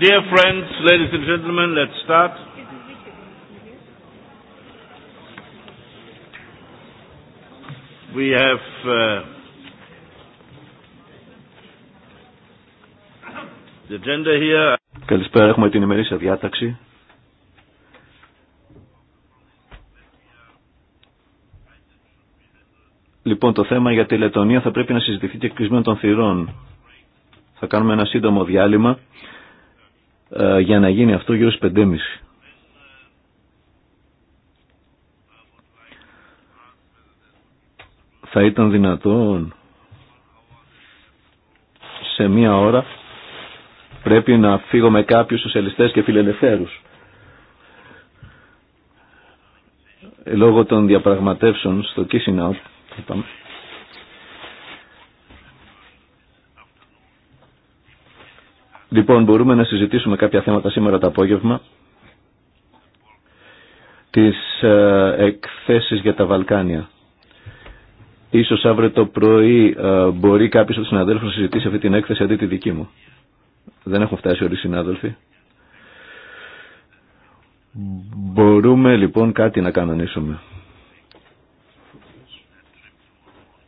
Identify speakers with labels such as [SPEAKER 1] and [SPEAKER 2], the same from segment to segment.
[SPEAKER 1] Dear friends, ladies and gentlemen, let's start.
[SPEAKER 2] We have uh, the agenda here.
[SPEAKER 1] Καλησπέρα, έχουμε την ημερήσια διάταξη. Λοιπόν, το θέμα για τη Λετωνία θα πρέπει να συζητηθεί και κλεισμένο των θυρών. Θα κάνουμε ένα σύντομο διάλειμμα. Ε, για να γίνει αυτό γύρω στις 5.30. Θα ήταν δυνατόν σε μία ώρα πρέπει να φύγω με κάποιους σοσιαλιστές και φιλελευθέρους. Ε, λόγω των διαπραγματεύσεων στο Κίσιναου, είπαμε, Λοιπόν, μπορούμε να συζητήσουμε κάποια θέματα σήμερα το απόγευμα. Τις ε, εκθέσεις για τα Βαλκάνια. Ίσως αύριο το πρωί ε, μπορεί κάποιος από τους συναδέλφους να συζητήσει αυτή την έκθεση αντί τη δική μου. Δεν έχουν φτάσει όλοι οι συνάδελφοι. Μπορούμε λοιπόν κάτι να κανονίσουμε.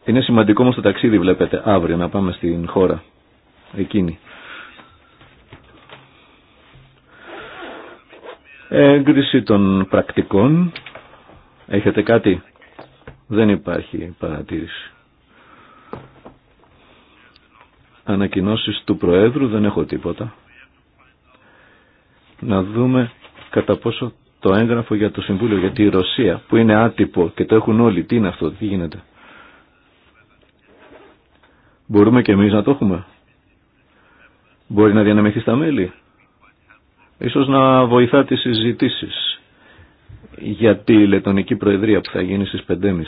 [SPEAKER 1] Είναι σημαντικό όμως το ταξίδι βλέπετε αύριο να πάμε στην χώρα εκείνη. Έγκριση των πρακτικών. Έχετε κάτι. Δεν υπάρχει παρατήρηση. Ανακοινώσεις του Προέδρου δεν έχω τίποτα. Να δούμε κατά πόσο το έγγραφο για το Συμβούλιο Γιατί η Ρωσία που είναι άτυπο και το έχουν όλοι. Τι είναι αυτό, τι γίνεται. Μπορούμε και εμείς να το έχουμε. Μπορεί να διανεμηθεί στα μέλη ίσως να βοηθά τις συζητήσεις για τη Λετωνική Προεδρία που θα γίνει στις 5.30.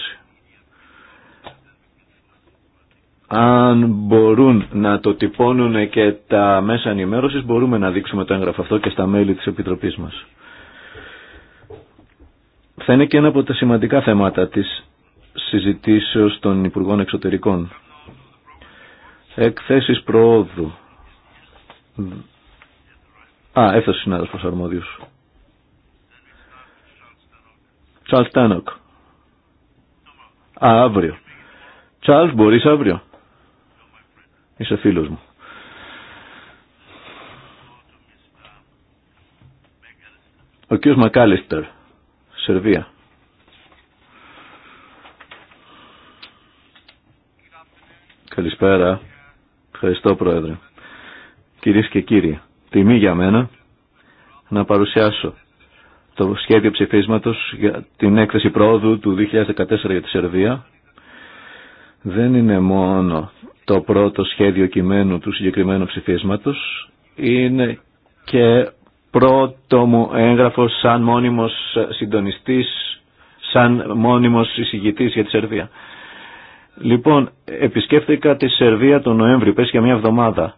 [SPEAKER 1] Αν μπορούν να το τυπώνουν και τα μέσα ενημέρωσης μπορούμε να δείξουμε το έγγραφο αυτό και στα μέλη της Επιτροπής μας. Θα είναι και ένα από τα σημαντικά θέματα της συζητήσεως των Υπουργών Εξωτερικών. Εκθέσεις προόδου Α, έφτασε ο συνάδελφο αρμόδιο. Τσαλ Τάνοκ. Α, αύριο. Τσαλ, μπορείς αύριο. Είσαι φίλος μου. Ο κ. Μακάλιστερ, Σερβία. Καλησπέρα. Ευχαριστώ, Πρόεδρε. Κυρίες και κύριοι τιμή για μένα να παρουσιάσω το σχέδιο ψηφίσματος για την έκθεση πρόοδου του 2014 για τη Σερβία. Δεν είναι μόνο το πρώτο σχέδιο κειμένου του συγκεκριμένου ψηφίσματος, είναι και πρώτο μου έγγραφο σαν μόνιμος συντονιστής, σαν μόνιμος εισηγητής για τη Σερβία. Λοιπόν, επισκέφθηκα τη Σερβία τον Νοέμβρη, πες για μια εβδομάδα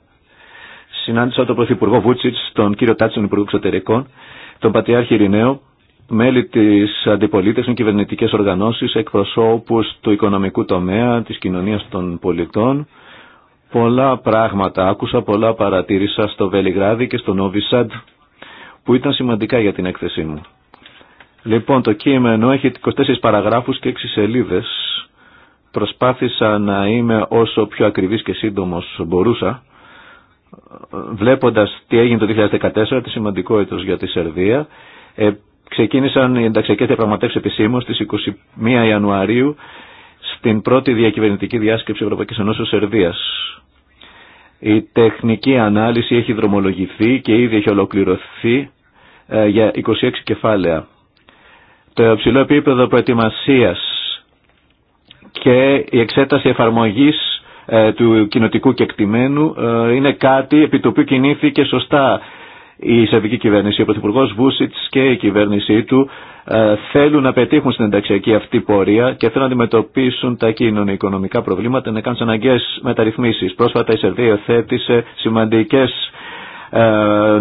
[SPEAKER 1] συνάντησα τον Πρωθυπουργό Βούτσιτ, τον κύριο Τάτσον Υπουργό Εξωτερικών, τον Πατριάρχη Ειρηνέο, μέλη της και κυβερνητικέ οργανώσει, εκπροσώπου του οικονομικού τομέα, τη κοινωνία των πολιτών. Πολλά πράγματα άκουσα, πολλά παρατήρησα στο Βελιγράδι και στο Νόβισαντ που ήταν σημαντικά για την έκθεσή μου. Λοιπόν, το κείμενο έχει 24 παραγράφου και 6 σελίδε Προσπάθησα να είμαι όσο πιο ακριβής και σύντομος μπορούσα βλέποντας τι έγινε το 2014, τη σημαντικό για τη Σερβία, ε, ξεκίνησαν οι ενταξιακές διαπραγματεύσεις επισήμως στις 21 Ιανουαρίου στην πρώτη διακυβερνητική διάσκεψη Ευρωπαϊκής Ενώσεως Σερβίας. Η τεχνική ανάλυση έχει δρομολογηθεί και ήδη έχει ολοκληρωθεί ε, για 26 κεφάλαια. Το υψηλό επίπεδο προετοιμασίας και η εξέταση εφαρμογής ε, του κοινοτικού κεκτημένου ε, είναι κάτι επί το οποίο κινήθηκε σωστά η Σερβική κυβέρνηση. Ο Πρωθυπουργό Βούσιτ και η κυβέρνησή του ε, θέλουν να πετύχουν στην ενταξιακή αυτή πορεία και θέλουν να αντιμετωπίσουν τα οικονομικά προβλήματα, να κάνουν τι αναγκαίε μεταρρυθμίσει. Πρόσφατα η Σερβία θέτησε σημαντικέ ε,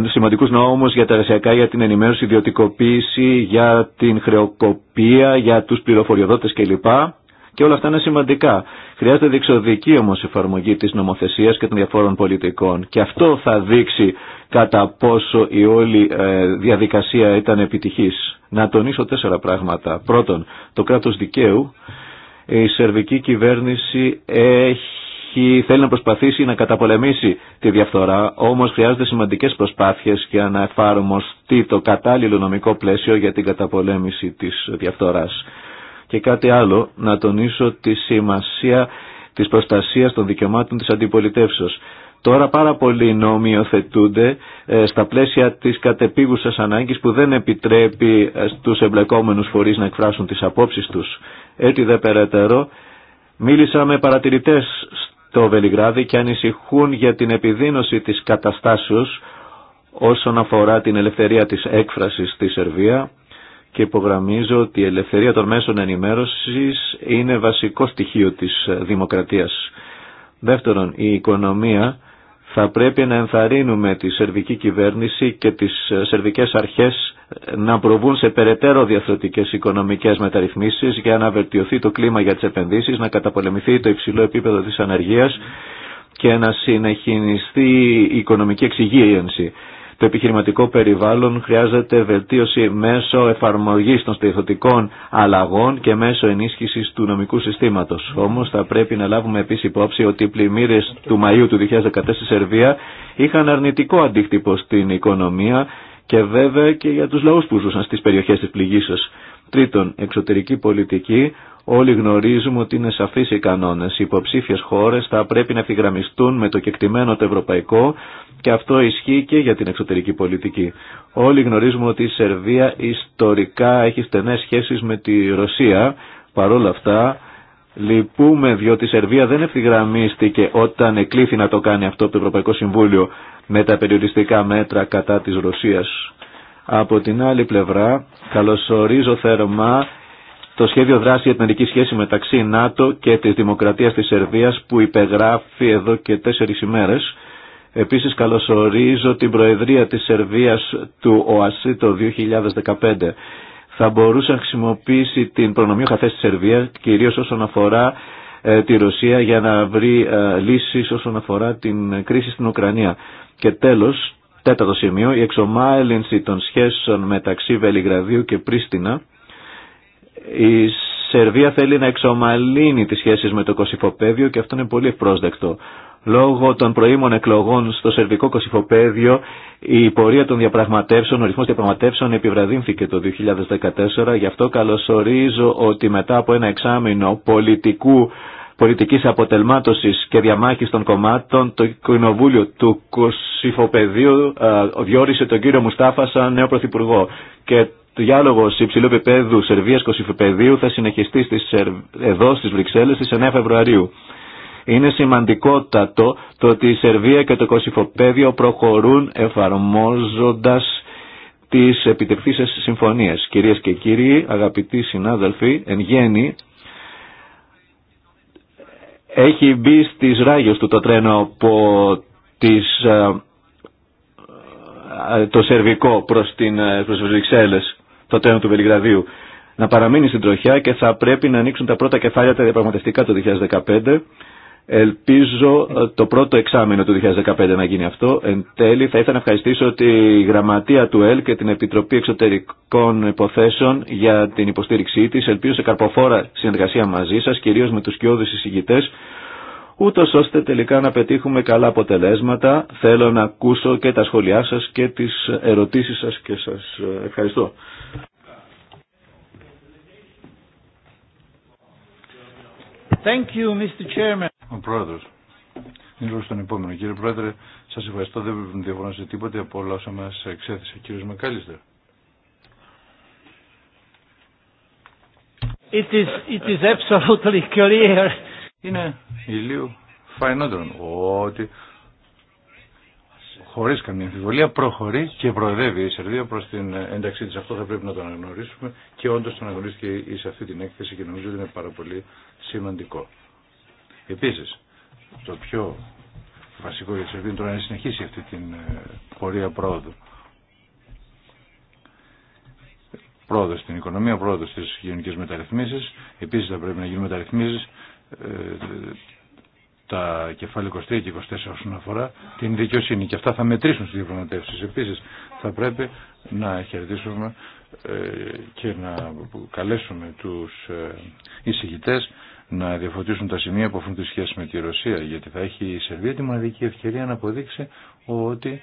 [SPEAKER 1] σημαντικούς νόμους για τα εργασιακά, για την ενημέρωση, ιδιωτικοποίηση, για την χρεοκοπία, για τους πληροφοριοδότες κλπ. Και όλα αυτά είναι σημαντικά. Χρειάζεται διεξοδική όμω εφαρμογή τη νομοθεσία και των διαφόρων πολιτικών. Και αυτό θα δείξει κατά πόσο η όλη ε, διαδικασία ήταν επιτυχής. Να τονίσω τέσσερα πράγματα. Πρώτον, το κράτο δικαίου. Η σερβική κυβέρνηση έχει θέλει να προσπαθήσει να καταπολεμήσει τη διαφθορά, όμως χρειάζονται σημαντικές προσπάθειες για να εφαρμοστεί το κατάλληλο νομικό πλαίσιο για την καταπολέμηση της διαφθοράς. Και κάτι άλλο, να τονίσω τη σημασία της προστασίας των δικαιωμάτων της αντιπολιτεύσεως. Τώρα πάρα πολλοί νόμοι υιοθετούνται ε, στα πλαίσια της κατεπίγουσας ανάγκης που δεν επιτρέπει ε, στους εμπλεκόμενους φορείς να εκφράσουν τις απόψεις τους. Έτσι δε περαιτέρω, μίλησα με παρατηρητές στο Βελιγράδι και ανησυχούν για την επιδείνωση της καταστάσεως όσον αφορά την ελευθερία της έκφρασης στη Σερβία και υπογραμμίζω ότι η ελευθερία των μέσων ενημέρωσης είναι βασικό στοιχείο της δημοκρατίας. Δεύτερον, η οικονομία θα πρέπει να ενθαρρύνουμε τη σερβική κυβέρνηση και τις σερβικές αρχές να προβούν σε περαιτέρω διαθροτικές οικονομικές μεταρρυθμίσεις για να βελτιωθεί το κλίμα για τις επενδύσεις, να καταπολεμηθεί το υψηλό επίπεδο της ανεργίας και να συνεχινιστεί η οικονομική εξυγίανση. Το επιχειρηματικό περιβάλλον χρειάζεται βελτίωση μέσω εφαρμογής των στοιχειωτικών αλλαγών και μέσω ενίσχυσης του νομικού συστήματος. Όμως θα πρέπει να λάβουμε επίσης υπόψη ότι οι πλημμύρες του Μαΐου του 2014 στη Σερβία είχαν αρνητικό αντίκτυπο στην οικονομία και βέβαια και για τους λαούς που ζούσαν στις περιοχές της πληγήσεως. Τρίτον, εξωτερική πολιτική. Όλοι γνωρίζουμε ότι είναι σαφείς οι κανόνες. Οι υποψήφιες χώρες θα πρέπει να ευθυγραμμιστούν με το κεκτημένο το ευρωπαϊκό και αυτό ισχύει και για την εξωτερική πολιτική. Όλοι γνωρίζουμε ότι η Σερβία ιστορικά έχει στενές σχέσεις με τη Ρωσία. Παρόλα αυτά, λυπούμε διότι η Σερβία δεν ευθυγραμμίστηκε όταν εκλήθη να το κάνει αυτό το Ευρωπαϊκό Συμβούλιο με τα περιοριστικά μέτρα κατά της Ρωσίας. Από την άλλη πλευρά, καλωσορίζω θερμά το σχέδιο δράση για την ειδική σχέση μεταξύ ΝΑΤΟ και της Δημοκρατίας της Σερβίας που υπεγράφει εδώ και τέσσερις ημέρες Επίσης καλωσορίζω την Προεδρία της Σερβίας του ΟΑΣΥ το 2015. Θα μπορούσε να χρησιμοποιήσει την προνομία χαθές της Σερβίας, κυρίως όσον αφορά ε, τη Ρωσία για να βρει ε, λύσεις όσον αφορά την κρίση στην Ουκρανία. Και τέλος, τέταρτο σημείο, η εξομάλυνση των σχέσεων μεταξύ Βελιγραδίου και Πρίστινα. Η Σερβία θέλει να εξομαλύνει τις σχέσεις με το Κωσυφοπέδιο και αυτό είναι πολύ ευπρόσδεκτο. Λόγω των προήμων εκλογών στο σερβικό κοσυφοπαίδιο, η πορεία των διαπραγματεύσεων, ο ρυθμός διαπραγματεύσεων επιβραδύνθηκε το 2014. Γι' αυτό καλωσορίζω ότι μετά από ένα εξάμεινο πολιτικού πολιτικής αποτελμάτωσης και διαμάχης των κομμάτων, το Κοινοβούλιο του Κωσυφοπεδίου διόρισε τον κύριο Μουστάφα σαν νέο Πρωθυπουργό. Και το διάλογο υψηλού επίπεδου Σερβίας Κωσυφοπεδίου θα συνεχιστεί στις, εδώ στις Βρυξέλλες στις 9 Φεβρουαρίου. Είναι σημαντικότατο το ότι η Σερβία και το Κωσυφοπέδιο προχωρούν εφαρμόζοντας τις επιτευχθήσεις συμφωνίες. Κυρίες και κύριοι, αγαπητοί συνάδελφοι, εν γέννη, έχει μπει στις ράγες του το τρένο από τις, ε, ε, το σερβικό προς, την, ε, προς Βρυξέλλες, το τρένο του Βελιγραδίου, να παραμείνει στην τροχιά και θα πρέπει να ανοίξουν τα πρώτα κεφάλια τα διαπραγματευτικά το 2015 Ελπίζω ε, το πρώτο εξάμεινο του 2015 να γίνει αυτό. Εν τέλει θα ήθελα να ευχαριστήσω τη Γραμματεία του ΕΛ και την Επιτροπή Εξωτερικών Υποθέσεων για την υποστήριξή της. Ελπίζω σε καρποφόρα συνεργασία μαζί σας, κυρίως με τους κοιόδους εισηγητές, ούτω ώστε τελικά να πετύχουμε καλά αποτελέσματα. Θέλω να ακούσω και τα σχόλιά σας και τις ερωτήσεις σας και σας ε, ευχαριστώ.
[SPEAKER 3] Ο Πρόεδρος. Είναι στον επόμενο. Κύριε Πρόεδρε, σας ευχαριστώ. Δεν διαφωνώ σε τίποτα από όλα όσα μας εξέθεσε. Κύριος Μεκάλιστερ.
[SPEAKER 4] It is, it is absolutely clear. Είναι
[SPEAKER 3] ηλίου φαϊνότερον ότι χωρίς καμία αμφιβολία προχωρεί και προεδεύει η Σερβία προς την ένταξή της. Αυτό θα πρέπει να το αναγνωρίσουμε και όντως το αναγνωρίστηκε σε αυτή την έκθεση και νομίζω ότι είναι πάρα πολύ σημαντικό. Επίσης, το πιο βασικό για τη Σερβία είναι να συνεχίσει αυτή την ε, πορεία πρόοδου. Πρόοδο στην οικονομία, πρόοδο στις γενικές μεταρρυθμίσεις. Επίσης θα πρέπει να γίνουν μεταρρυθμίσεις ε, τα κεφάλαια 23 και 24 όσον αφορά την δικαιοσύνη και αυτά θα μετρήσουν στις διαπραγματεύσεις. Επίσης θα πρέπει να χαιρετήσουμε ε, και να καλέσουμε τους εισηγητές να διαφωτίσουν τα σημεία που έχουν τη σχέση με τη Ρωσία, γιατί θα έχει η Σερβία τη μοναδική ευκαιρία να αποδείξει ότι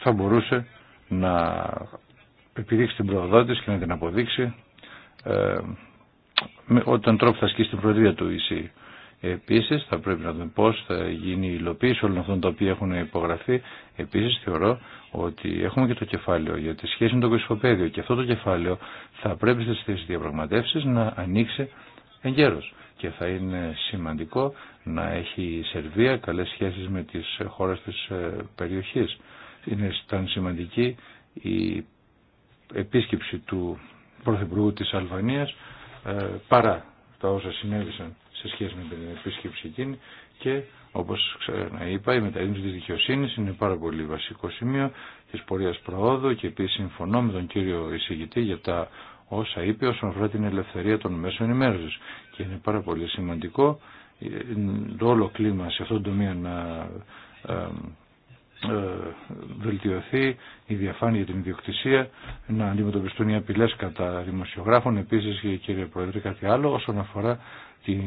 [SPEAKER 3] θα μπορούσε να επιδείξει την προοδό και να την αποδείξει ε, με, όταν τρόπο θα ασκήσει την προεδρία του ΙΣΥ. Επίσης θα πρέπει να δούμε πώς θα γίνει η υλοποίηση όλων αυτών τα οποία έχουν υπογραφεί. Επίσης θεωρώ ότι έχουμε και το κεφάλαιο για τη σχέση με το κοσμοπέδιο και αυτό το κεφάλαιο θα πρέπει στις θέσεις διαπραγματεύσεις να ανοίξει εγκαίρως και θα είναι σημαντικό να έχει η Σερβία καλές σχέσεις με τις χώρες της ε, περιοχής. Είναι ήταν σημαντική η επίσκεψη του Πρωθυπουργού της Αλβανίας ε, παρά τα όσα συνέβησαν σε σχέση με την επίσκεψη εκείνη και όπως είπα η μεταρρύθμιση της δικαιοσύνης είναι πάρα πολύ βασικό σημείο της πορείας προόδου και επίσης συμφωνώ με τον κύριο εισηγητή για τα όσα είπε όσον αφορά την ελευθερία των μέσων ενημέρωσης και είναι πάρα πολύ σημαντικό ε, το όλο κλίμα σε αυτόν τον τομέα να ε, ε, βελτιωθεί η διαφάνεια για την ιδιοκτησία, να αντιμετωπιστούν οι απειλέ κατά δημοσιογράφων. Επίση, κύριε Πρόεδρε, κάτι άλλο όσον αφορά την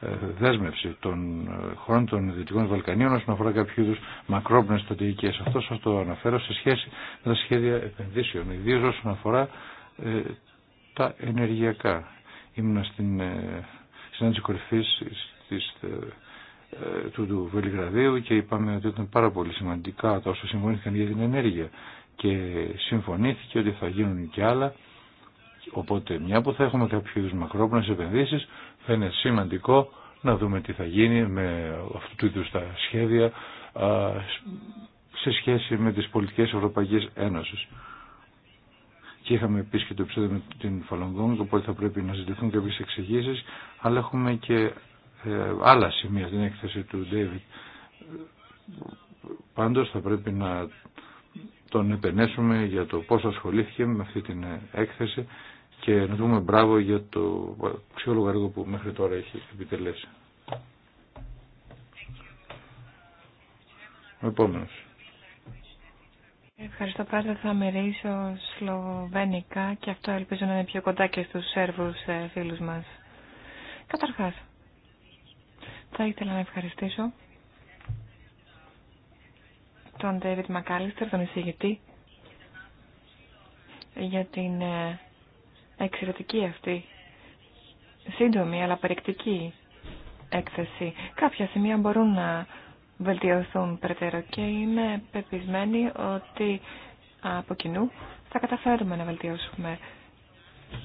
[SPEAKER 3] ε, δέσμευση των ε, χωρών των Δυτικών Βαλκανίων όσον αφορά κάποιου είδου μακρόπνε στρατηγικέ. Αυτό σα το αναφέρω σε σχέση με τα σχέδια επενδύσεων, ιδίω όσον αφορά ε, τα ενεργειακά. Ήμουνα στην συνάντηση κορυφή του, του Βελιγραδίου και είπαμε ότι ήταν πάρα πολύ σημαντικά τα όσα συμφωνήθηκαν για την ενέργεια και συμφωνήθηκε ότι θα γίνουν και άλλα οπότε μια που θα έχουμε κάποιου μακρόπνε μακρόπνες επενδύσεις θα είναι σημαντικό να δούμε τι θα γίνει με αυτού του είδου τα σχέδια σε σχέση με τις πολιτικές Ευρωπαϊκής Ένωσης. Και είχαμε επίσης και το επεισόδιο με την Φαλονγκόνγκ, οπότε θα πρέπει να ζητηθούν κάποιε εξηγήσει, αλλά έχουμε και ε, άλλα σημεία στην έκθεση του Ντέιβιτ. Πάντως θα πρέπει να τον επενέσουμε για το πώς ασχολήθηκε με αυτή την ε, έκθεση και να του πούμε μπράβο για το αξιόλογο έργο που μέχρι τώρα έχει επιτελέσει.
[SPEAKER 5] Ο επόμενος. Ευχαριστώ πάρα θα μιλήσω σλοβενικά και αυτό ελπίζω να είναι πιο κοντά και στους Σέρβους ε, φίλους μας. Καταρχάς, θα ήθελα να ευχαριστήσω τον David Μακάλιστερ, τον εισηγητή, για την ε, εξαιρετική αυτή, σύντομη αλλά περιεκτική έκθεση. Κάποια σημεία μπορούν να βελτιωθούν περαιτέρω και είμαι πεπισμένη ότι από κοινού θα καταφέρουμε να βελτιώσουμε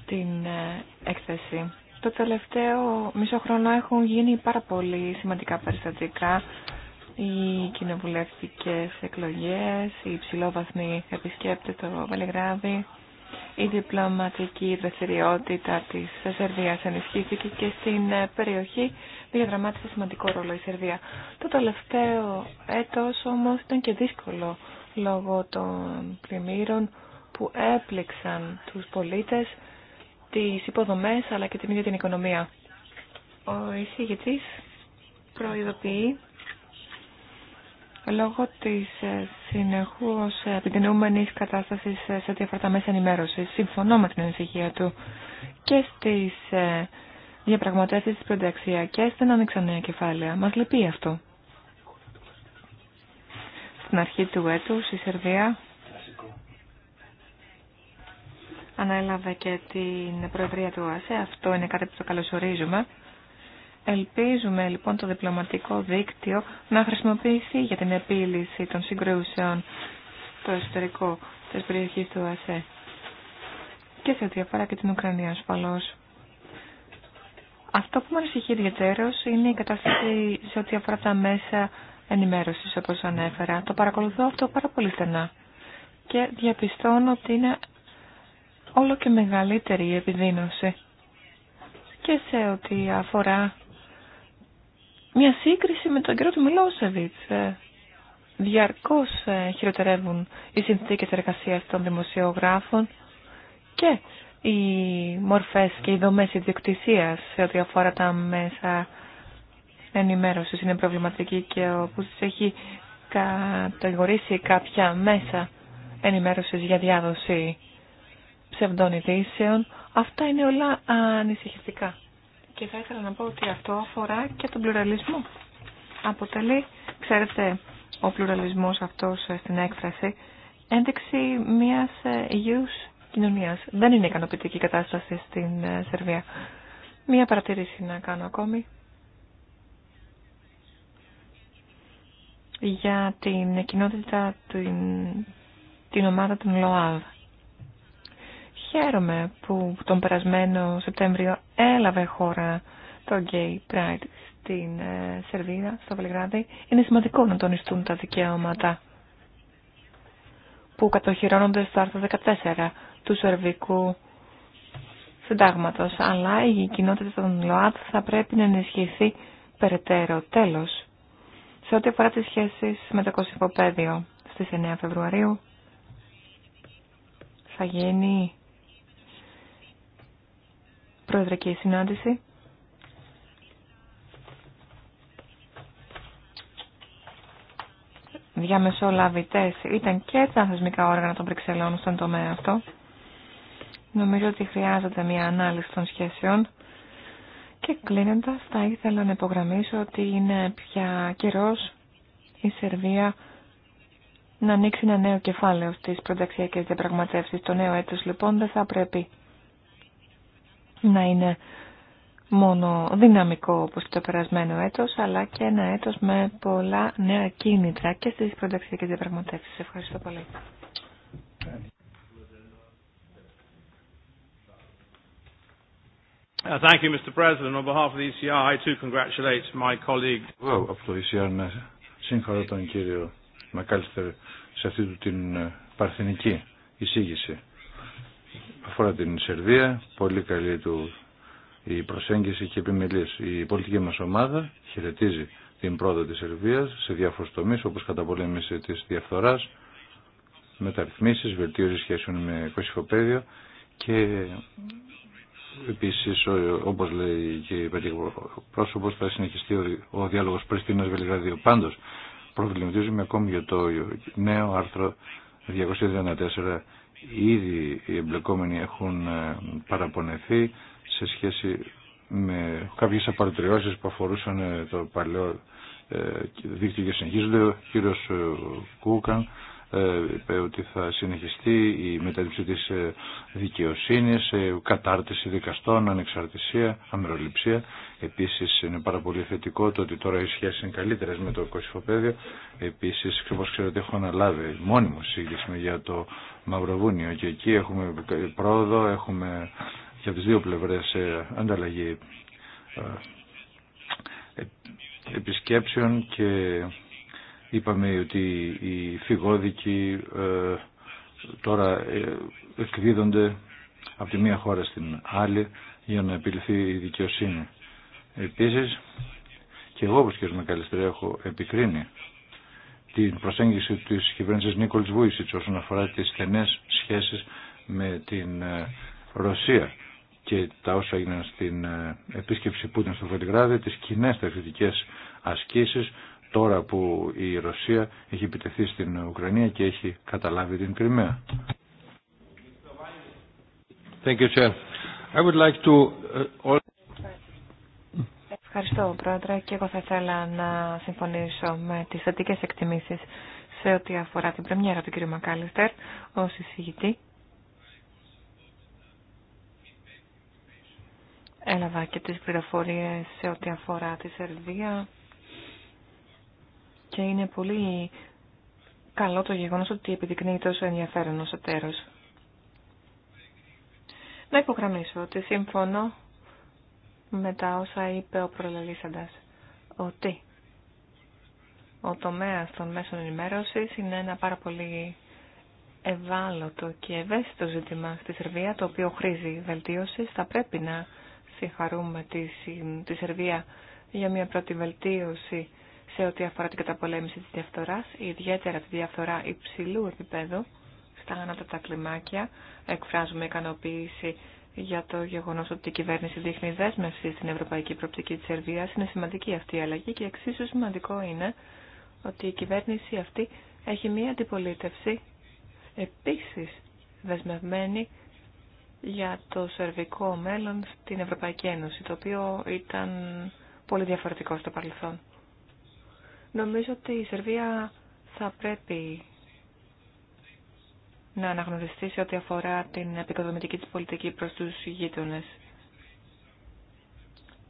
[SPEAKER 5] την ε, έκθεση. Το τελευταίο μισό χρόνο έχουν γίνει πάρα πολύ σημαντικά περιστατικά οι κοινοβουλευτικές εκλογές, οι υψηλόβαθμοι επισκέπτε το Βελιγράδι, η διπλωματική δραστηριότητα της Σερβίας ενισχύθηκε και στην ε, περιοχή διαδραμάτισε σημαντικό ρόλο η Σερβία. Το τελευταίο έτος όμως ήταν και δύσκολο λόγω των πλημμύρων που έπληξαν τους πολίτες, τις υποδομές αλλά και την ίδια την οικονομία. Ο εισηγητής προειδοποιεί Λόγω της ε, συνεχώς ε, επιδεινούμενης κατάστασης ε, σε διαφορετικά τα μέσα ενημέρωσης, συμφωνώ με την ανησυχία του και στις διαπραγματεύσεις της πρωταξιακές δεν άνοιξαν νέα κεφάλαια. Μας λυπεί αυτό. Στην αρχή του έτους η Σερβία ανέλαβε και την Προεδρία του ΆΣΕ. Αυτό είναι κάτι που το καλωσορίζουμε. Ελπίζουμε λοιπόν το διπλωματικό δίκτυο να χρησιμοποιηθεί για την επίλυση των συγκρούσεων στο εσωτερικό της περιοχής του ΑΣΕ και σε ό,τι αφορά και την Ουκρανία ασφαλώς. Αυτό που με ανησυχεί ιδιαίτερω είναι η κατάσταση σε ό,τι αφορά τα μέσα ενημέρωσης όπως ανέφερα. Το παρακολουθώ αυτό πάρα πολύ στενά και διαπιστώνω ότι είναι όλο και μεγαλύτερη η επιδείνωση και σε ό,τι αφορά μια σύγκριση με τον καιρό του Μιλόσεβιτς. Ε, διαρκώς ε, χειροτερεύουν οι συνθήκες εργασίας των δημοσιογράφων και οι μορφές και οι δομές ιδιοκτησίας σε ό,τι αφορά τα μέσα ενημέρωσης είναι προβληματική και όπως έχει κατηγορήσει κάποια μέσα ενημέρωσης για διάδοση ψευδών ειδήσεων. Αυτά είναι όλα ανησυχητικά. Και θα ήθελα να πω ότι αυτό αφορά και τον πλουραλισμό. Αποτελεί, ξέρετε, ο πλουραλισμός αυτός ε, στην έκφραση ένδειξη μιας ε, υγιούς κοινωνίας. Δεν είναι ικανοποιητική κατάσταση στην ε, Σερβία. Μία παρατήρηση να κάνω ακόμη. για την κοινότητα, την, την ομάδα των ΛΟΑΔ. Χαίρομαι που τον περασμένο Σεπτέμβριο έλαβε χώρα το Gay Pride στην ε, Σερβία, στο Βελιγράδι. Είναι σημαντικό να τονιστούν τα δικαιώματα που κατοχυρώνονται στο άρθρο 14 του Σερβικού Συντάγματος. Αλλά η κοινότητα των ΛΟΑΤ θα πρέπει να ενισχυθεί περαιτέρω. Τέλος, σε ό,τι αφορά τις σχέσεις με το Κωσυφοπαίδιο στις 9 Φεβρουαρίου, θα γίνει προεδρική συνάντηση. διαμεσολαβητές ήταν και τα θεσμικά όργανα των Βρυξελών στον τομέα αυτό. Νομίζω ότι χρειάζεται μια ανάλυση των σχέσεων. Και κλείνοντας θα ήθελα να υπογραμμίσω ότι είναι πια καιρός η Σερβία να ανοίξει ένα νέο κεφάλαιο στις πρωταξιακές διαπραγματεύσεις. Το νέο έτος λοιπόν δεν θα πρέπει να είναι μόνο δυναμικό όπως και το περασμένο έτος, αλλά και ένα έτος με πολλά νέα κίνητρα και στις πρωταξιακές διαπραγματεύσεις. Ευχαριστώ πολύ.
[SPEAKER 1] Uh, thank you, Mr. President. On behalf ECR, e I too congratulate από
[SPEAKER 3] το ECR να συγχαρώ τον κύριο Μακάλιστερ σε αυτή του την uh, παρθενική εισήγηση αφορά την Σερβία, πολύ καλή του η προσέγγιση και επιμελής. Η πολιτική μας ομάδα χαιρετίζει την πρόοδο της Σερβίας σε διάφορους τομείς όπως πολέμηση της διαφθοράς, μεταρρυθμίσεις, βελτίωση σχέσεων με κοσυχοπαίδιο και επίσης όπως λέει και η πρόσωπος θα συνεχιστεί ο διάλογος Πριστίνας Βελιγραδίου. Πάντως προβληματίζουμε ακόμη για το νέο άρθρο 224 ήδη οι εμπλεκόμενοι έχουν ε, παραπονεθεί σε σχέση με κάποιες απαρτριώσεις που αφορούσαν ε, το παλαιό ε, δίκτυο και συνεχίζονται. Ο κύριος Κούκαν ε, είπε ότι θα συνεχιστεί η μεταρρύψη της ε, δικαιοσύνης, ε, κατάρτιση δικαστών, ανεξαρτησία, αμεροληψία. Επίσης είναι πάρα πολύ θετικό το ότι τώρα οι σχέσεις είναι καλύτερες με το κοσυφοπαίδιο. Επίσης, όπως ότι έχω αναλάβει μόνιμο σύγκριση για το Μαυροβούνιο και εκεί έχουμε πρόοδο, έχουμε και από τις δύο πλευρές ανταλλαγή επισκέψεων και Είπαμε ότι οι φυγόδικοι ε, τώρα ε, εκδίδονται από τη μία χώρα στην άλλη για να επιληθεί η δικαιοσύνη. Επίσης, και εγώ όπως ο καλύτερα, έχω επικρίνει την προσέγγιση της κυβέρνησης Νίκολης Βούησιτς όσον αφορά τις στενές σχέσεις με την ε, Ρωσία και τα όσα έγιναν στην επίσκεψη Πούτιν στο Βελιγράδι, τις κοινέ ταξιδικές ασκήσεις τώρα που η Ρωσία έχει επιτεθεί στην Ουκρανία και έχει καταλάβει την Κρυμαία. Uh,
[SPEAKER 5] Ευχαριστώ, Πρόεδρε, και εγώ θα ήθελα να συμφωνήσω με τις θετικές εκτιμήσεις σε ό,τι αφορά την πρεμιέρα του κ. Μακάλιστερ ως εισηγητή. Έλαβα και τις πληροφορίες σε ό,τι αφορά τη Σερβία. Και είναι πολύ καλό το γεγονός ότι επιδεικνύει τόσο ενδιαφέρον ως εταίρος. Να υπογραμμίσω ότι σύμφωνο με τα όσα είπε ο προλαλήσαντας, ότι ο τομέας των μέσων ενημέρωσης είναι ένα πάρα πολύ ευάλωτο και ευαίσθητο ζήτημα στη Σερβία, το οποίο χρήζει βελτίωσης. Θα πρέπει να συγχαρούμε τη, τη Σερβία για μια πρώτη βελτίωση σε ό,τι αφορά την καταπολέμηση της διαφθοράς, ιδιαίτερα τη διαφθορά υψηλού επίπεδου στα ανάτατα κλιμάκια. Εκφράζουμε ικανοποίηση για το γεγονός ότι η κυβέρνηση δείχνει δέσμευση στην ευρωπαϊκή προοπτική της Σερβίας. Είναι σημαντική αυτή η αλλαγή και εξίσου σημαντικό είναι ότι η κυβέρνηση αυτή έχει μία αντιπολίτευση επίσης δεσμευμένη για το σερβικό μέλλον στην Ευρωπαϊκή Ένωση, το οποίο ήταν πολύ διαφορετικό στο παρελθόν. Νομίζω ότι η Σερβία θα πρέπει να αναγνωριστεί σε ό,τι αφορά την επικοδομητική της πολιτική προς τους γείτονες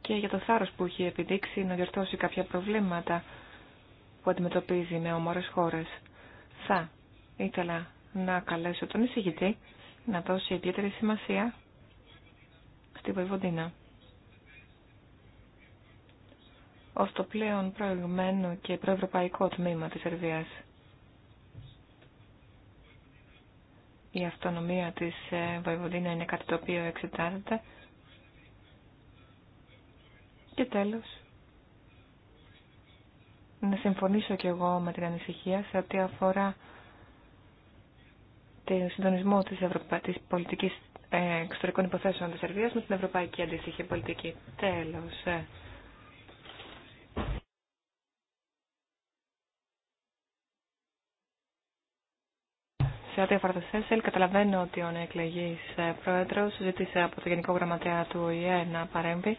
[SPEAKER 5] και για το θάρρος που έχει επιδείξει να διορθώσει κάποια προβλήματα που αντιμετωπίζει με ομόρες χώρες. Θα ήθελα να καλέσω τον εισηγητή να δώσει ιδιαίτερη σημασία στη Βοηβοντίνα. ως το πλέον προηγούμενο και προευρωπαϊκό τμήμα της Σερβίας. Η αυτονομία της ε, Βοηβοδίνα είναι κάτι το οποίο εξετάζεται. Και τέλος, να συμφωνήσω κι εγώ με την ανησυχία σε ό,τι αφορά τον συντονισμό της, Ευρωπα... της πολιτικής ε, εξωτερικών υποθέσεων της Σερβίας με την ευρωπαϊκή αντίστοιχη πολιτική. Τέλος. Ε, Σε ό,τι αφορά το ΣΕΣΕΛ, καταλαβαίνω ότι ο νεοεκλεγής ε, πρόεδρος ζήτησε από το Γενικό Γραμματέα του ΟΗΕ να παρέμβει,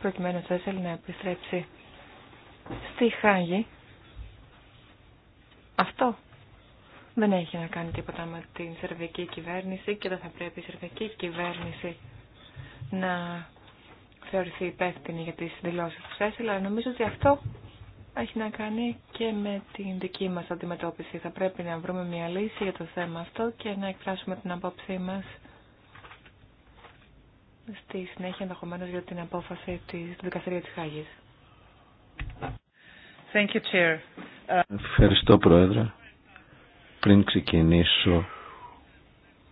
[SPEAKER 5] προκειμένου το ΣΕΣΕΛ να επιστρέψει στη Χάγη. Αυτό δεν έχει να κάνει τίποτα με την σερβική κυβέρνηση και δεν θα πρέπει η σερβική κυβέρνηση να θεωρηθεί υπεύθυνη για τις δηλώσεις του ΣΕΣΕΛ, αλλά νομίζω ότι αυτό έχει να κάνει και με την δική μας αντιμετώπιση. Θα πρέπει να βρούμε μια λύση για το θέμα αυτό και να εκφράσουμε την απόψή μας στη συνέχεια ενδεχομένω για την απόφαση της, Δικαστήριας της Χάγης. Thank you, Chair.
[SPEAKER 1] Ευχαριστώ, Πρόεδρε. Πριν ξεκινήσω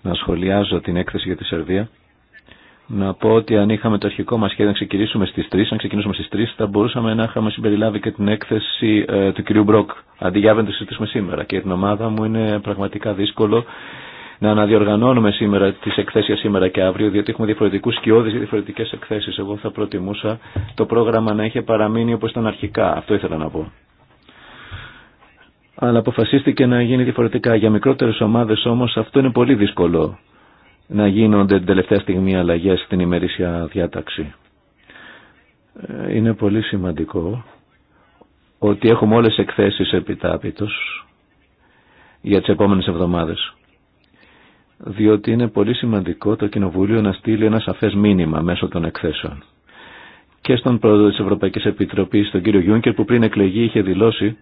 [SPEAKER 1] να σχολιάζω την έκθεση για τη Σερβία, να πω ότι αν είχαμε το αρχικό μας σχέδιο να ξεκινήσουμε στις 3, αν ξεκινήσουμε στις 3 θα μπορούσαμε να είχαμε συμπεριλάβει και την έκθεση ε, του κυρίου Μπροκ. Αντί για να συζητήσουμε σήμερα και την ομάδα μου είναι πραγματικά δύσκολο να αναδιοργανώνουμε σήμερα τι εκθέσει σήμερα και αύριο, διότι έχουμε διαφορετικού σκιώδει για διαφορετικέ εκθέσει. Εγώ θα προτιμούσα το πρόγραμμα να είχε παραμείνει όπω ήταν αρχικά. Αυτό ήθελα να πω. Αλλά αποφασίστηκε να γίνει διαφορετικά. Για μικρότερε ομάδε όμω αυτό είναι πολύ δύσκολο να γίνονται την τελευταία στιγμή αλλαγές στην ημερήσια διάταξη. Ε, είναι πολύ σημαντικό ότι έχουμε όλες εκθέσεις επιτάπητος για τις επόμενες εβδομάδες. Διότι είναι πολύ σημαντικό το Κοινοβούλιο να στείλει ένα σαφές μήνυμα μέσω των εκθέσεων. Και στον πρόεδρο της Ευρωπαϊκής Επιτροπής, τον κύριο Γιούνκερ, που πριν εκλεγεί είχε δηλώσει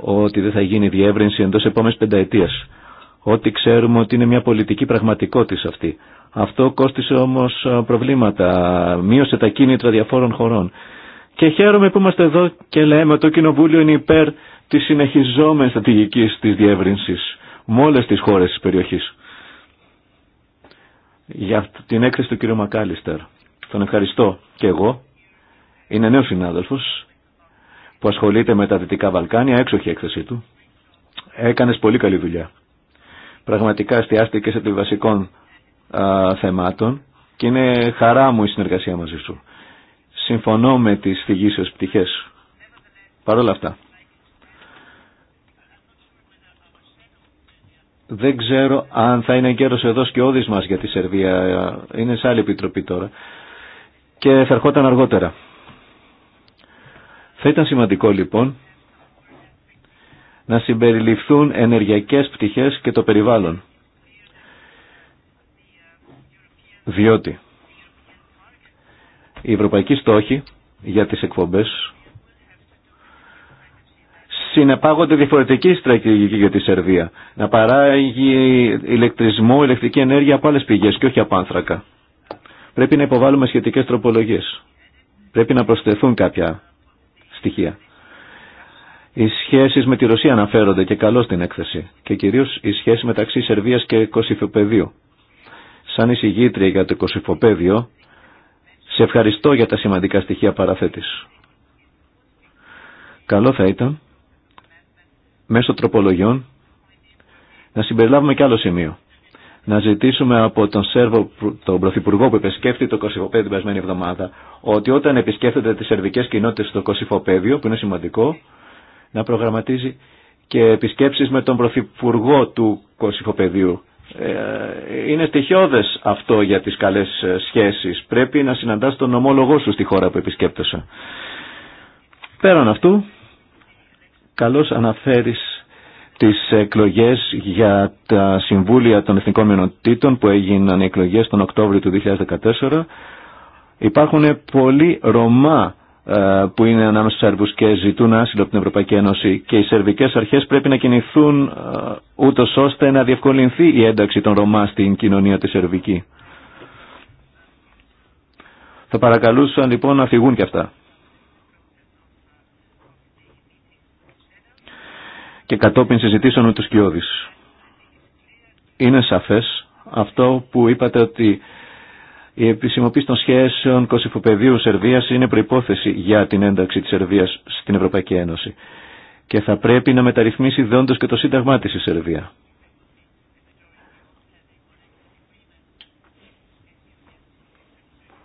[SPEAKER 1] ότι δεν θα γίνει διεύρυνση εντός επόμενης πενταετίας ότι ξέρουμε ότι είναι μια πολιτική πραγματικότητα αυτή. Αυτό κόστισε όμως προβλήματα, μείωσε τα κίνητρα διαφόρων χωρών. Και χαίρομαι που είμαστε εδώ και λέμε το Κοινοβούλιο είναι υπέρ της συνεχιζόμενης στρατηγικής της διεύρυνσης με όλες τις χώρες της περιοχής. Για την έκθεση του κ. Μακάλιστερ. Τον ευχαριστώ και εγώ. Είναι νέος συνάδελφος που ασχολείται με τα Δυτικά Βαλκάνια, έξοχη έκθεση του. Έκανες πολύ καλή δουλειά πραγματικά και σε βασικών θεμάτων και είναι χαρά μου η συνεργασία μαζί σου. Συμφωνώ με τις θυγήσεως πτυχές. Παρ' όλα αυτά. Δεν ξέρω αν θα είναι καιρός εδώ σκιώδης μας για τη Σερβία. Είναι σε άλλη επιτροπή τώρα. Και θα ερχόταν αργότερα. Θα ήταν σημαντικό λοιπόν να συμπεριληφθούν ενεργειακές πτυχές και το περιβάλλον. Διότι οι ευρωπαϊκοί στόχοι για τις εκπομπές συνεπάγονται διαφορετική στρατηγική για τη Σερβία. Να παράγει ηλεκτρισμό, ηλεκτρική ενέργεια από άλλε πηγές και όχι από άνθρακα. Πρέπει να υποβάλουμε σχετικές τροπολογίες. Πρέπει να προσθεθούν κάποια στοιχεία. Οι σχέσεις με τη Ρωσία αναφέρονται και καλώς στην έκθεση και κυρίως οι σχέση μεταξύ Σερβίας και Κωσυφοπεδίου. Σαν εισηγήτρια για το Κωσυφοπέδιο, σε ευχαριστώ για τα σημαντικά στοιχεία παραθέτης. Καλό θα ήταν, μέσω τροπολογιών, να συμπεριλάβουμε και άλλο σημείο. Να ζητήσουμε από τον Σέρβο, τον Πρωθυπουργό που επισκέφτηκε το Κωσυφοπέδιο την περασμένη εβδομάδα, ότι όταν επισκέφτεται τι σερβικέ κοινότητε στο Κωσυφοπέδιο, που είναι σημαντικό, να προγραμματίζει και επισκέψεις με τον Πρωθυπουργό του Κωσυφοπεδίου. Ε, είναι στοιχειώδες αυτό για τις καλές ε, σχέσεις. Πρέπει να συναντάς τον ομόλογό σου στη χώρα που επισκέπτεσαι. Πέραν αυτού, καλώς αναφέρεις τις εκλογές για τα Συμβούλια των Εθνικών Μειονοτήτων που έγιναν εκλογές τον Οκτώβριο του 2014. Υπάρχουν πολλοί Ρωμά ε, που είναι ανάμεσα στους Σέρβους και ζητούν άσυλο από την Ευρωπαϊκή Ένωση και οι σερβικές αρχές πρέπει να κινηθούν ε, ούτω ώστε να διευκολυνθεί η ένταξη των Ρωμά στην κοινωνία της σερβική. Θα παρακαλούσαν λοιπόν να φυγούν και αυτά. Και κατόπιν συζητήσεων του τους Είναι σαφές αυτό που είπατε ότι η επισημοποίηση των σχέσεων Κωσυφοπεδίου-Σερβίας είναι προϋπόθεση για την ένταξη της Σερβίας στην Ευρωπαϊκή Ένωση και θα πρέπει να μεταρρυθμίσει δόντως και το σύνταγμά της η Σερβία.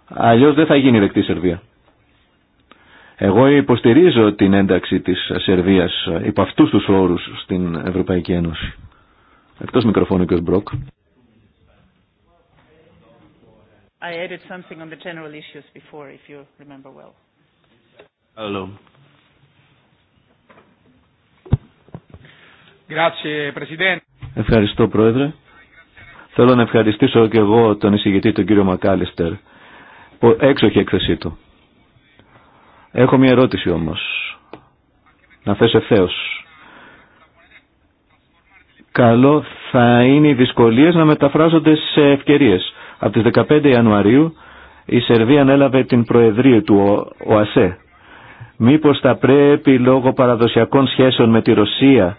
[SPEAKER 1] Αλλιώς δεν θα γίνει δεκτή η Σερβία. Εγώ υποστηρίζω την ένταξη της Σερβίας υπό αυτούς τους όρους στην Ευρωπαϊκή Ένωση. Εκτός μικροφώνου και ο Μπροκ. Ευχαριστώ Πρόεδρε. Θέλω να ευχαριστήσω και εγώ τον εισηγητή τον κύριο Μακάλιστερ που έξοχη έκθεσή του. Έχω μια ερώτηση όμως. Να θέσω ευθέω. Καλό θα είναι οι δυσκολίες να μεταφράζονται σε ευκαιρίες. Από τις 15 Ιανουαρίου η Σερβία ανέλαβε την Προεδρία του ΟΑΣΕ. Μήπως θα πρέπει λόγω παραδοσιακών σχέσεων με τη Ρωσία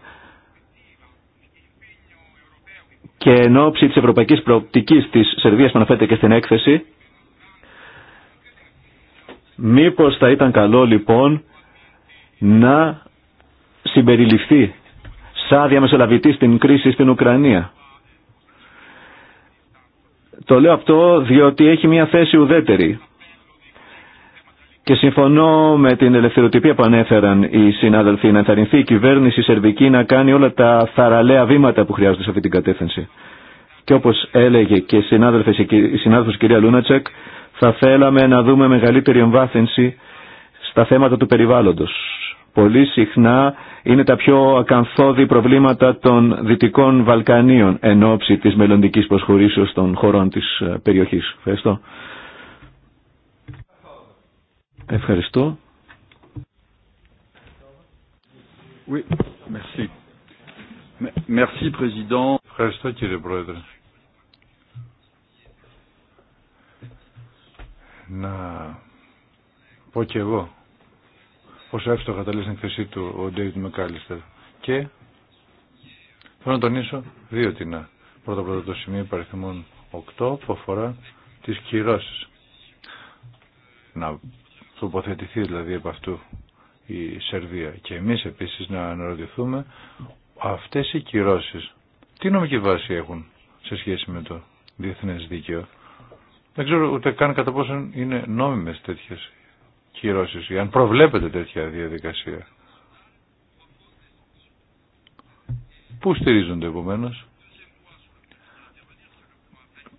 [SPEAKER 1] και εν ώψη της ευρωπαϊκής προοπτικής της Σερβίας που αναφέρεται και στην έκθεση μήπως θα ήταν καλό λοιπόν να συμπεριληφθεί σαν διαμεσολαβητή στην κρίση στην Ουκρανία το λέω αυτό διότι έχει μια θέση ουδέτερη. Και συμφωνώ με την ελευθεροτυπία που ανέφεραν οι συνάδελφοι να ενθαρρυνθεί η κυβέρνηση σερβική να κάνει όλα τα θαραλέα βήματα που χρειάζονται σε αυτή την κατεύθυνση. Και όπως έλεγε και η συνάδελφος η κυρία Λούνατσεκ, θα θέλαμε να δούμε μεγαλύτερη εμβάθυνση στα θέματα του περιβάλλοντος πολύ συχνά είναι τα πιο ακαθόδη προβλήματα των Δυτικών Βαλκανίων εν ώψη της μελλοντικής προσχωρήσεως των χωρών της ε, περιοχής. Ευχαριστώ. Ευχαριστώ.
[SPEAKER 4] Oui,
[SPEAKER 3] merci. Merci, Président. Ευχαριστώ κύριε Πρόεδρε. Να πω και εγώ πόσο εύστοχα τα λέει στην εκθεσή του ο Ντέιβιτ Μεκάλιστερ. Και θέλω να τονίσω δύο τινά. Πρώτα πρώτα το σημείο υπαριθμών 8 που αφορά τις κυρώσεις. Να τοποθετηθεί δηλαδή από αυτού η Σερβία. Και εμείς επίσης να αναρωτηθούμε αυτές οι κυρώσεις τι νομική βάση έχουν σε σχέση με το διεθνές δίκαιο. Δεν ξέρω ούτε καν κατά πόσο είναι νόμιμες τέτοιες κυρώσεις, αν προβλέπετε τέτοια διαδικασία. Πού στηρίζονται επομένω.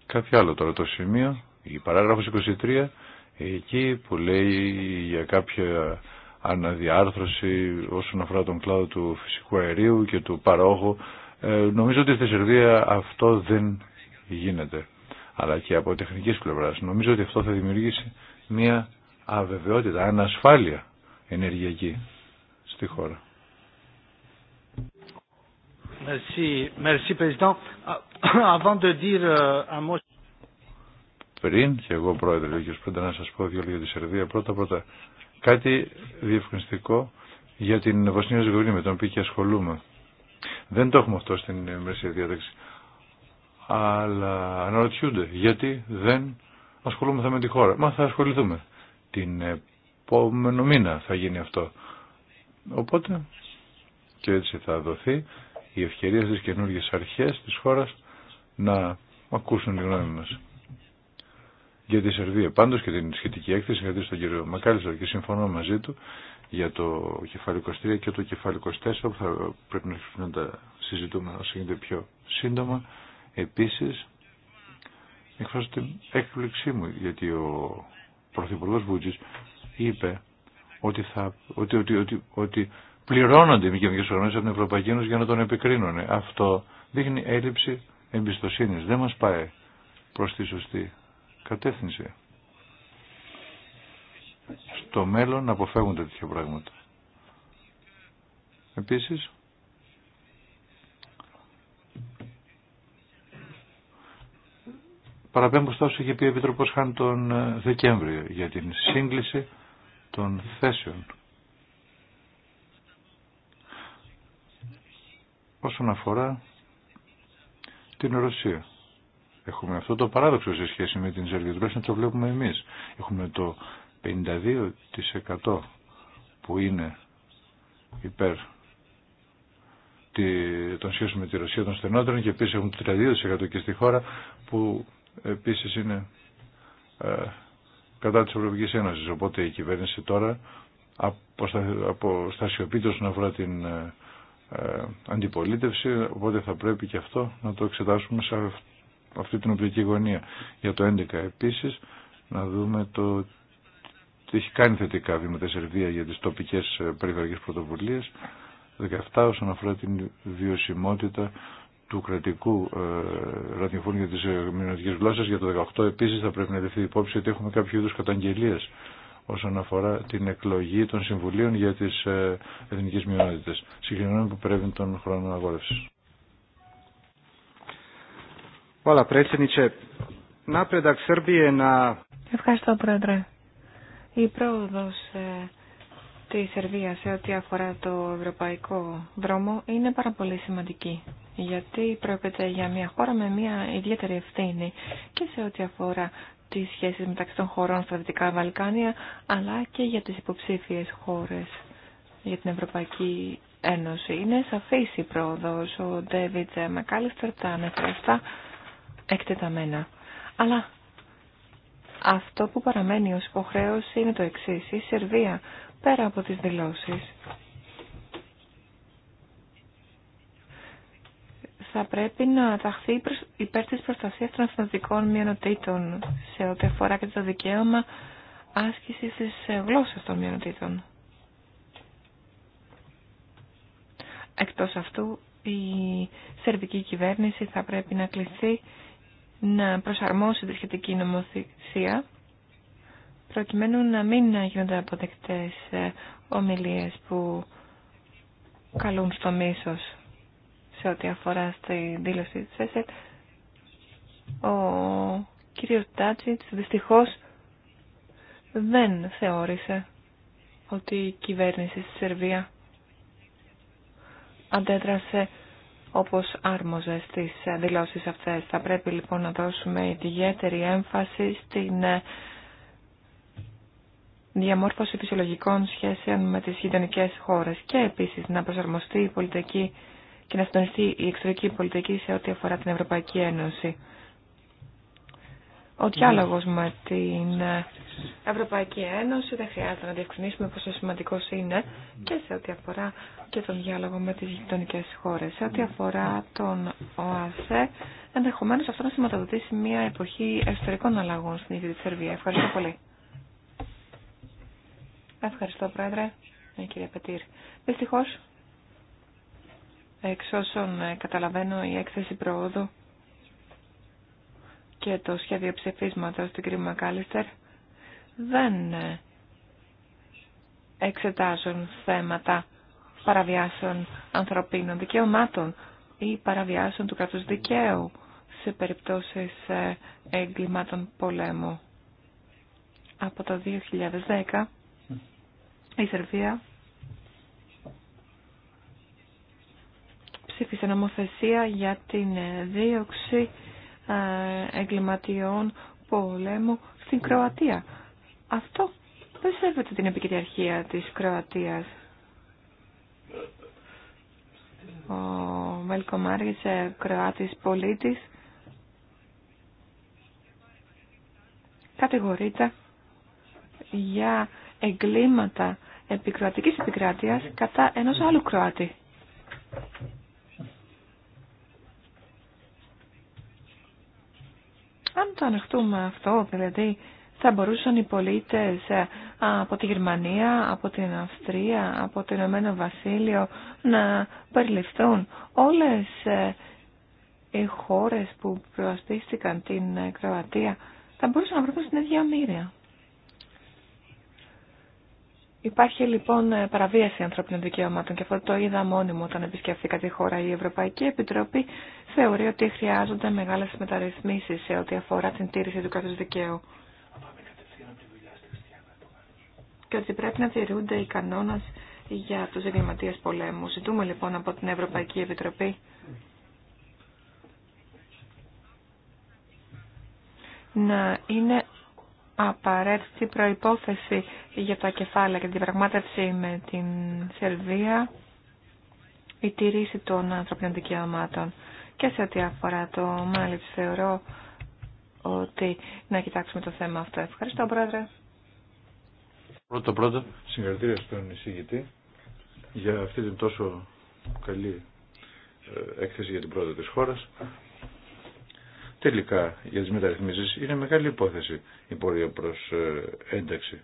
[SPEAKER 3] Κάποιο άλλο τώρα το σημείο, η παράγραφος 23, εκεί που λέει για κάποια αναδιάρθρωση όσον αφορά τον κλάδο του φυσικού αερίου και του παρόχου. Ε, νομίζω ότι στη Σερβία αυτό δεν γίνεται. Αλλά και από τεχνικής πλευράς. Νομίζω ότι αυτό θα δημιουργήσει μια αβεβαιότητα, ανασφάλεια ενεργειακή στη χώρα. Πριν και εγώ πρόεδρε, και πρώτα να σας πω δύο λόγια για τη Σερβία. Πρώτα πρώτα κάτι διευκρινιστικό για την Βοσνία Ζεγοβίνη με τον οποίο και ασχολούμαι. Δεν το έχουμε αυτό στην μερσία διάταξη. Αλλά αναρωτιούνται γιατί δεν ασχολούμαστε με τη χώρα. Μα θα ασχοληθούμε την επόμενο μήνα θα γίνει αυτό. Οπότε και έτσι θα δοθεί η ευκαιρία στις καινούργιες αρχές της χώρας να ακούσουν τη γνώμη μας. Για τη Σερβία πάντως και την σχετική έκθεση γιατί στον κύριο Μακάλιστο και συμφωνώ μαζί του για το κεφάλαιο 23 και το κεφάλαιο 24 που θα πρέπει να να τα συζητούμε όσο γίνεται πιο σύντομα. Επίσης εκφράζω την έκπληξή μου γιατί ο Πρωθυπουργός Βούτζης είπε ότι, θα, ότι, ότι, ότι, ότι πληρώνονται οι μη κοινωνικέ οργανώσει από την Ευρωπαϊκή Ένωση για να τον επικρίνουν. Αυτό δείχνει έλλειψη εμπιστοσύνη. Δεν μα πάει προ τη σωστή κατεύθυνση. Στο μέλλον να αποφεύγουν τέτοια πράγματα. Επίσης, Παραπέμπω στα είχε πει ο Επίτροπο Χάν τον ε, Δεκέμβριο για την σύγκληση των θέσεων. Όσον αφορά την Ρωσία. Έχουμε αυτό το παράδοξο σε σχέση με την Σερβία. να το βλέπουμε εμείς. Έχουμε το 52% που είναι υπέρ των σχέσεων με τη Ρωσία των στενότερων και επίσης έχουμε το 32% και στη χώρα που επίσης είναι ε, κατά της Ευρωπαϊκής Ένωσης. Οπότε η κυβέρνηση τώρα αποστασιοποιείται όσον αφορά την ε, ε, αντιπολίτευση, οπότε θα πρέπει και αυτό να το εξετάσουμε σε αυτή την οπτική γωνία. Για το 2011, επίσης να δούμε το τι έχει κάνει θετικά βήματα η Σερβία για τις τοπικές περιφερειακές πρωτοβουλίες. 17 όσον αφορά την βιωσιμότητα του κρατικού ε, ραδιοφώνου για τις ε, μειονοτικές γλώσσες για το 18 Επίση θα πρέπει να ληφθεί υπόψη ότι έχουμε κάποιο είδους καταγγελίες όσον αφορά την εκλογή των συμβουλίων για τις ε, εθνικές μειονότητες. Συγκεκριμένα που πρέπει τον χρόνο αγορευση.
[SPEAKER 5] Ευχαριστώ, Πρόεδρε. Η πρόοδος ε, τη Σερβία σε ό,τι αφορά το ευρωπαϊκό δρόμο είναι πάρα πολύ σημαντική γιατί πρόκειται για μια χώρα με μια ιδιαίτερη ευθύνη και σε ό,τι αφορά τις σχέσεις μεταξύ των χωρών στα Δυτικά Βαλκάνια, αλλά και για τις υποψήφιες χώρες για την Ευρωπαϊκή Ένωση. Είναι σαφής η πρόοδος. Ο Ντέβιτ Μακάλιστερ τα ανέφερε αυτά εκτεταμένα. Αλλά αυτό που παραμένει ως υποχρέωση είναι το εξής. Η Σερβία, πέρα από τις δηλώσεις, θα πρέπει να ταχθεί υπέρ της προστασίας των εθνοτικών μειονοτήτων σε ό,τι αφορά και το δικαίωμα άσκησης της γλώσσας των μειονοτήτων. Εκτός αυτού, η σερβική κυβέρνηση θα πρέπει να κληθεί να προσαρμόσει τη σχετική νομοθεσία προκειμένου να μην γίνονται αποδεκτές ε, ομιλίες που καλούν στο μίσος σε ό,τι αφορά στη δήλωση της ΕΣΕΤ, ο κύριος Τάτσιτς δυστυχώς δεν θεώρησε ότι η κυβέρνηση στη Σερβία αντέδρασε όπως άρμοζε στις δηλώσεις αυτές. Θα πρέπει λοιπόν να δώσουμε ιδιαίτερη έμφαση στην ε, διαμόρφωση φυσιολογικών σχέσεων με τις γειτονικέ χώρες και επίσης να προσαρμοστεί η πολιτική και να συντονιστεί η εξωτερική πολιτική σε ό,τι αφορά την Ευρωπαϊκή Ένωση. Ο διάλογο με την Ευρωπαϊκή Ένωση δεν χρειάζεται να διευκρινίσουμε πόσο σημαντικό είναι και σε ό,τι αφορά και τον διάλογο με τι γειτονικέ χώρε. Σε ό,τι αφορά τον ΟΑΣΕ, ενδεχομένω αυτό να σηματοδοτήσει μια εποχή εσωτερικών αλλαγών στην ίδια τη Σερβία. Ευχαριστώ πολύ. Ευχαριστώ, Πρόεδρε. Ναι, κύριε Πετήρ. Δυστυχώ, Εξ όσων ε, καταλαβαίνω η έκθεση προόδου και το σχέδιο ψηφίσματος του κ. Μακάλιστερ δεν ε, εξετάζουν θέματα παραβιάσεων ανθρωπίνων δικαιωμάτων ή παραβιάσεων του κράτους δικαίου σε περιπτώσεις ε, εγκλημάτων πολέμου. Από το 2010 η Σερβία σε νομοθεσία για την ε, δίωξη ε, εγκληματιών πολέμου στην Κροατία. Αυτό δεν σέβεται την επικυριαρχία της Κροατίας. Ο Μέλκο ε, Κροάτης πολίτης, κατηγορείται για εγκλήματα επικροατικής επικράτειας κατά ενός άλλου Κροάτη. Αν το ανοιχτούμε αυτό, δηλαδή θα μπορούσαν οι πολίτες ε, από τη Γερμανία, από την Αυστρία, από το Ηνωμένο Βασίλειο να περιληφθούν όλες ε, οι χώρες που προασπίστηκαν την ε, Κροατία θα μπορούσαν να βρουν στην ίδια μοίρα. Υπάρχει λοιπόν παραβίαση ανθρωπίνων δικαιωμάτων και αυτό το είδα μόνιμο όταν επισκέφθηκα τη χώρα. Η Ευρωπαϊκή Επιτροπή θεωρεί ότι χρειάζονται μεγάλε μεταρρυθμίσεις σε ό,τι αφορά την τήρηση του κράτου δικαίου. Και ότι πρέπει να τηρούνται οι κανόνε για του εγκληματίε πολέμου. Ζητούμε λοιπόν από την Ευρωπαϊκή Επιτροπή να είναι απαραίτητη προϋπόθεση για τα κεφάλαια και την πραγμάτευση με την Σερβία η τηρήση των ανθρωπινών δικαιωμάτων και σε ό,τι αφορά το Μάλιτς θεωρώ ότι να κοιτάξουμε το θέμα αυτό. Ευχαριστώ Πρόεδρε.
[SPEAKER 3] Πρώτα πρώτα συγχαρητήρια στον εισηγητή για αυτή την τόσο καλή ε, έκθεση για την πρόοδο της χώρας. Τελικά για τις μεταρρυθμίσεις είναι μεγάλη υπόθεση η πορεία προς ε, ένταξη.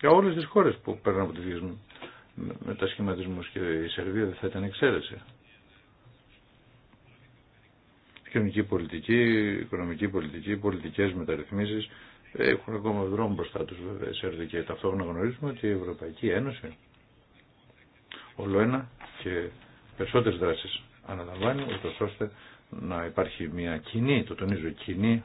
[SPEAKER 3] Για όλες τις χώρες που παίρνουν από τα μετασχηματισμούς και η Σερβία δεν θα ήταν εξαίρεση κοινωνική πολιτική, οικονομική πολιτική, πολιτικέ μεταρρυθμίσει έχουν ακόμα δρόμο μπροστά του, βέβαια σε και ταυτόχρονα γνωρίζουμε ότι η Ευρωπαϊκή Ένωση όλο ένα και περισσότερε δράσει αναλαμβάνει ώστε να υπάρχει μια κοινή, το τονίζω κοινή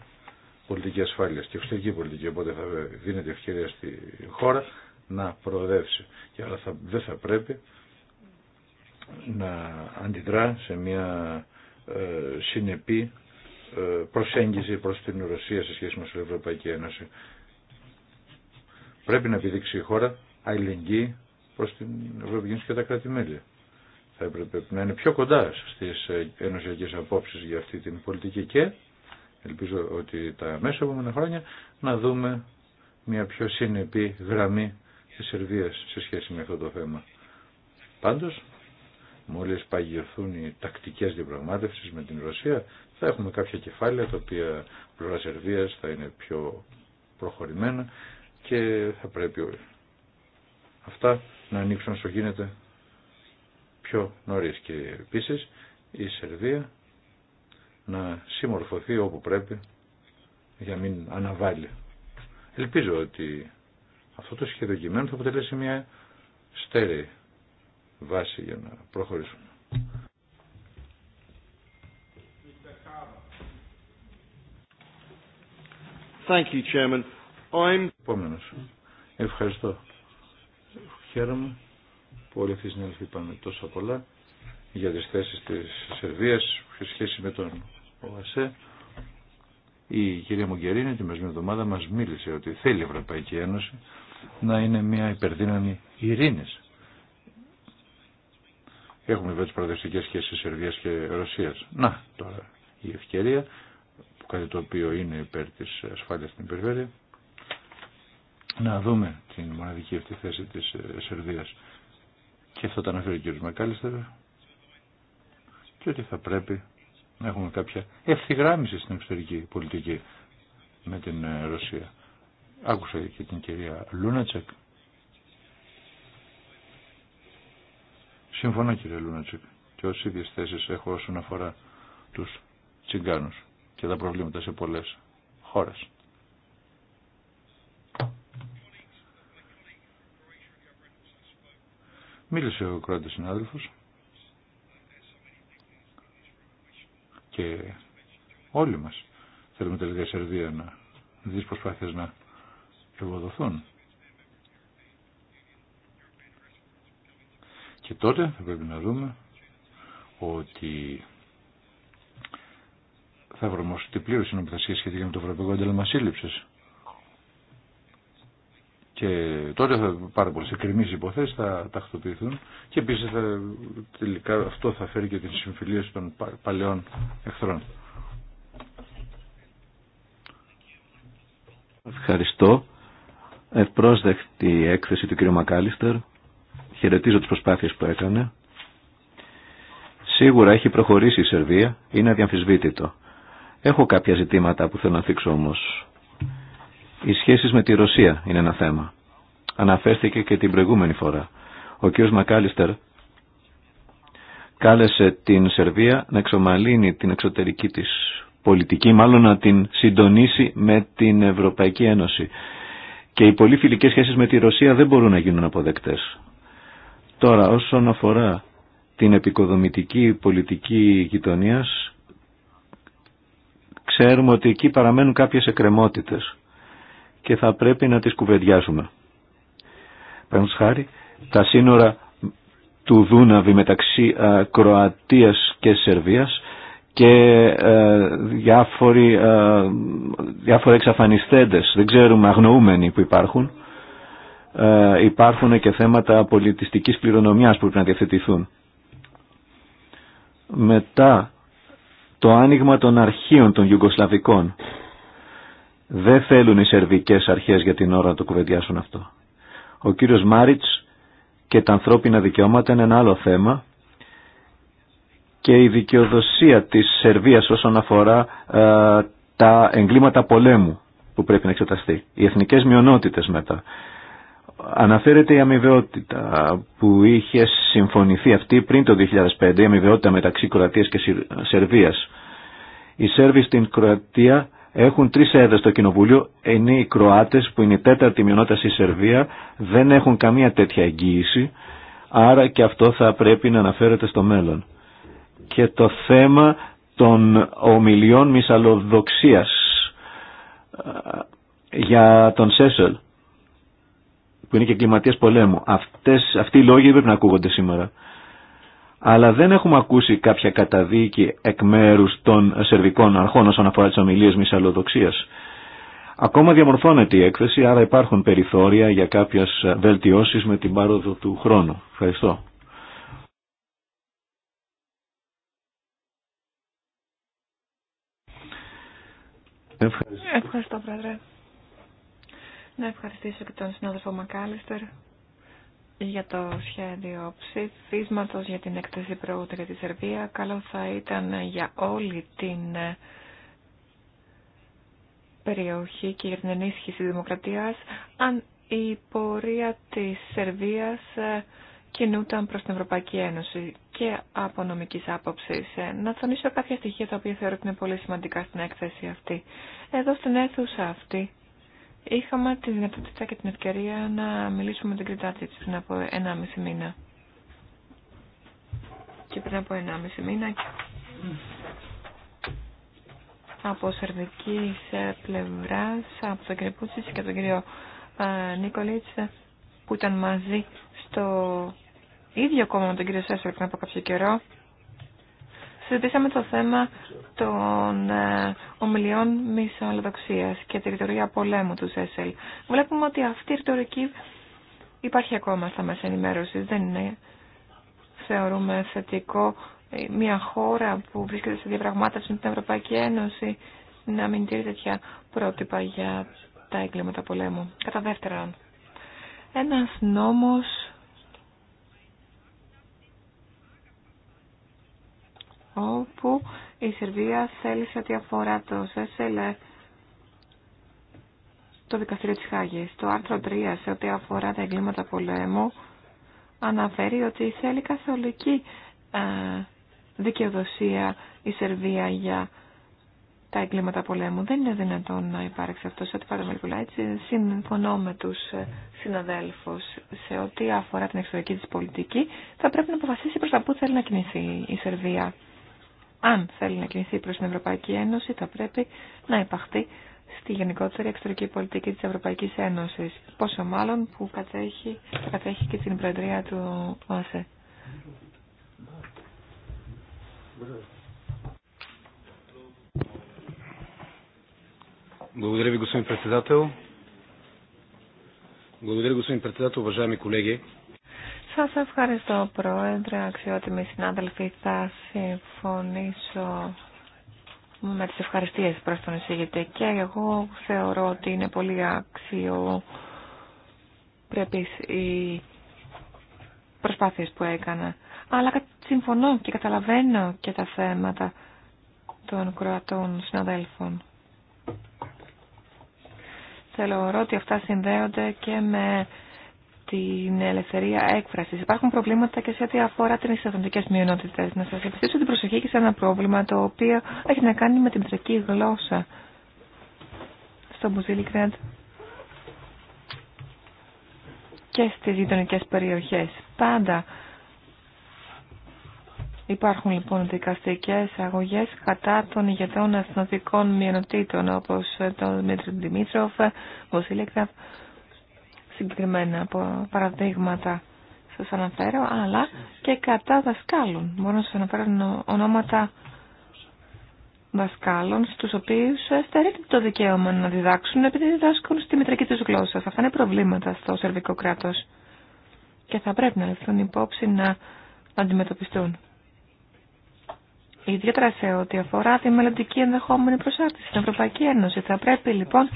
[SPEAKER 3] πολιτική ασφάλεια και εξωτερική πολιτική οπότε θα δίνεται ευκαιρία στη χώρα να προοδεύσει και άρα δεν θα πρέπει να αντιδρά σε μια ε, συνεπή ε, προσέγγιση προς την Ρωσία σε σχέση με την Ευρωπαϊκή Ένωση. Πρέπει να επιδείξει η χώρα αλληλεγγύη προς την Ευρωπαϊκή Ένωση και τα κράτη-μέλη. Θα έπρεπε να είναι πιο κοντά στις ε, ενωσιακές απόψεις για αυτή την πολιτική και ελπίζω ότι τα μέσα επόμενα χρόνια να δούμε μια πιο συνεπή γραμμή της Σερβίας σε σχέση με αυτό το θέμα. Πάντως, μόλις παγιωθούν οι τακτικές διαπραγμάτευσεις με την Ρωσία, θα έχουμε κάποια κεφάλαια τα οποία πλευρά Σερβίας θα είναι πιο προχωρημένα και θα πρέπει όλοι. αυτά να ανοίξουν όσο γίνεται πιο νωρίς και επίσης η Σερβία να συμμορφωθεί όπου πρέπει για μην αναβάλει. Ελπίζω ότι αυτό το σχεδιογημένο θα αποτελέσει μια στέρεη βάση για να προχωρήσουμε. Thank you, Chairman. I'm... Επόμενος. Ευχαριστώ. Χαίρομαι που όλοι αυτοί οι είπαν τόσα πολλά για τις θέσεις της Σερβίας σε σχέση με τον ΟΑΣΕ. Η κυρία Μογκερίνη την περσμένη εβδομάδα μας μίλησε ότι θέλει η Ευρωπαϊκή Ένωση να είναι μια υπερδύναμη ειρήνης Έχουμε βέβαια τι σχέσεις σχέσει Σερβία και Ρωσία. Να, τώρα η ευκαιρία, που κάτι το οποίο είναι υπέρ τη ασφάλεια στην περιφέρεια, να δούμε την μοναδική αυτή θέση τη ε, Σερβία. Και αυτό το αναφέρει ο κ. Μακάλιστερ. Και ότι θα πρέπει να έχουμε κάποια ευθυγράμμιση στην εξωτερική πολιτική με την ε, Ρωσία. Άκουσα και την κυρία Λούνατσεκ Συμφωνώ κύριε Λούνατσικ και όσοι ίδιες θέσεις έχω όσον αφορά τους τσιγκάνους και τα προβλήματα σε πολλές χώρες. Μίλησε ο κρότης συνάδελφος και όλοι μας θέλουμε τελικά η Σερβία να δεις προσπάθειες να ευοδοθούν. Και τότε θα πρέπει να δούμε ότι θα βρούμε τη πλήρω νομοθεσία σχετικά με το Ευρωπαϊκό Ένταλμα Σύλληψη. Και τότε θα πάρα πολλέ εκκρεμίε υποθέσει θα τακτοποιηθούν και επίση τελικά αυτό θα φέρει και την συμφιλίωση των παλαιών εχθρών.
[SPEAKER 1] Ευχαριστώ. Ευπρόσδεκτη έκθεση του κ. Μακάλιστερ. Χαιρετίζω τις προσπάθειες που έκανε. Σίγουρα έχει προχωρήσει η Σερβία, είναι αδιαμφισβήτητο. Έχω κάποια ζητήματα που θέλω να θίξω όμως. Οι σχέσεις με τη Ρωσία είναι ένα θέμα. Αναφέρθηκε και την προηγούμενη φορά. Ο κ. Μακάλιστερ κάλεσε την Σερβία να εξομαλύνει την εξωτερική της πολιτική, μάλλον να την συντονίσει με την Ευρωπαϊκή Ένωση. Και οι πολύ φιλικές σχέσεις με τη Ρωσία δεν μπορούν να γίνουν αποδεκτές. Τώρα, όσον αφορά την επικοδομητική πολιτική γειτονία, ξέρουμε ότι εκεί παραμένουν κάποιες εκκρεμότητες και θα πρέπει να τις κουβεντιάσουμε. Παραδείγματος χάρη, τα σύνορα του Δούναβη μεταξύ Κροατία Κροατίας και Σερβίας και διάφοροι, ε, διάφοροι εξαφανιστέντες, δεν ξέρουμε αγνοούμενοι που υπάρχουν ε, υπάρχουν και θέματα πολιτιστικής κληρονομιάς που πρέπει να διαθετηθούν. Μετά το άνοιγμα των αρχείων των Ιουγκοσλαβικών. Δεν θέλουν οι σερβικές αρχές για την ώρα να το κουβεντιάσουν αυτό. Ο κύριος Μάριτς και τα ανθρώπινα δικαιώματα είναι ένα άλλο θέμα και η δικαιοδοσία της Σερβίας όσον αφορά ε, τα εγκλήματα πολέμου που πρέπει να εξεταστεί. Οι εθνικές μειονότητες μετά αναφέρεται η αμοιβαιότητα που είχε συμφωνηθεί αυτή πριν το 2005, η αμοιβαιότητα μεταξύ Κροατίας και Σερβίας. Οι Σέρβοι στην Κροατία έχουν τρει έδρε στο Κοινοβούλιο, ενώ οι Κροάτε, που είναι η τέταρτη μειονότητα στη Σερβία, δεν έχουν καμία τέτοια εγγύηση. Άρα και αυτό θα πρέπει να αναφέρεται στο μέλλον. Και το θέμα των ομιλιών μυσαλλοδοξία ε, για τον Σέσελ που είναι και κλιματίας πολέμου. Αυτές, αυτοί οι λόγοι πρέπει να ακούγονται σήμερα. Αλλά δεν έχουμε ακούσει κάποια καταδίκη εκ μέρου των σερβικών αρχών όσον αφορά τι ομιλίε μυσαλλοδοξία. Ακόμα διαμορφώνεται η έκθεση, άρα υπάρχουν περιθώρια για κάποιε βελτιώσει με την πάροδο του χρόνου. Ευχαριστώ.
[SPEAKER 5] Ευχαριστώ, Πρόεδρε. Να ευχαριστήσω και τον συνάδελφο Μακάλιστερ για το σχέδιο ψηφίσματο για την έκθεση πρόοδου για τη Σερβία. Καλό θα ήταν για όλη την ε, περιοχή και για την ενίσχυση της δημοκρατίας αν η πορεία της Σερβίας ε, κινούταν προς την Ευρωπαϊκή Ένωση και από νομικής άποψης. Ε, να τονίσω κάποια στοιχεία τα οποία θεωρώ ότι είναι πολύ σημαντικά στην έκθεση αυτή. Εδώ στην αίθουσα αυτή Είχαμε τη δυνατότητα και την ευκαιρία να μιλήσουμε με τον Κριτάτσι πριν από 1,5 μήνα. Και πριν από ένα 1,5 μήνα από σερβικής πλευράς, από τον κύριο Πούτσης και τον κύριο ε, Νίκολιτς που ήταν μαζί στο ίδιο κόμμα με τον κύριο Σέσσερ πριν από κάποιο καιρό συζητήσαμε το θέμα των ε, ομιλιών μη και τη ρητορία πολέμου του ΣΕΣΕΛ. Βλέπουμε ότι αυτή η ρητορική υπάρχει ακόμα στα μέσα ενημέρωση. Δεν είναι, θεωρούμε, θετικό ε, μια χώρα που βρίσκεται σε διαπραγμάτευση με την Ευρωπαϊκή Ένωση να μην τηρεί τέτοια πρότυπα για τα έγκληματα πολέμου. Κατά δεύτερον, ένας νόμος όπου η Σερβία θέλει σε ό,τι αφορά το ΣΕΣΕΛΕ το δικαστήριο της Χάγης. Το άρθρο 3 σε ό,τι αφορά τα εγκλήματα πολέμου αναφέρει ότι θέλει καθολική ε, δικαιοδοσία η Σερβία για τα εγκλήματα πολέμου. Δεν είναι δυνατόν να υπάρξει αυτό σε ό,τι παραμελικούλα. Έτσι, συμφωνώ με του ε, συναδέλφου σε ό,τι αφορά την εξωτερική της πολιτική. Θα πρέπει να αποφασίσει προς τα πού θέλει να κινηθεί η Σερβία αν θέλει να κινηθεί προς την Ευρωπαϊκή Ένωση, θα πρέπει να υπαχθεί στη γενικότερη εξωτερική πολιτική της Ευρωπαϊκής Ένωσης. Πόσο μάλλον που κατέχει, και την Προεδρία του ΟΑΣΕ.
[SPEAKER 1] Благодаря ви, господин председател. Благодаря, господин
[SPEAKER 5] σας ευχαριστώ Πρόεδρε, αξιότιμοι συνάδελφοι. Θα συμφωνήσω με τις ευχαριστίες προς τον εισηγητή και εγώ θεωρώ ότι είναι πολύ αξιο πρέπει οι προσπάθειες που έκανα. Αλλά συμφωνώ και καταλαβαίνω και τα θέματα των Κροατών συναδέλφων. Θεωρώ ότι αυτά συνδέονται και με την ελευθερία έκφραση. Υπάρχουν προβλήματα και σε ό,τι αφορά τι εθνικέ μειονότητε. Να σα επιστήσω την προσοχή και σε ένα πρόβλημα το οποίο έχει να κάνει με την τρική γλώσσα στο Μπουζίλικραντ και στις γειτονικέ περιοχές. Πάντα υπάρχουν λοιπόν δικαστικέ αγωγές κατά των ηγετών αστυνοτικών μειονοτήτων όπως τον Δημήτρη Δημήτροφ, Μοζίλικρατ, συγκεκριμένα παραδείγματα σας αναφέρω, αλλά και κατά δασκάλων. Μπορώ να σας αναφέρω ονόματα δασκάλων στους οποίους στερείται το δικαίωμα να διδάξουν επειδή διδάσκουν στη μητρική τους γλώσσα. Αυτά είναι προβλήματα στο σερβικό κράτος και θα πρέπει να λεφθούν υπόψη να αντιμετωπιστούν. Ιδιαίτερα σε ό,τι αφορά τη μελλοντική ενδεχόμενη προσάρτηση στην Ευρωπαϊκή Ένωση. Θα πρέπει λοιπόν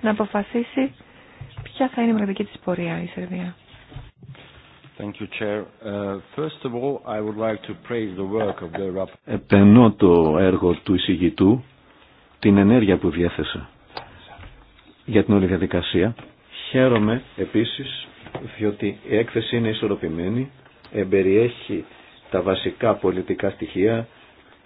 [SPEAKER 5] να αποφασίσει Ποια θα είναι η μελλοντική της πορεία η Σερβία.
[SPEAKER 1] Επενώ το έργο του εισηγητού, την ενέργεια που διέθεσε για την όλη διαδικασία. Χαίρομαι επίσης διότι η έκθεση είναι ισορροπημένη, εμπεριέχει τα βασικά πολιτικά στοιχεία,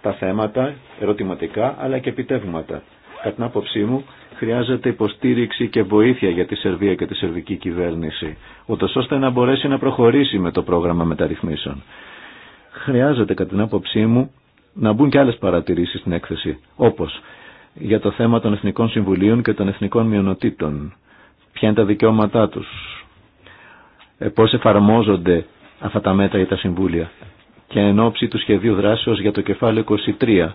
[SPEAKER 1] τα θέματα, ερωτηματικά αλλά και επιτεύγματα. Κατά την άποψή μου χρειάζεται υποστήριξη και βοήθεια για τη Σερβία και τη σερβική κυβέρνηση, ούτως ώστε να μπορέσει να προχωρήσει με το πρόγραμμα μεταρρυθμίσεων. Χρειάζεται κατά την άποψή μου να μπουν και άλλες παρατηρήσεις στην έκθεση, όπως για το θέμα των Εθνικών Συμβουλίων και των Εθνικών Μειονοτήτων. Ποια είναι τα δικαιώματά τους, ε, πώς εφαρμόζονται αυτά τα μέτρα ή τα συμβούλια και εν ώψη του σχεδίου δράσεως για το κεφάλαιο 23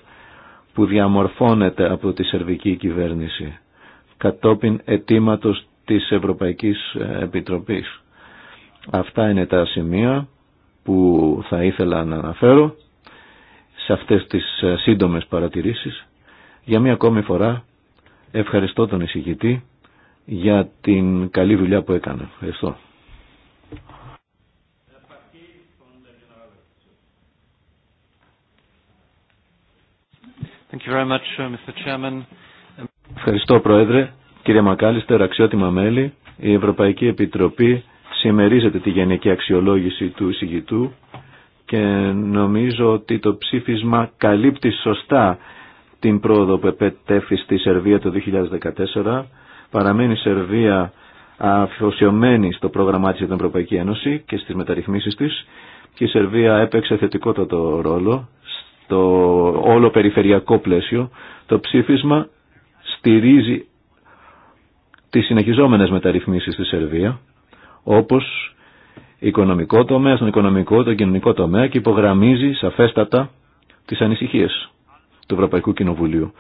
[SPEAKER 1] που διαμορφώνεται από τη σερβική κυβέρνηση κατόπιν αιτήματος της Ευρωπαϊκής Επιτροπής. Αυτά είναι τα σημεία που θα ήθελα να αναφέρω σε αυτές τις σύντομες παρατηρήσεις. Για μία ακόμη φορά ευχαριστώ τον εισηγητή για την καλή δουλειά που έκανε. Ευχαριστώ. Thank you very much,
[SPEAKER 3] uh,
[SPEAKER 1] Ευχαριστώ Πρόεδρε. Κύριε Μακάλιστερ, αξιότιμα μέλη, η Ευρωπαϊκή Επιτροπή συμμερίζεται τη γενική αξιολόγηση του εισηγητού και νομίζω ότι το ψήφισμα καλύπτει σωστά την πρόοδο που επετέφθη στη Σερβία το 2014. Παραμένει η Σερβία αφοσιωμένη στο πρόγραμμά της για Ευρωπαϊκή Ένωση και στις μεταρρυθμίσεις της και η Σερβία έπαιξε θετικότατο ρόλο στο όλο περιφερειακό πλαίσιο. Το ψήφισμα στηρίζει τις συνεχιζόμενες μεταρρυθμίσεις στη Σερβία, όπως οικονομικό τομέα, στον οικονομικό, τον κοινωνικό τομέα και υπογραμμίζει σαφέστατα τις ανησυχίες του Ευρωπαϊκού Κοινοβουλίου.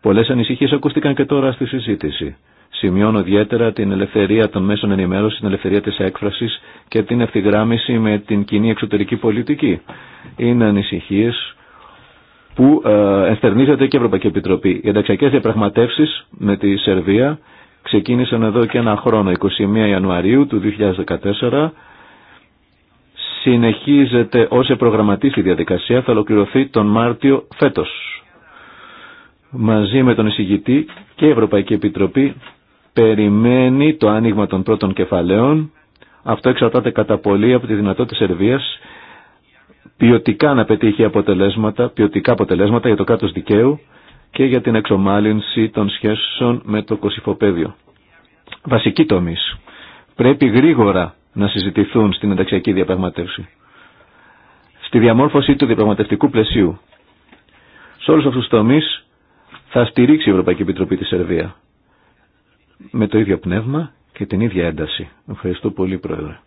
[SPEAKER 1] Πολλές ανησυχίες ακούστηκαν και τώρα στη συζήτηση. Σημειώνω ιδιαίτερα την ελευθερία των μέσων ενημέρωσης, την ελευθερία της έκφρασης και την ευθυγράμμιση με την κοινή εξωτερική πολιτική. Είναι ανησυχίες που ενστερνίζεται και η Ευρωπαϊκή Επιτροπή. Οι ενταξιακέ διαπραγματεύσει με τη Σερβία ξεκίνησαν εδώ και ένα χρόνο, 21 Ιανουαρίου του 2014. Συνεχίζεται ως προγραμματίσει η διαδικασία, θα ολοκληρωθεί τον Μάρτιο φέτος. Μαζί με τον εισηγητή και η Ευρωπαϊκή Επιτροπή περιμένει το άνοιγμα των πρώτων κεφαλαίων. Αυτό εξαρτάται κατά πολύ από τη δυνατότητα της Σερβίας ποιοτικά να πετύχει αποτελέσματα, ποιοτικά αποτελέσματα για το κράτο δικαίου και για την εξομάλυνση των σχέσεων με το κοσυφοπέδιο. Βασικοί τομείς. Πρέπει γρήγορα να συζητηθούν στην ενταξιακή διαπραγματεύση. Στη διαμόρφωση του διαπραγματευτικού πλαισίου. Σε όλους αυτούς τους τομείς θα στηρίξει η Ευρωπαϊκή Επιτροπή τη Σερβία. Με το ίδιο πνεύμα και την ίδια ένταση. Ευχαριστώ πολύ, Πρόεδρε.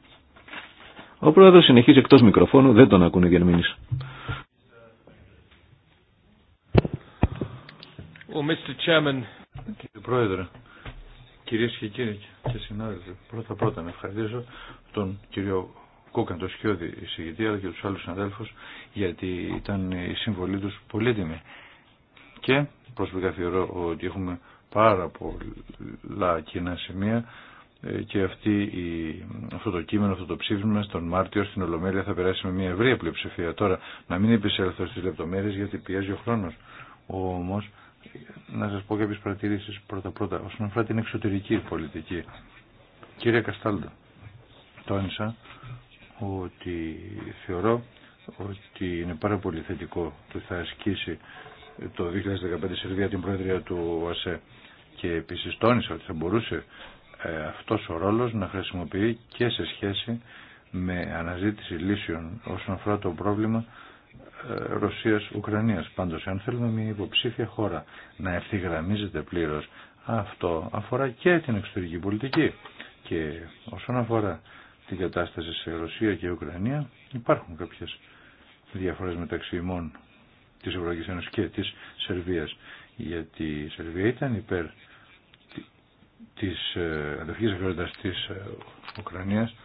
[SPEAKER 1] Ο πρόεδρος συνεχίζει εκτός μικροφώνου, δεν τον ακούνε οι
[SPEAKER 3] Κύριε Πρόεδρε, κυρίες και κύριοι και συνάδελφοι, πρώτα πρώτα να ευχαριστήσω τον κύριο Κούκαν, τον Σκιώδη εισηγητή, και τους άλλους συναδέλφους, γιατί ήταν η συμβολή τους πολύτιμη. Και προσωπικά θεωρώ ότι έχουμε πάρα πολλά κοινά σημεία και αυτή η, αυτό το κείμενο, αυτό το ψήφισμα στον Μάρτιο στην Ολομέλεια θα περάσει με μια ευρία πλειοψηφία. Τώρα να μην επισέλθω στι λεπτομέρειε γιατί πιέζει ο χρόνο. Όμω να σα πω κάποιε παρατηρήσει παρατηρήσεις πρώτα-πρώτα όσον αφορά την εξωτερική πολιτική. Κύριε Καστάλντο, τόνισα ότι θεωρώ ότι είναι πάρα πολύ θετικό το θα ασκήσει το 2015 η Σερβία την Προεδρία του ΟΑΣΕ και επίση τόνισα ότι θα μπορούσε ε, αυτός ο ρόλος να χρησιμοποιεί και σε σχέση με αναζήτηση λύσεων όσον αφορά το πρόβλημα ε, Ρωσίας-Ουκρανίας. Πάντως, αν θέλουμε μια υποψήφια χώρα να ευθυγραμμίζεται πλήρως, αυτό αφορά και την εξωτερική πολιτική. Και όσον αφορά την κατάσταση σε Ρωσία και Ουκρανία, υπάρχουν κάποιες διαφορές μεταξύ ημών της Ευρωπαϊκής Ένωσης και της Σερβίας. Γιατί η Σερβία ήταν υπέρ της ε, αντοχής ακρότητας της ε, Ουκρανίας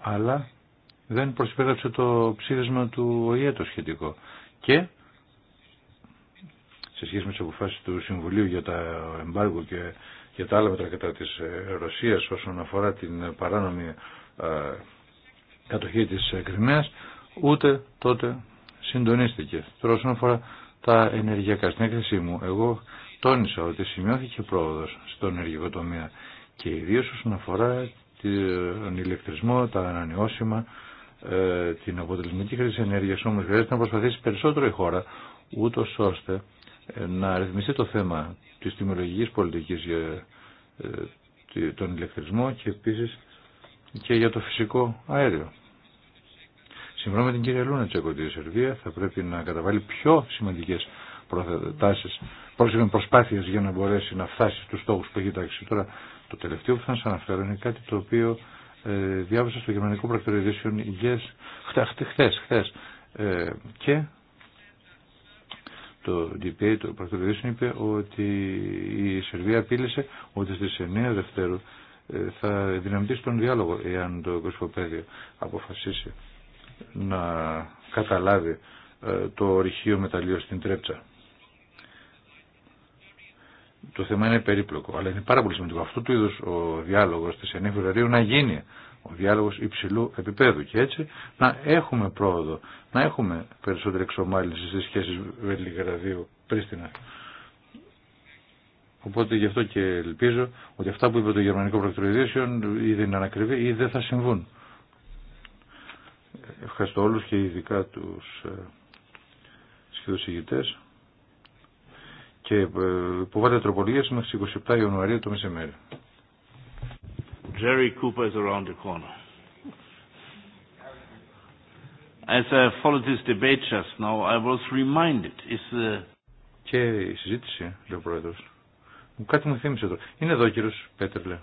[SPEAKER 3] αλλά δεν προσπέραψε το ψήφισμα του ΟΗΕ το σχετικό και σε σχέση με τις αποφάσεις του Συμβουλίου για τα εμπάργου και για τα άλλα μέτρα κατά της ε, Ρωσίας όσον αφορά την παράνομη κατοχή της Κρυμαίας ούτε τότε συντονίστηκε. Τώρα όσον αφορά τα ενεργειακά στην έκθεσή μου εγώ τόνισα ότι σημειώθηκε πρόοδος στον ενεργειακό τομέα και ιδίω όσον αφορά τον ηλεκτρισμό, τα ανανεώσιμα, ε, την αποτελεσματική χρήση ενέργειας όμως χρειάζεται να προσπαθήσει περισσότερο η χώρα ούτω ώστε ε, να ρυθμιστεί το θέμα της τιμολογικής πολιτικής για ε, τον ηλεκτρισμό και επίσης και για το φυσικό αέριο. Συμφωνώ με την κυρία Λούνα ότι η Σερβία θα πρέπει να καταβάλει πιο σημαντικές προτάσεις πρόσεχε προσπάθειες για να μπορέσει να φτάσει στους στόχους που έχει τάξει. Τώρα το τελευταίο που θα σα αναφέρω είναι κάτι το οποίο ε, διάβασα στο γερμανικό πρακτορείο ειδήσεων yes, χθες, ε, και το DPA, το πρακτορείο είπε ότι η Σερβία απείλησε ότι στις 9 Δευτέρου ε, θα δυναμητήσει τον διάλογο εάν το κοσμοπέδιο αποφασίσει να καταλάβει ε, το ορυχείο μεταλλείο στην Τρέψα το θέμα είναι περίπλοκο, αλλά είναι πάρα πολύ σημαντικό αυτού του είδους ο διάλογος της 9 Φεβρουαρίου να γίνει ο διάλογος υψηλού επίπεδου και έτσι να έχουμε πρόοδο, να έχουμε περισσότερη εξομάλυνση στις σχέσεις Βελιγραδίου Πρίστινα. Οπότε γι' αυτό και ελπίζω ότι αυτά που είπε το Γερμανικό Προεκτροειδήσεων ή δεν είναι ανακριβή ή δεν θα συμβούν. Ευχαριστώ όλους και ειδικά τους ε, σχεδοσυγητές και υποβάλλεται ε, τροπολογία μέχρι τι 27 Ιανουαρίου το μεσημέρι.
[SPEAKER 1] Jerry Cooper is around the corner. As I followed this debate just now, I was reminded is the...
[SPEAKER 3] Και η συζήτηση, λέει ο Πρόεδρος. Μου κάτι μου θύμισε τώρα. Είναι εδώ ο κύριος λέει.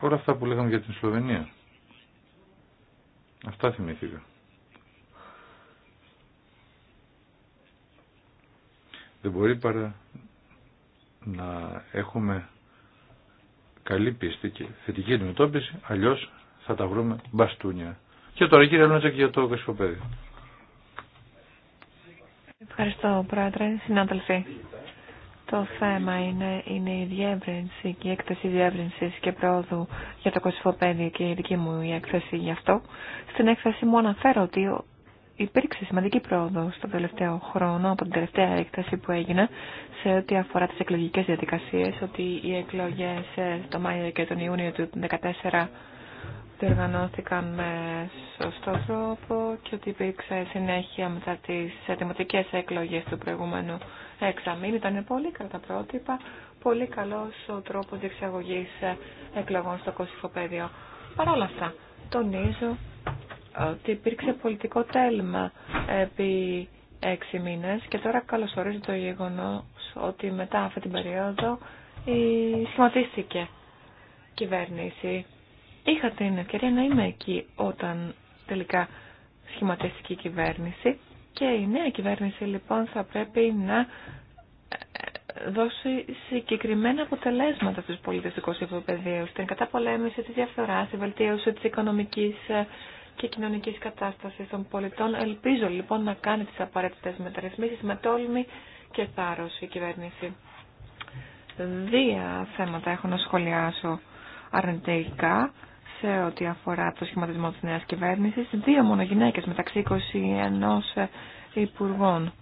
[SPEAKER 3] Όλα αυτά που λέγαμε για την Σλοβενία. Αυτά θυμήθηκα. δεν μπορεί παρά να έχουμε καλή πίστη και θετική αντιμετώπιση, αλλιώς θα τα βρούμε μπαστούνια. Και τώρα κύριε Λόντσα και για το Κασικοπέδιο.
[SPEAKER 5] Ευχαριστώ πρόεδρε, συνάδελφοι. Το θέμα είναι, η διεύρυνση και η έκθεση διεύρυνση και πρόοδου για το κοσυφοπέδιο και η δική μου η έκθεση γι' αυτό. Στην έκθεση μου αναφέρω ότι υπήρξε σημαντική πρόοδο στο τελευταίο χρόνο, από την τελευταία έκταση που έγινε, σε ό,τι αφορά τις εκλογικές διαδικασίες, ότι οι εκλογές ε, το Μάιο και τον Ιούνιο του 2014 διοργανώθηκαν με σωστό τρόπο και ότι υπήρξε συνέχεια μετά τις δημοτικές εκλογές του προηγούμενου έξαμην. Ήταν πολύ καλά τα πρότυπα, πολύ καλός ο τρόπος διεξαγωγής εκλογών στο Κωσυφοπαίδιο. Παρ' όλα αυτά, τονίζω ότι υπήρξε πολιτικό τέλμα επί έξι μήνες και τώρα καλωσορίζει το γεγονός ότι μετά αυτή την περίοδο σχηματίστηκε κυβέρνηση. Είχα την ευκαιρία να είμαι εκεί όταν τελικά σχηματίστηκε η κυβέρνηση και η νέα κυβέρνηση λοιπόν θα πρέπει να ε, δώσει συγκεκριμένα αποτελέσματα στους πολιτιστικούς υποπεδίους, την καταπολέμηση της διαφθοράς, τη βελτίωση της οικονομικής ε, και κοινωνική κατάσταση των πολιτών. Ελπίζω λοιπόν να κάνει τις απαραίτητες μεταρρυθμίσεις με τόλμη και θάρρος η κυβέρνηση. Δύο θέματα έχω να σχολιάσω αρνητικά σε ό,τι αφορά το σχηματισμό τη νέα κυβέρνηση, Δύο μόνο γυναίκες μεταξύ 21 υπουργών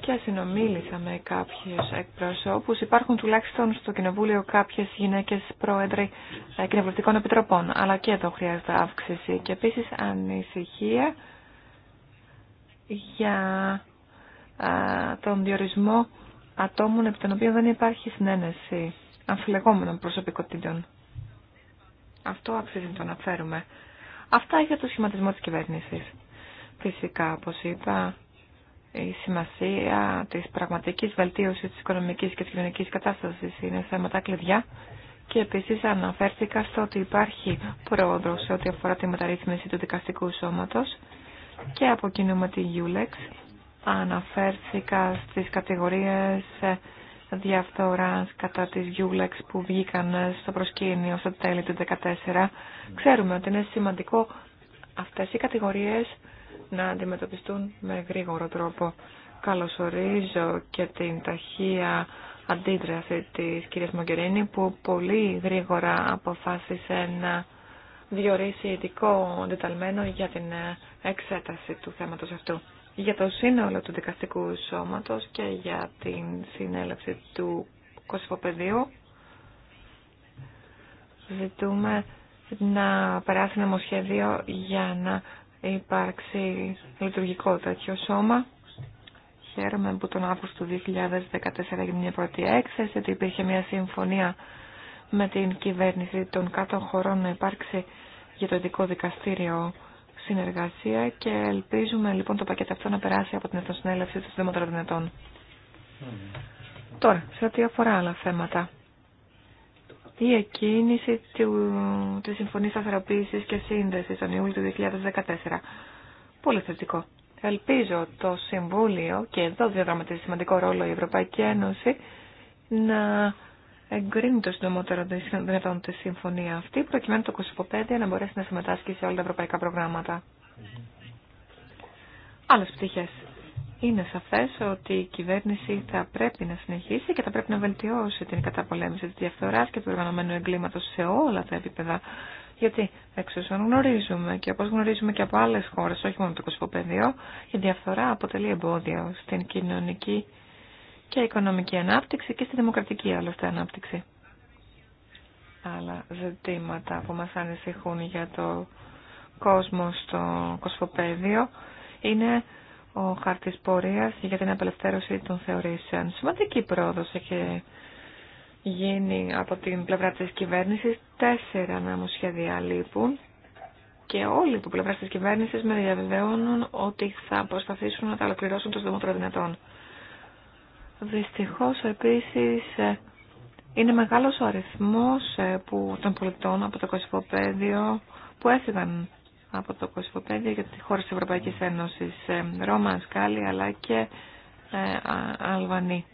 [SPEAKER 5] και συνομίλησα με κάποιους εκπροσώπους. Υπάρχουν τουλάχιστον στο Κοινοβούλιο κάποιες γυναίκες πρόεδροι ε, κοινοβουλευτικών επιτροπών, αλλά και εδώ χρειάζεται αύξηση. Και επίσης ανησυχία για ε, τον διορισμό ατόμων επί των οποίων δεν υπάρχει συνένεση αμφιλεγόμενων προσωπικότητων. Αυτό αξίζει να το αναφέρουμε. Αυτά για το σχηματισμό της κυβέρνησης. Φυσικά, όπως είπα, η σημασία της πραγματικής βελτίωσης της οικονομικής και της κοινωνικής κατάστασης είναι θέματα κλειδιά και επίσης αναφέρθηκα στο ότι υπάρχει πρόοδο σε ό,τι αφορά τη μεταρρύθμιση του δικαστικού σώματος και από κοινού με τη Ulex αναφέρθηκα στις κατηγορίες διαφθοράς κατά της Γιούλεξ που βγήκαν στο προσκήνιο στο τέλη του 2014. Ξέρουμε ότι είναι σημαντικό αυτές οι κατηγορίες να αντιμετωπιστούν με γρήγορο τρόπο. Καλωσορίζω και την ταχεία αντίδραση της κυρίας Μογκερίνη που πολύ γρήγορα αποφάσισε να διορίσει ειδικό αντιταλμένο για την εξέταση του θέματος αυτού. Για το σύνολο του δικαστικού σώματος και για την συνέλευση του κοσυφοπεδίου ζητούμε να περάσει νομοσχέδιο για να υπάρξει λειτουργικό τέτοιο σώμα. Χαίρομαι που τον Αύγουστο του 2014 έγινε μια πρώτη έξεση, ότι υπήρχε μια συμφωνία με την κυβέρνηση των κάτω χωρών να υπάρξει για το ειδικό δικαστήριο συνεργασία και ελπίζουμε λοιπόν το πακέτο αυτό να περάσει από την Εθνοσυνέλευση των Συντήματων Τώρα, σε ό,τι αφορά άλλα θέματα η εκκίνηση του, της Συμφωνίας και Σύνδεσης τον Ιούλιο του 2014. Πολύ θετικό. Ελπίζω το Συμβούλιο, και εδώ διαδραματίζει σημαντικό ρόλο η Ευρωπαϊκή Ένωση, να εγκρίνει το συντομότερο δυνατόν τη συμφωνία αυτή, προκειμένου το 25 να μπορέσει να συμμετάσχει σε όλα τα ευρωπαϊκά προγράμματα. Άλλε πτυχέ είναι σαφές ότι η κυβέρνηση θα πρέπει να συνεχίσει και θα πρέπει να βελτιώσει την καταπολέμηση της διαφθοράς και του οργανωμένου εγκλήματος σε όλα τα επίπεδα. Γιατί εξω όσων γνωρίζουμε και όπως γνωρίζουμε και από άλλες χώρες, όχι μόνο το κοσμοπεδίο, η διαφθορά αποτελεί εμπόδιο στην κοινωνική και οικονομική ανάπτυξη και στη δημοκρατική άλλωστε ανάπτυξη. Άλλα ζητήματα που μας ανησυχούν για το κόσμο στο κοσμοπεδίο είναι ο χάρτης πορείας για την απελευθέρωση των θεωρήσεων. Σημαντική πρόοδος έχει γίνει από την πλευρά της κυβέρνησης. Τέσσερα νομοσχέδια λείπουν και όλοι από πλευρά της κυβέρνησης με διαβεβαιώνουν ότι θα προσπαθήσουν να τα ολοκληρώσουν το δυνατόν. Δυστυχώς επίσης είναι μεγάλος ο αριθμός ε, που, των πολιτών από το πέδιο που έφυγαν από το Κωσυφοπέδιο για τη χώρα της Ευρωπαϊκής Ένωσης, ε, Ρώμα, Σκάλι αλλά και ε, Αλβανή.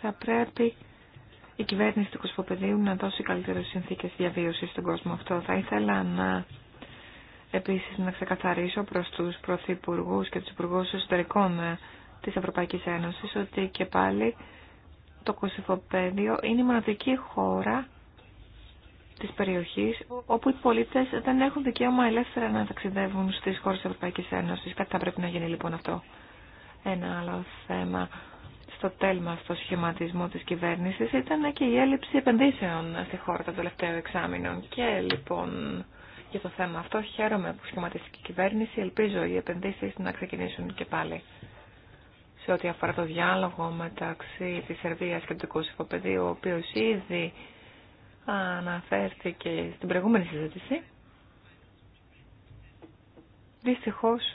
[SPEAKER 5] Θα πρέπει η κυβέρνηση του Κοσμοπεδίου να δώσει καλύτερες συνθήκες διαβίωσης στον κόσμο αυτό. Θα ήθελα να επίσης να ξεκαθαρίσω προς τους πρωθυπουργούς και τους υπουργούς εσωτερικών ε, της Ευρωπαϊκής Ένωσης ότι και πάλι το Κωσυφοπέδιο είναι η μοναδική χώρα της περιοχής όπου οι πολίτες δεν έχουν δικαίωμα ελεύθερα να ταξιδεύουν στις χώρες της Ευρωπαϊκής Ένωσης. Κάτι θα πρέπει να γίνει λοιπόν αυτό. Ένα άλλο θέμα στο τέλμα στο σχηματισμό της κυβέρνησης ήταν και η έλλειψη επενδύσεων στη χώρα των τελευταίων εξάμεινων. Και λοιπόν για το θέμα αυτό χαίρομαι που σχηματίστηκε η κυβέρνηση. Ελπίζω οι επενδύσεις να ξεκινήσουν και πάλι σε ό,τι αφορά το διάλογο μεταξύ της Σερβίας και του Κωσυφοπεδίου, ο οποίος ήδη αναφέρθηκε στην προηγούμενη συζήτηση, δυστυχώς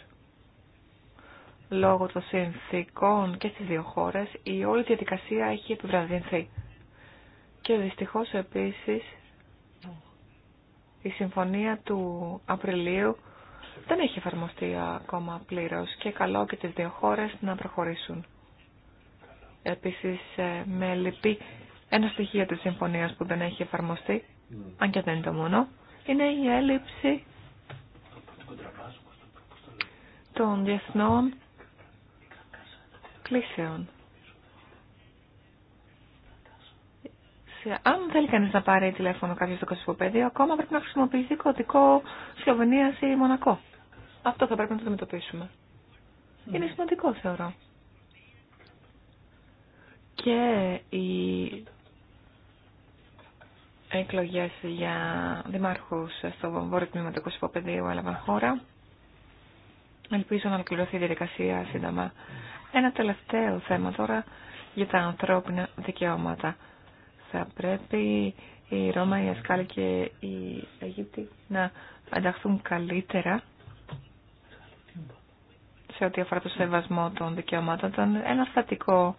[SPEAKER 5] λόγω των συνθήκων και στις δύο χώρες η όλη διαδικασία έχει επιβραδυνθεί. Και δυστυχώς επίσης η συμφωνία του Απριλίου δεν έχει εφαρμοστεί ακόμα πλήρως και καλό και τις δύο χώρες να προχωρήσουν. Επίσης ε, με λυπή ένα στοιχείο της συμφωνίας που δεν έχει εφαρμοστεί, ναι. αν και δεν είναι το μόνο, είναι η έλλειψη των διεθνών κλήσεων. Αν θέλει κανείς να πάρει τηλέφωνο κάποιος στο κοσμοπέδιο, ακόμα πρέπει να χρησιμοποιηθεί κωδικό Σλοβενίας ή Μονακό. Αυτό θα πρέπει να το αντιμετωπίσουμε. Ναι. Είναι σημαντικό, θεωρώ. Και η εκλογές για δημάρχους στο βόρειο τμήμα του έλαβαν χώρα. Ελπίζω να ολοκληρωθεί η διαδικασία σύντομα. Ένα τελευταίο θέμα τώρα για τα ανθρώπινα δικαιώματα. Θα πρέπει η Ρώμα, η Ασκάλη και οι Αιγύπτη να ανταχθούν καλύτερα σε ό,τι αφορά το σεβασμό των δικαιωμάτων. ένα στατικό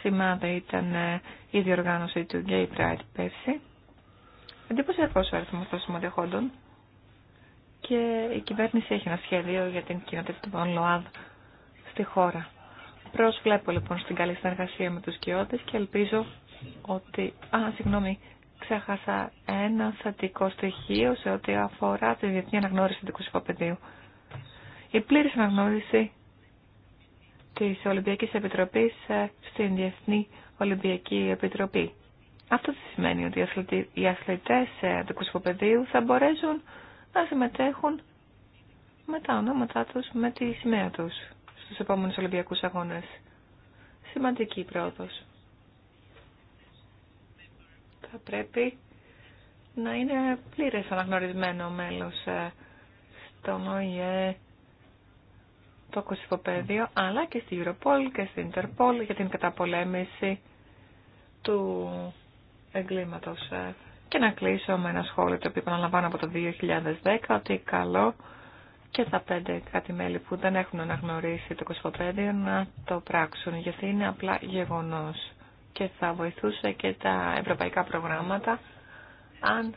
[SPEAKER 5] Σημάδα ήταν ε, η διοργάνωση του Gay Pride πέρσι. Εντυπωσιακό ο αριθμό των συμμετεχόντων και η κυβέρνηση έχει ένα σχέδιο για την κοινότητα των ΛΟΑΔ στη χώρα. Προσβλέπω λοιπόν στην καλή συνεργασία με τους κοιότες και ελπίζω ότι... Α, συγγνώμη, ξέχασα ένα θετικό στοιχείο σε ό,τι αφορά τη διεθνή αναγνώριση του πεδίου. Η πλήρης αναγνώριση της Ολυμπιακής Επιτροπής ε, στην Διεθνή Ολυμπιακή Επιτροπή. Αυτό τι σημαίνει ότι οι αθλητές ε, του κοσμοπεδίου θα μπορέσουν να συμμετέχουν με τα ονόματά τους, με τη σημαία τους στους επόμενους Ολυμπιακούς Αγώνες. Σημαντική πρόοδος. Θα πρέπει να είναι πλήρες αναγνωρισμένο μέλος ε, στον ΟΗΕ το κοσυφοπαίδιο, αλλά και στη Europol και στην Interpol για την καταπολέμηση του εγκλήματος. Και να κλείσω με ένα σχόλιο το οποίο επαναλαμβάνω από το 2010 ότι καλό και τα πέντε κάτι μέλη που δεν έχουν αναγνωρίσει το κοσμοπέδιο να το πράξουν γιατί είναι απλά γεγονός και θα βοηθούσε και τα ευρωπαϊκά προγράμματα αν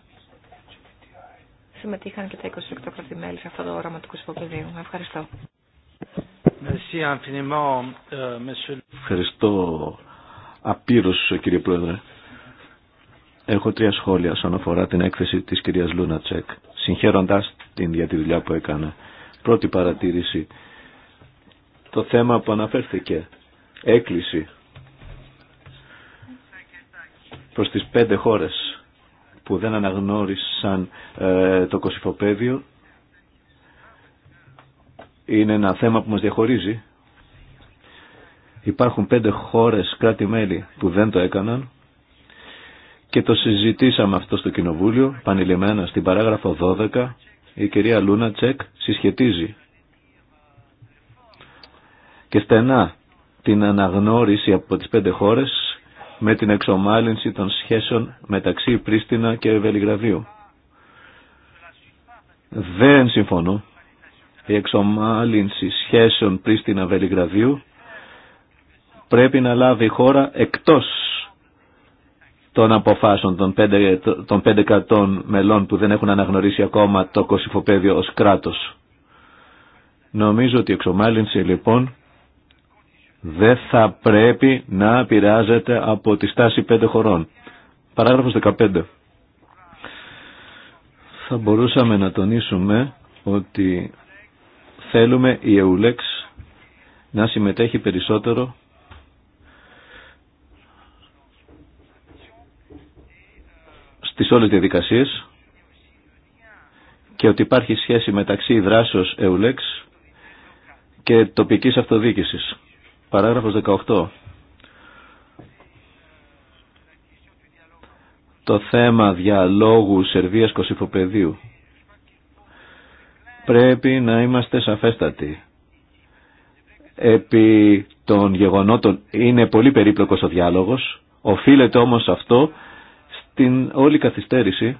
[SPEAKER 5] συμμετείχαν και τα 28 κράτη-μέλη σε αυτό το όραμα του κοσμοπεδίου. Ευχαριστώ.
[SPEAKER 4] Euh,
[SPEAKER 1] Ευχαριστώ απείρως κύριε Πρόεδρε. Έχω τρία σχόλια σαν αφορά την έκθεση της κυρίας Λούνατσεκ, συγχαίροντας την για τη δουλειά που έκανε. Πρώτη παρατήρηση, το θέμα που αναφέρθηκε, έκκληση προς τις πέντε χώρες που δεν αναγνώρισαν ε, το κοσυφοπέδιο είναι ένα θέμα που μας διαχωρίζει. Υπάρχουν πέντε χώρες κράτη-μέλη που δεν το έκαναν και το συζητήσαμε αυτό στο Κοινοβούλιο, πανηλημένα στην παράγραφο 12, η κυρία Λούνα Τσεκ συσχετίζει και στενά την αναγνώριση από τις πέντε χώρες με την εξομάλυνση των σχέσεων μεταξύ Πρίστινα και Βελιγραδίου. Δεν συμφωνώ η εξομάλυνση σχέσεων Πρίστινα Βελιγραδίου πρέπει να λάβει η χώρα εκτός των αποφάσεων των πέντε, των πέντε μελών που δεν έχουν αναγνωρίσει ακόμα το κοσυφοπέδιο ως κράτος. Νομίζω ότι η εξομάλυνση λοιπόν δεν θα πρέπει να επηρεάζεται από τη στάση πέντε χωρών. Παράγραφος 15. Θα μπορούσαμε να τονίσουμε ότι Θέλουμε η Εουλέξ να συμμετέχει περισσότερο στις όλες τις διαδικασίες και ότι υπάρχει σχέση μεταξύ δράσεως Εουλέξ και τοπικής αυτοδίκησης. Παράγραφος 18. Το θέμα διαλόγου Σερβίας Κωσυφοπεδίου πρέπει να είμαστε σαφέστατοι. Επί των γεγονότων είναι πολύ περίπλοκος ο διάλογος, οφείλεται όμως αυτό στην όλη καθυστέρηση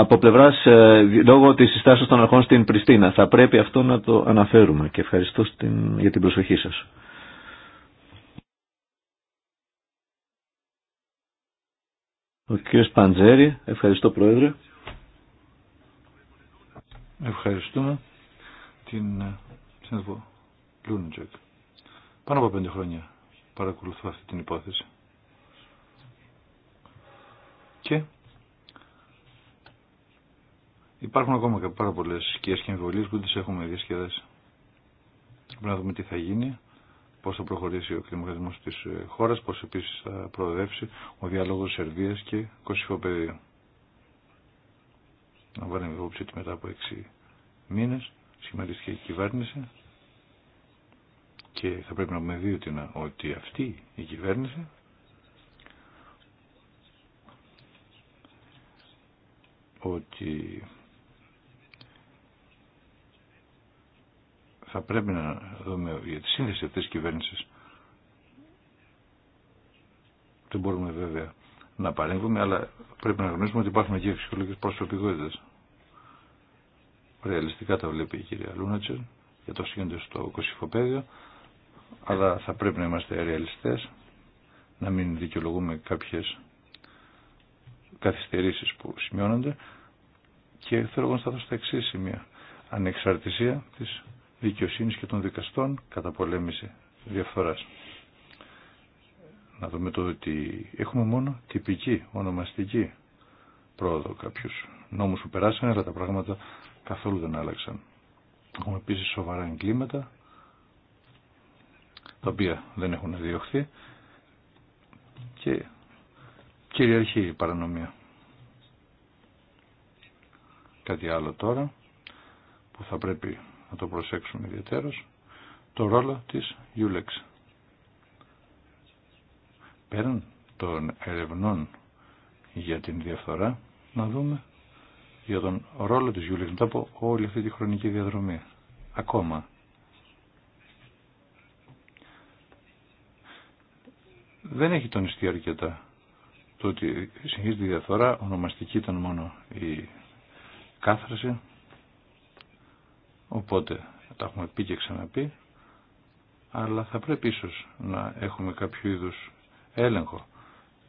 [SPEAKER 1] από πλευράς ε, λόγω της συστάσεως των αρχών στην Πριστίνα. Θα πρέπει αυτό να το αναφέρουμε και ευχαριστώ για την προσοχή σας. Ο κύριος Παντζέρη, ευχαριστώ Πρόεδρε. Ευχαριστούμε
[SPEAKER 3] την συνέδριο Λούντζεκ. Πάνω από πέντε χρόνια παρακολουθώ αυτή την υπόθεση. Και υπάρχουν ακόμα και πάρα πολλές σκιές και εμβολίες που τις έχουμε διασκεδάσει. Πρέπει να δούμε τι θα γίνει πώς θα προχωρήσει ο δημοκρατισμός της ε, χώρας, πώς επίσης θα προοδεύσει ο διάλογος Σερβίας και Κωσυφοπεδίου. Να βάλουμε υπόψη ότι μετά από έξι μήνες σχηματίστηκε η κυβέρνηση και θα πρέπει να πούμε δύο ότι αυτή η κυβέρνηση ότι θα πρέπει να δούμε για τη σύνθεση αυτής της κυβέρνησης. Δεν μπορούμε βέβαια να παρέμβουμε, αλλά πρέπει να γνωρίζουμε ότι υπάρχουν και φυσιολογικές προσωπικότητες. Ρεαλιστικά τα βλέπει η κυρία Λούνατσερ για το σχέδιο στο κοσυφοπαίδιο, αλλά θα πρέπει να είμαστε ρεαλιστές, να μην δικαιολογούμε κάποιες καθυστερήσεις που σημειώνονται και θέλω να σταθώ στα εξή σημεία. Ανεξαρτησία της δικαιοσύνης και των δικαστών κατά πολέμηση διαφθορά. Να δούμε το ότι έχουμε μόνο τυπική, ονομαστική πρόοδο κάποιου νόμου που περάσανε, αλλά τα πράγματα καθόλου δεν άλλαξαν. Έχουμε επίση σοβαρά εγκλήματα, τα οποία δεν έχουν διωχθεί και κυριαρχεί η παρανομία. Κάτι άλλο τώρα που θα πρέπει να το προσέξουμε ιδιαίτερως, το ρόλο της Ιούλεξ. Πέραν των ερευνών για την διαφθορά, να δούμε για τον ρόλο της Ιούλεξ μετά από όλη αυτή τη χρονική διαδρομή. Ακόμα. Δεν έχει τονιστεί αρκετά το ότι συνεχίζει τη διαφθορά, ονομαστική ήταν μόνο η κάθραση, Οπότε τα έχουμε πει και ξαναπεί, αλλά θα πρέπει ίσω να έχουμε κάποιο είδους έλεγχο,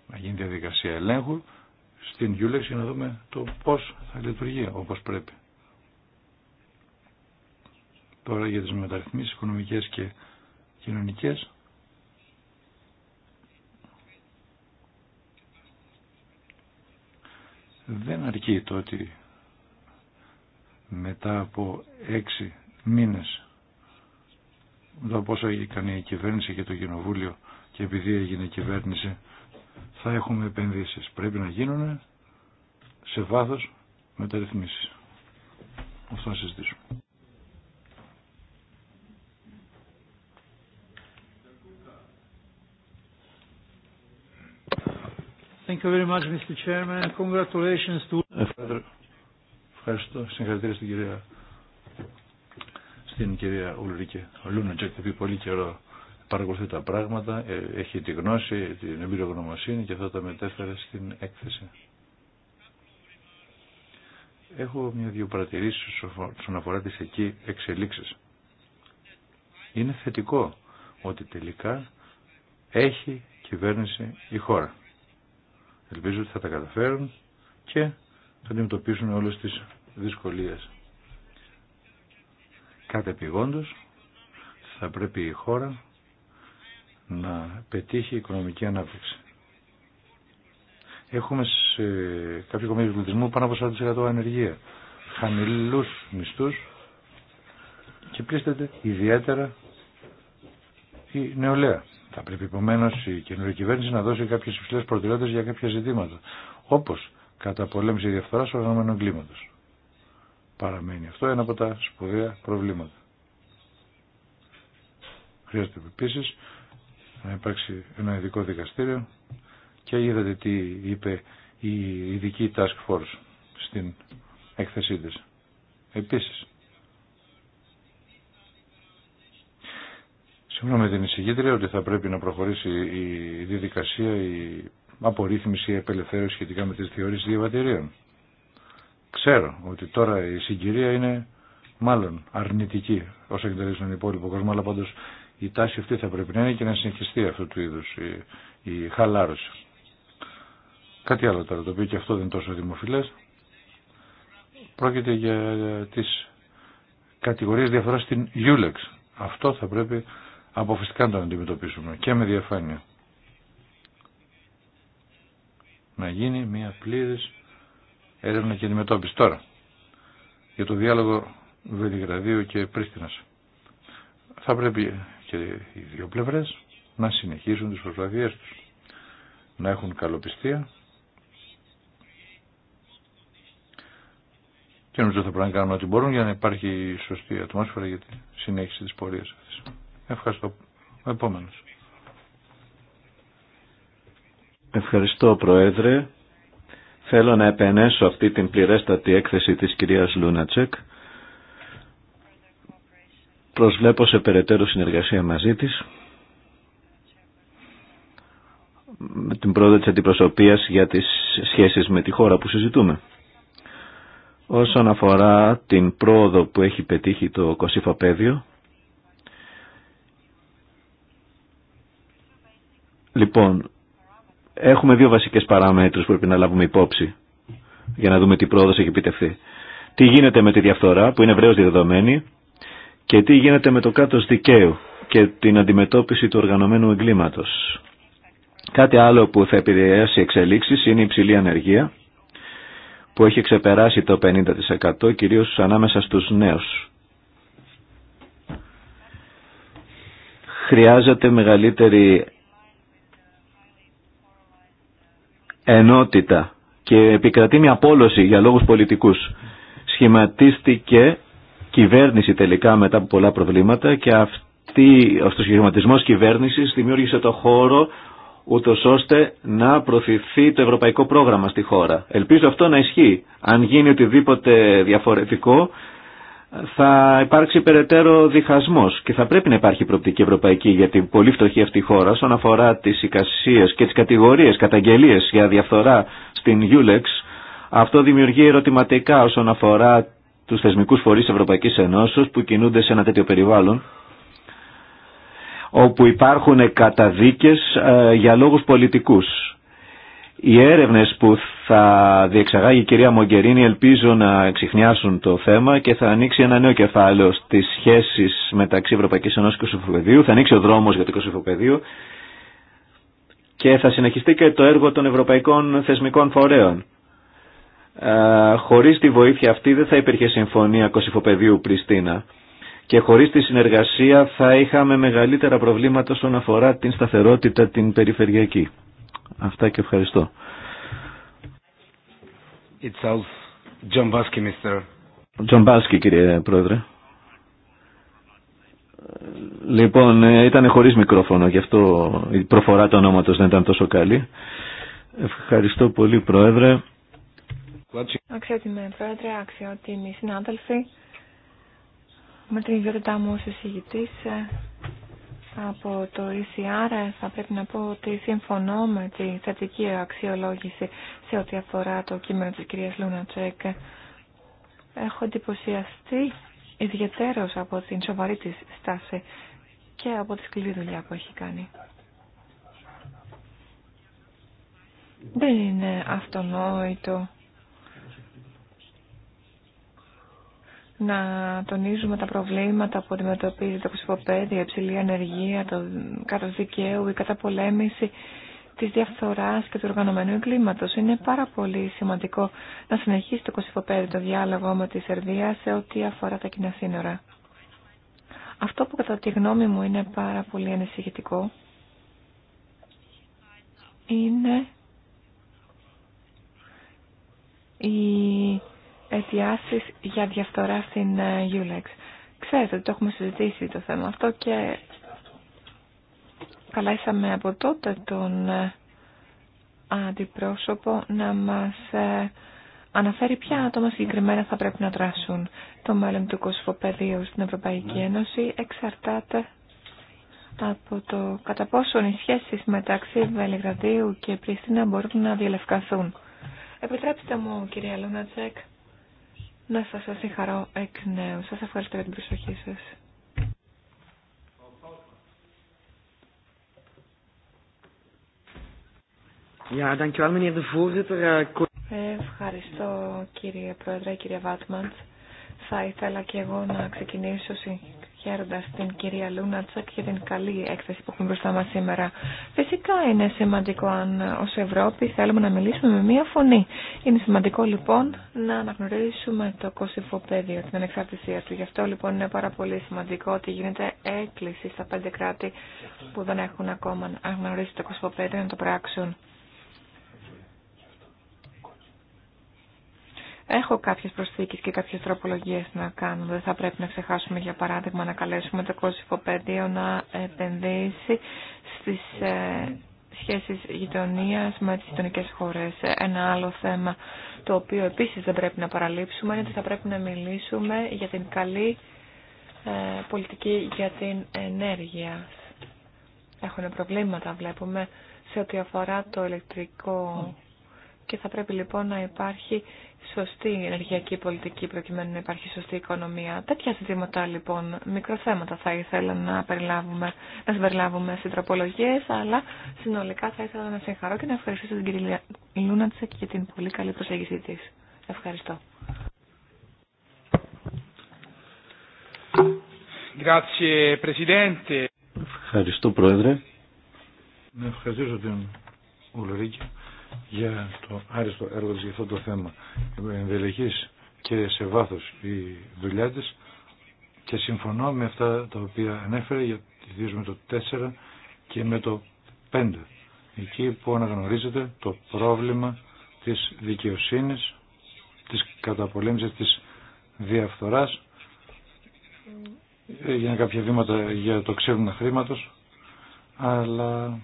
[SPEAKER 3] να γίνει διαδικασία ελέγχου στην Γιούλεξ για να δούμε το πώς θα λειτουργεί όπως πρέπει. Τώρα για τι μεταρρυθμίσεις οικονομικές και κοινωνικέ. Δεν αρκεί το ότι μετά από έξι μήνες μετά από όσα η κυβέρνηση και το κοινοβούλιο και επειδή έγινε η κυβέρνηση θα έχουμε επενδύσεις. Πρέπει να γίνουν σε βάθος μεταρρυθμίσεις. Αυτό να συζητήσουμε. Thank you very much, Mr. Chairman. Congratulations to... Ευχαριστώ. Συγχαρητήρια στην κυρία στην κυρία Ουλρίκε. Ο Λούνατζεκ θα πει πολύ καιρό παρακολουθεί τα πράγματα, ε, έχει τη γνώση, την εμπειρογνωμοσύνη και αυτό τα μετέφερε στην έκθεση. Έχω μια-δυο παρατηρήσει όσον αφορά τι εκεί εξελίξει. Είναι θετικό ότι τελικά έχει κυβέρνηση η χώρα. Ελπίζω ότι θα τα καταφέρουν και θα αντιμετωπίσουν όλες τις δυσκολίες. επιγόντως θα πρέπει η χώρα να πετύχει οικονομική ανάπτυξη. Έχουμε σε κάποιο κομμάτι του πληθυσμού πάνω από 40% ανεργία, χαμηλούς μισθούς και πλήστεται ιδιαίτερα η νεολαία. Θα πρέπει επομένω η καινούργια κυβέρνηση να δώσει κάποιε υψηλέ προτεραιότητε για κάποια ζητήματα, όπω καταπολέμηση διαφθορά οργανωμένου κλίματο παραμένει. Αυτό ένα από τα σπουδαία προβλήματα. Χρειάζεται επίση να υπάρξει ένα ειδικό δικαστήριο και είδατε τι είπε η ειδική task force στην έκθεσή τη. Επίση. σύμφωνα με την εισηγήτρια ότι θα πρέπει να προχωρήσει η διαδικασία, η απορρίθμιση, η απελευθέρωση σχετικά με τις θεωρίες διαβατηρίων ξέρω ότι τώρα η συγκυρία είναι μάλλον αρνητική όσο εγκαταλείψουν τον υπόλοιπο κόσμο, αλλά πάντως η τάση αυτή θα πρέπει να είναι και να συνεχιστεί αυτού του είδους η, χαλάρωση. Κάτι άλλο τώρα, το οποίο και αυτό δεν είναι τόσο δημοφιλές. Πρόκειται για τις κατηγορίες διαφορά στην Ulex. Αυτό θα πρέπει αποφασιστικά να το αντιμετωπίσουμε και με διαφάνεια. Να γίνει μια πλήρης έρευνα και αντιμετώπιση. Τώρα, για το διάλογο Βελιγραδίου και Πρίστινας. Θα πρέπει και οι δύο πλευρές να συνεχίσουν τις προσπαθίες τους, να έχουν καλοπιστία και νομίζω θα πρέπει να κάνουν ό,τι μπορούν για να υπάρχει η σωστή ατμόσφαιρα για τη συνέχιση της πορείας αυτής. Ευχαριστώ. Επόμενος.
[SPEAKER 1] Ευχαριστώ Πρόεδρε. Θέλω να επενέσω αυτή την πληρέστατη έκθεση της κυρίας Λούνατσεκ. Προσβλέπω σε περαιτέρω συνεργασία μαζί της με την πρόοδο της αντιπροσωπείας για τις σχέσεις με τη χώρα που συζητούμε. Όσον αφορά την πρόοδο που έχει πετύχει το Κωσίφο λοιπόν, Έχουμε δύο βασικές παράμετρους που πρέπει να λάβουμε υπόψη για να δούμε τι πρόοδος έχει επιτευχθεί. Τι γίνεται με τη διαφθορά που είναι ευρέως δεδομένη και τι γίνεται με το κράτος δικαίου και την αντιμετώπιση του οργανωμένου εγκλήματος. Κάτι άλλο που θα επηρεάσει εξελίξεις είναι η υψηλή ανεργία που έχει ξεπεράσει το 50% κυρίως ανάμεσα στους νέους. Χρειάζεται μεγαλύτερη ενότητα και επικρατεί μια πόλωση για λόγους πολιτικούς. Σχηματίστηκε κυβέρνηση τελικά μετά από πολλά προβλήματα και αυτή, ο σχηματισμός κυβέρνησης δημιούργησε το χώρο ούτω ώστε να προθυθεί το ευρωπαϊκό πρόγραμμα στη χώρα. Ελπίζω αυτό να ισχύει. Αν γίνει οτιδήποτε διαφορετικό θα υπάρξει περαιτέρω διχασμός και θα πρέπει να υπάρχει προοπτική ευρωπαϊκή για την πολύ φτωχή αυτή χώρα όσον αφορά τις εικασίες και τις κατηγορίες, καταγγελίες για διαφθορά στην Ulex. Αυτό δημιουργεί ερωτηματικά όσον αφορά τους θεσμικούς φορείς Ευρωπαϊκής Ενώσεως που κινούνται σε ένα τέτοιο περιβάλλον όπου υπάρχουν καταδίκες ε, για λόγους πολιτικούς. Οι έρευνες που θα διεξαγάγει η κυρία Μογκερίνη. Ελπίζω να εξηχνιάσουν το θέμα και θα ανοίξει ένα νέο κεφάλαιο στι σχέσει μεταξύ Ευρωπαϊκή Ενώση και Κωσυφοπεδίου. Θα ανοίξει ο δρόμο για το Κωσυφοπεδίο και θα συνεχιστεί και το έργο των Ευρωπαϊκών Θεσμικών Φορέων. Ε, χωρίς τη βοήθεια αυτή δεν θα υπήρχε συμφωνία Κωσυφοπεδίου Πριστίνα και χωρίς τη συνεργασία θα είχαμε μεγαλύτερα προβλήματα όσον αφορά την σταθερότητα την περιφερειακή. Αυτά και ευχαριστώ.
[SPEAKER 4] Itself, John Basky, Mr.
[SPEAKER 1] John κύριε Πρόεδρε. Λοιπόν, ε, ήταν χωρίς μικρόφωνο, γι' αυτό η προφορά του ονόματος δεν ήταν τόσο καλή. Ευχαριστώ πολύ, Πρόεδρε.
[SPEAKER 5] Αξιότιμε, Πρόεδρε, αξιότιμοι συνάδελφοι, με την ιδιότητά μου ως εισηγητής ε, από το ECR θα πρέπει να πω ότι συμφωνώ με τη θετική αξιολόγηση σε ό,τι αφορά το κείμενο της κυρίας Λούνα Τσέκ. Έχω εντυπωσιαστεί ιδιαίτερος από την σοβαρή της στάση και από τη σκληρή δουλειά που έχει κάνει. Δεν είναι αυτονόητο να τονίζουμε τα προβλήματα που αντιμετωπίζει το κοσυφοπέδιο, η υψηλή ανεργία, το κάτω δικαίου, η καταπολέμηση της διαφθοράς και του οργανωμένου εγκλήματος. Είναι πάρα πολύ σημαντικό να συνεχίσει το κοσυφοπέδιο το διάλογο με τη Σερβία σε ό,τι αφορά τα κοινά σύνορα. Αυτό που κατά τη γνώμη μου είναι πάρα πολύ ανησυχητικό είναι η αιτιάσεις για διαφθορά στην ε, Ulex. Ξέρετε ότι το έχουμε συζητήσει το θέμα αυτό και καλέσαμε από τότε τον ε, αντιπρόσωπο να μας ε, αναφέρει ποια άτομα συγκεκριμένα θα πρέπει να δράσουν. Το μέλλον του κοσφοπεδίου στην Ευρωπαϊκή Ένωση εξαρτάται από το κατά πόσο οι σχέσεις μεταξύ Βελιγραδίου και Πριστίνα μπορούν να διαλευκαθούν. Επιτρέψτε μου, κυρία Λούνατσεκ, να σας συγχαρώ εκ νέου. Σας ευχαριστώ για την προσοχή σας. Eh, ευχαριστώ κύριε Πρόεδρε, κύριε Βάτμαντ. Θα ήθελα και εγώ να ξεκινήσω χαίροντα την κυρία Λούνατσακ για την καλή έκθεση που έχουμε μπροστά μα σήμερα. Φυσικά είναι σημαντικό αν ω Ευρώπη θέλουμε να μιλήσουμε με μία φωνή. Είναι σημαντικό λοιπόν να αναγνωρίσουμε το κοσυφοπέδιο, την ανεξαρτησία του. Γι' αυτό λοιπόν είναι πάρα πολύ σημαντικό ότι γίνεται έκκληση στα πέντε κράτη που δεν έχουν ακόμα αναγνωρίσει το κοσυφοπέδιο να το πράξουν. Έχω κάποιες προσθήκες και κάποιες τροπολογίες να κάνω. Δεν θα πρέπει να ξεχάσουμε για παράδειγμα να καλέσουμε το Κόσυφο παιδείο να επενδύσει στις ε, σχέσεις γειτονία με τις γειτονικέ χώρες. Ένα άλλο θέμα το οποίο επίσης δεν πρέπει να παραλείψουμε είναι ότι θα πρέπει να μιλήσουμε για την καλή ε, πολιτική για την ενέργεια. Έχουν προβλήματα βλέπουμε σε ό,τι αφορά το ηλεκτρικό και θα πρέπει λοιπόν να υπάρχει σωστή ενεργειακή πολιτική προκειμένου να υπάρχει σωστή οικονομία. Τέτοια ζητήματα λοιπόν, μικροθέματα θα ήθελα να, περιλάβουμε, να συμπεριλάβουμε σε τροπολογίε, αλλά συνολικά θα ήθελα να συγχαρώ και να ευχαριστήσω την κυρία Λούνατσεκ για την πολύ καλή προσέγγιση τη. Ευχαριστώ.
[SPEAKER 3] Ευχαριστώ Πρόεδρε. Ευχαριστώ, την για το άριστο έργο της για αυτό το θέμα. Ενδελεχής και σε βάθος η δουλειά της και συμφωνώ με αυτά τα οποία ανέφερε για τη με το 4 και με το 5. Εκεί που αναγνωρίζεται το πρόβλημα της δικαιοσύνης, της καταπολέμησης, της διαφθοράς, ε, για κάποια βήματα για το ξύπνο χρήματος, αλλά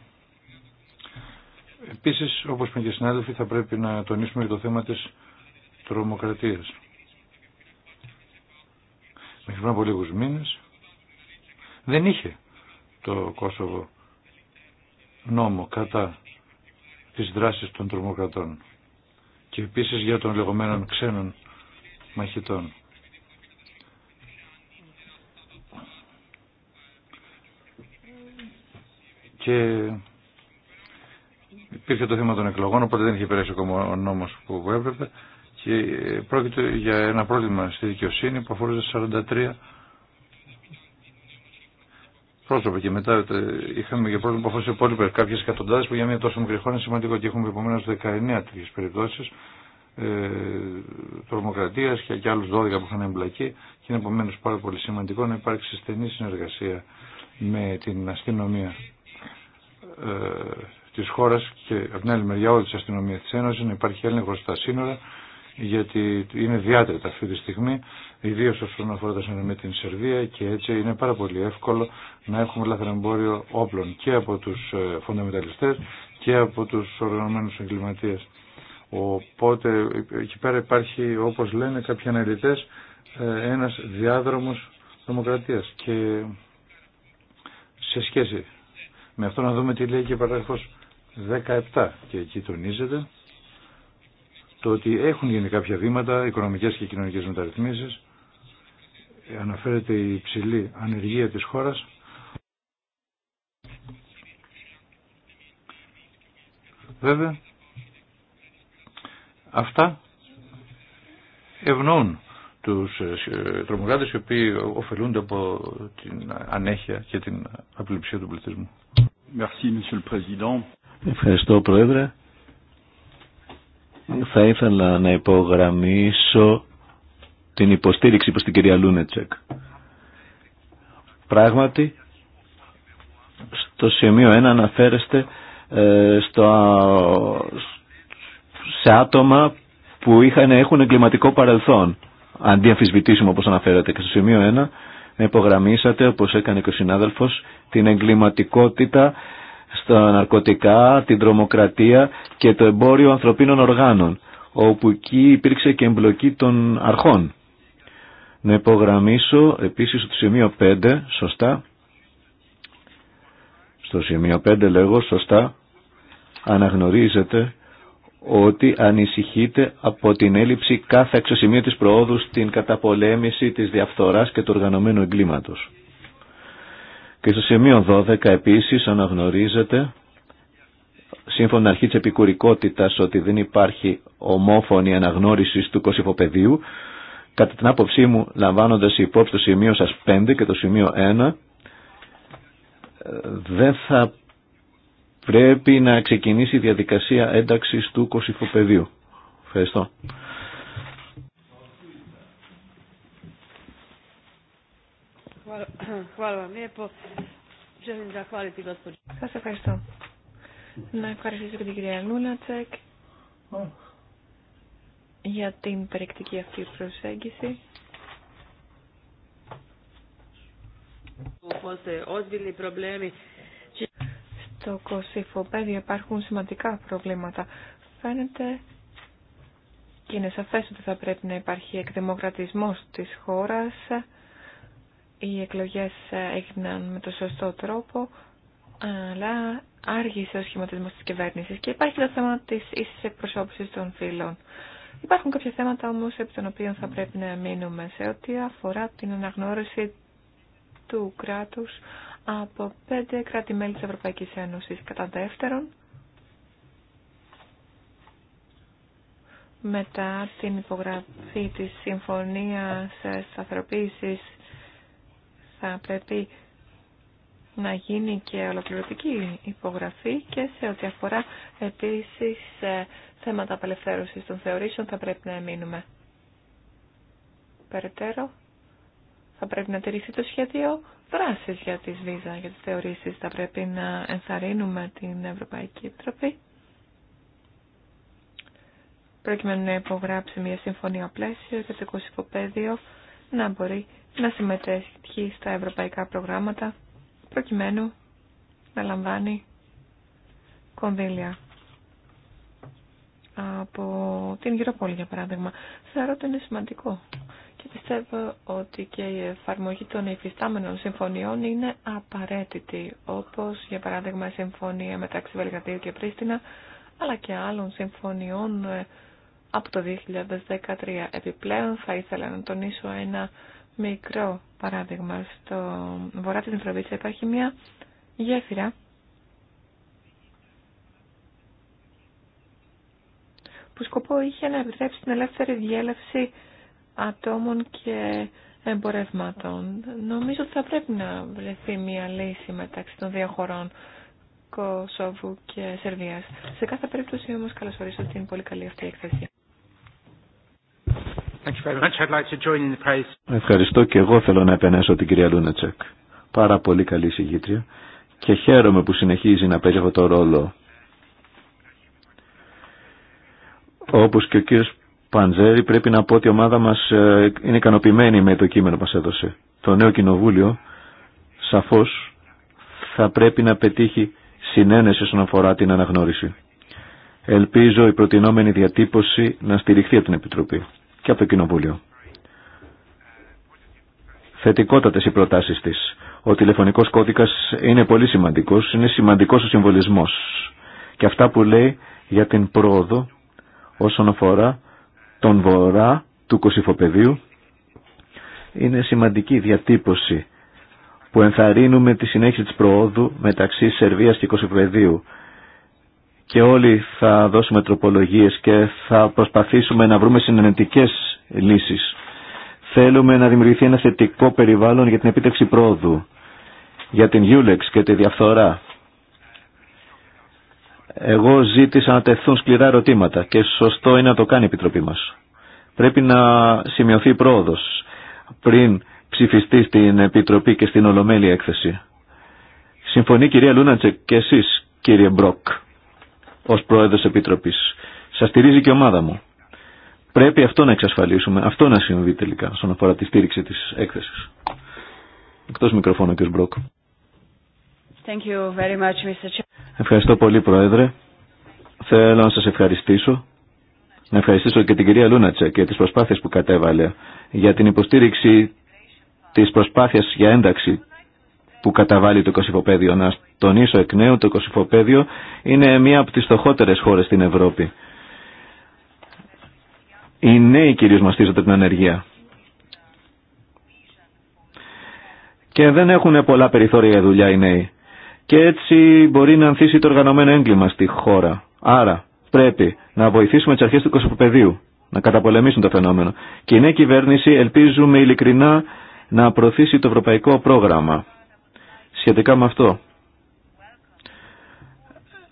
[SPEAKER 3] Επίσης, όπως είπαν και οι συνάδελφοι, θα πρέπει να τονίσουμε για το θέμα της τρομοκρατίας. Μέχρι πριν από λίγου μήνε, δεν είχε το Κόσοβο νόμο κατά τις δράσεις των τρομοκρατών και επίσης για των λεγόμενων ξένων μαχητών. Και υπήρχε το θέμα των εκλογών, οπότε δεν είχε περάσει ακόμα ο νόμο που έπρεπε και ε, πρόκειται για ένα πρόβλημα στη δικαιοσύνη που αφορούσε 43 πρόσωπα και μετά ε, είχαμε και πρόβλημα που αφορούσε υπόλοιπε κάποιες εκατοντάδες που για μια τόσο μικρή χώρα είναι σημαντικό και έχουμε επομένω 19 τέτοιες περιπτώσεις ε, τρομοκρατίας και, και άλλους 12 που είχαν εμπλακεί και είναι επομένω πάρα πολύ σημαντικό να υπάρξει στενή συνεργασία με την αστυνομία. Ε, Τη χώρα και από την άλλη μεριά όλη της αστυνομία τη Ένωσης να υπάρχει έλεγχο στα σύνορα γιατί είναι διάτρετα αυτή τη στιγμή, ιδίω όσον αφορά τα σύνορα με την Σερβία και έτσι είναι πάρα πολύ εύκολο να έχουμε εμπόριο όπλων και από του ε, φονταμεταλιστέ και από του οργανωμένου εγκληματίε. Οπότε εκεί πέρα υπάρχει όπω λένε κάποιοι αναλυτές ε, ένα διάδρομο δημοκρατίας και σε σχέση με αυτό να δούμε τι λέει και παραδείγματο 17 και εκεί τονίζεται το ότι έχουν γίνει κάποια βήματα, οικονομικές και κοινωνικές μεταρρυθμίσεις, αναφέρεται η υψηλή ανεργία της χώρας, Βέβαια, αυτά ευνοούν τους ε, ε, τρομοκράτες οι οποίοι ωφελούνται από την ανέχεια και την απληψία του πληθυσμού. Merci,
[SPEAKER 1] Ευχαριστώ Πρόεδρε. Θα ήθελα να υπογραμμίσω την υποστήριξη προς την κυρία Λούνετσεκ. Πράγματι, στο σημείο 1 αναφέρεστε ε, στο, σε άτομα που είχαν, έχουν εγκληματικό παρελθόν. Αντί αμφισβητήσιμο όπως αναφέρατε και στο σημείο 1 υπογραμμίσατε όπως έκανε και ο συνάδελφος την εγκληματικότητα στα ναρκωτικά, την τρομοκρατία και το εμπόριο ανθρωπίνων οργάνων, όπου εκεί υπήρξε και εμπλοκή των αρχών. Να υπογραμμίσω επίσης στο σημείο 5, σωστά, στο σημείο 5 λέγω σωστά, Αναγνωρίζετε ότι ανησυχείται από την έλλειψη κάθε της προόδου στην καταπολέμηση της διαφθοράς και του οργανωμένου εγκλήματος. Και στο σημείο 12 επίσης αναγνωρίζεται σύμφωνα αρχή της επικουρικότητας ότι δεν υπάρχει ομόφωνη αναγνώριση του κοσυφοπεδίου. Κατά την άποψή μου, λαμβάνοντας υπόψη το σημείο σας 5 και το σημείο 1, δεν θα πρέπει να ξεκινήσει η διαδικασία ένταξης του κοσυφοπεδίου. Ευχαριστώ.
[SPEAKER 5] Σα ευχαριστώ. Να ευχαριστήσω και την κυρία Λούνατσεκ για την περιεκτική αυτή προσέγγιση. Στο κοσυφοπέδιο υπάρχουν σημαντικά προβλήματα. Φαίνεται και είναι σαφές ότι θα πρέπει να υπάρχει εκδημοκρατισμός της χώρας οι εκλογές έγιναν με το σωστό τρόπο, αλλά άργησε ο σχηματισμός της κυβέρνησης και υπάρχει το θέμα της ίσης εκπροσώπησης των φύλων. Υπάρχουν κάποια θέματα όμως επί των οποίων θα πρέπει να μείνουμε σε ό,τι αφορά την αναγνώριση του κράτους από πέντε κράτη-μέλη της Ευρωπαϊκής Ένωσης. Κατά δεύτερον, μετά την υπογραφή της Συμφωνίας Σταθεροποίησης θα πρέπει να γίνει και ολοκληρωτική υπογραφή και σε ό,τι αφορά επίσης ε, θέματα απελευθέρωσης των θεωρήσεων θα πρέπει να εμείνουμε. Περαιτέρω, θα πρέπει να τηρηθεί το σχέδιο δράσης για τις βίζα, για τις θεωρήσεις. Θα πρέπει να ενθαρρύνουμε την Ευρωπαϊκή Επιτροπή προκειμένου να υπογράψει μια συμφωνία πλαίσιο για το να μπορεί να συμμετέχει στα ευρωπαϊκά προγράμματα προκειμένου να λαμβάνει κονδύλια από την Γεροπόλη για παράδειγμα. Θεωρώ ότι είναι σημαντικό και πιστεύω ότι και η εφαρμογή των υφιστάμενων συμφωνιών είναι απαραίτητη όπως για παράδειγμα η συμφωνία μεταξύ Βελγαδίου και Πρίστινα αλλά και άλλων συμφωνιών ε, από το 2013. Επιπλέον θα ήθελα να τονίσω ένα μικρό παράδειγμα. Στο βορρά της Μητροβίτσα υπάρχει μια γέφυρα που σκοπό είχε να επιτρέψει την ελεύθερη διέλευση ατόμων και εμπορευμάτων. Νομίζω ότι θα πρέπει να βρεθεί μια λύση μεταξύ των δύο χωρών. και Σερβίας. Σε κάθε περίπτωση όμως καλωσορίζω την πολύ καλή αυτή εκθέση.
[SPEAKER 1] Ευχαριστώ και εγώ θέλω να επενέσω την κυρία Λούνατσεκ. Πάρα πολύ καλή συγγήτρια και χαίρομαι που συνεχίζει να παίζει αυτό το ρόλο. Όπως και ο κύριος Παντζέρη πρέπει να πω ότι η ομάδα μας ε, είναι ικανοποιημένη με το κείμενο που μας έδωσε. Το νέο κοινοβούλιο σαφώς θα πρέπει να πετύχει συνένεση όσον αφορά την αναγνώριση. Ελπίζω η προτινόμενη διατύπωση να στηριχθεί από την Επιτροπή και από το Κοινοβούλιο. Θετικότατες οι προτάσεις της. Ο τηλεφωνικός κώδικας είναι πολύ σημαντικός, είναι σημαντικός ο συμβολισμός. Και αυτά που λέει για την πρόοδο όσον αφορά τον βορρά του Κωσυφοπεδίου είναι σημαντική διατύπωση που ενθαρρύνουμε τη συνέχεια της προόδου μεταξύ Σερβίας και Κωσυφοπεδίου και όλοι θα δώσουμε τροπολογίες και θα προσπαθήσουμε να βρούμε συνενετικές λύσεις. Θέλουμε να δημιουργηθεί ένα θετικό περιβάλλον για την επίτευξη πρόοδου, για την Ιούλεξ και τη διαφθορά. Εγώ ζήτησα να τεθούν σκληρά ερωτήματα και σωστό είναι να το κάνει η Επιτροπή μας. Πρέπει να σημειωθεί πρόοδος πριν ψηφιστεί στην Επιτροπή και στην Ολομέλη έκθεση. Συμφωνεί κυρία Λούνατσε και εσείς κύριε Μπροκ ως Πρόεδρος Επιτροπής. Σας στηρίζει και η ομάδα μου. Πρέπει αυτό να εξασφαλίσουμε, αυτό να συμβεί τελικά, στον αφορά τη στήριξη της έκθεσης. Εκτός μικροφώνου, κ. Μπρόκ. Ευχαριστώ πολύ, Πρόεδρε. Θέλω να σας ευχαριστήσω. Να ευχαριστήσω και την κυρία Λούνατσα και τις προσπάθειες που κατέβαλε για την υποστήριξη της προσπάθειας για ένταξη που καταβάλει το Κωσυφοπαίδιο. Να τονίσω εκ νέου, το Κωσυφοπαίδιο είναι μία από τις στοχότερες χώρες στην Ευρώπη. Οι νέοι κυρίως μαστίζονται την ανεργία. Και δεν έχουν πολλά περιθώρια για δουλειά οι νέοι. Και έτσι μπορεί να ανθίσει το οργανωμένο έγκλημα στη χώρα. Άρα πρέπει να βοηθήσουμε τις αρχές του Κωσυφοπαιδίου να καταπολεμήσουν το φαινόμενο. Και η νέα κυβέρνηση ελπίζουμε ειλικρινά να προωθήσει το ευρωπαϊκό πρόγραμμα σχετικά με αυτό.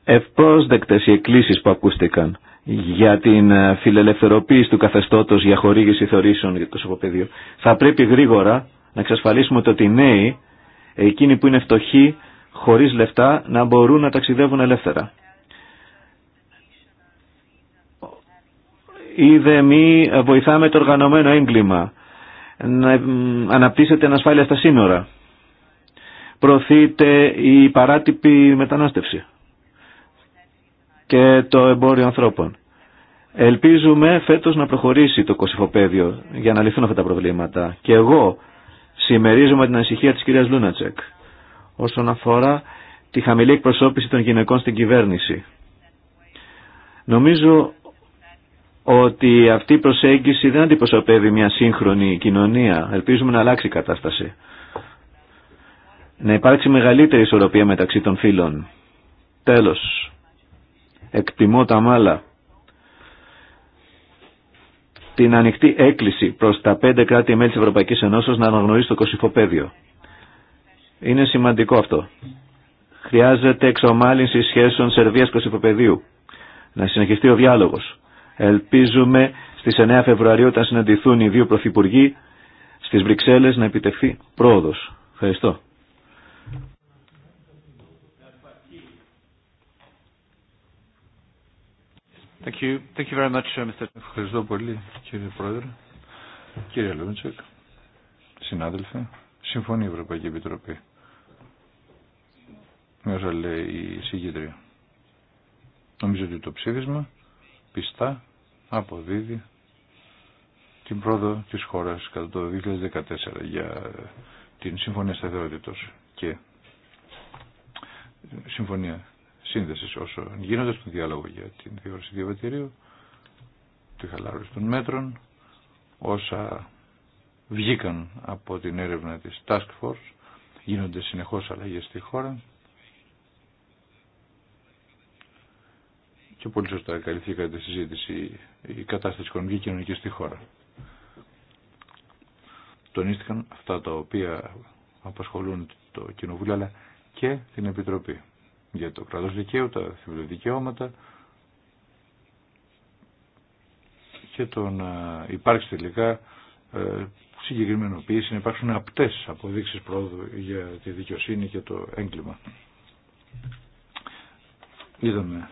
[SPEAKER 1] Ευπρόσδεκτες οι εκκλήσεις που ακούστηκαν για την ε, φιλελευθεροποίηση του καθεστώτος για χορήγηση θεωρήσεων για το σωποπεδίο. Θα πρέπει γρήγορα να εξασφαλίσουμε ότι οι νέοι, εκείνοι που είναι φτωχοί, χωρίς λεφτά, να μπορούν να ταξιδεύουν ελεύθερα. Είδε μη ε, βοηθάμε το οργανωμένο έγκλημα να ε, αναπτύσσεται ανασφάλεια στα σύνορα προωθείται η παράτυπη μετανάστευση και το εμπόριο ανθρώπων. Ελπίζουμε φέτος να προχωρήσει το κοσυφοπαίδιο για να λυθούν αυτά τα προβλήματα. Και εγώ συμμερίζομαι την ανησυχία της κυρίας Λούνατσεκ όσον αφορά τη χαμηλή εκπροσώπηση των γυναικών στην κυβέρνηση. Νομίζω ότι αυτή η προσέγγιση δεν αντιπροσωπεύει μια σύγχρονη κοινωνία. Ελπίζουμε να αλλάξει η κατάσταση να υπάρξει μεγαλύτερη ισορροπία μεταξύ των φίλων. Τέλος, εκτιμώ τα μάλα την ανοιχτή έκκληση προς τα πέντε κράτη-μέλη της Ευρωπαϊκής Ενώσεως να αναγνωρίσει το κωσυφοπεδιο ειναι Είναι σημαντικό αυτό. Χρειάζεται εξομάλυνση σχέσεων Σερβίας-Κοσυφοπεδίου. Να συνεχιστεί ο διάλογος. Ελπίζουμε στις 9 Φεβρουαρίου όταν συναντηθούν οι δύο πρωθυπουργοί στις Βρυξέλλες να επιτευχθεί πρόοδος. Ευχαριστώ. Uh, Ευχαριστώ
[SPEAKER 3] πολύ, κύριε Πρόεδρε. Κύριε Λούντσεκ, συνάδελφε, συμφωνεί η Ευρωπαϊκή Επιτροπή. Με όσα λέει η συγκεντρία. Νομίζω ότι το ψήφισμα πιστά αποδίδει την πρόοδο της χώρας κατά το 2014 για την Συμφωνία Σταθερότητος και Συμφωνία σύνδεση όσο γίνονται στον διάλογο για την διόρυση διαβατηρίου, τη χαλάρωση των μέτρων, όσα βγήκαν από την έρευνα της Task Force, γίνονται συνεχώς αλλαγές στη χώρα και πολύ σωστά καλυφθήκατε τη συζήτηση η κατάσταση οικονομική και κοινωνική στη χώρα. Τονίστηκαν αυτά τα οποία απασχολούν το Κοινοβούλιο αλλά και την Επιτροπή για το κράτος δικαίου, τα δικαιώματα και το να υπάρξει τελικά ε, συγκεκριμενοποίηση, να υπάρξουν απτές αποδείξεις πρόοδου για τη δικαιοσύνη και το έγκλημα. Είδαμε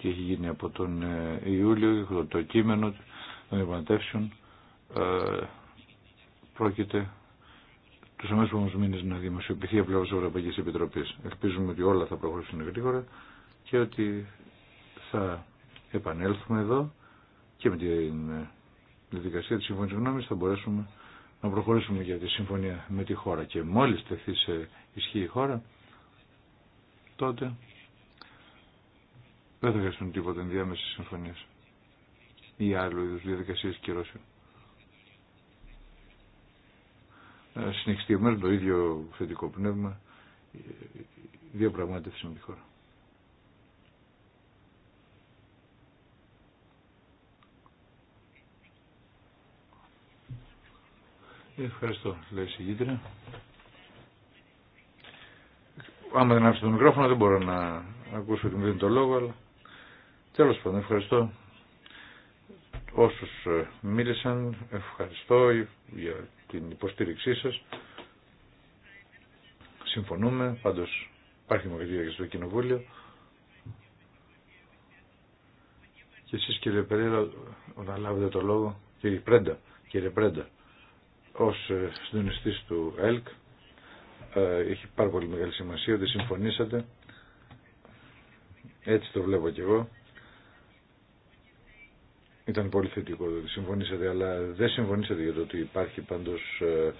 [SPEAKER 3] τι έχει γίνει από τον ε, Ιούλιο, το κείμενο των υπαντεύσεων ε, πρόκειται τους αμέσως μήνε να δημοσιοποιηθεί απλώ τη Ευρωπαϊκή Επιτροπή. Ελπίζουμε ότι όλα θα προχωρήσουν γρήγορα και ότι θα επανέλθουμε εδώ και με ε, τη διαδικασία τη Συμφωνίας γνώμη θα μπορέσουμε να προχωρήσουμε για τη συμφωνία με τη χώρα και μόλις τεθεί σε ισχύ η χώρα τότε δεν θα χρειαστούν τίποτα ενδιάμεση συμφωνία ή άλλου είδου διαδικασίε κυρώσεων. να ε, συνεχιστεί το ίδιο θετικό πνεύμα διαπραγμάτευση με τη χώρα. Ευχαριστώ, λέει η συγκίτρια. Άμα δεν άφησε το μικρόφωνο δεν μπορώ να ακούσω ότι μου δίνει το λόγο, αλλά τέλος πάντων ευχαριστώ όσους ε, μίλησαν, ευχαριστώ για την υποστήριξή σας. Συμφωνούμε, πάντως υπάρχει δημοκρατία στο Κοινοβούλιο. Και εσείς κύριε Περίρα, όταν λάβετε το λόγο, κύριε Πρέντα, κύριε Πρέντα, ως ε, συντονιστής του ΕΛΚ, ε, έχει πάρα πολύ μεγάλη σημασία ότι συμφωνήσατε. Έτσι το βλέπω κι εγώ. Ήταν πολύ θετικό ότι συμφωνήσατε, αλλά δεν συμφωνήσατε για το ότι υπάρχει πάντως ε,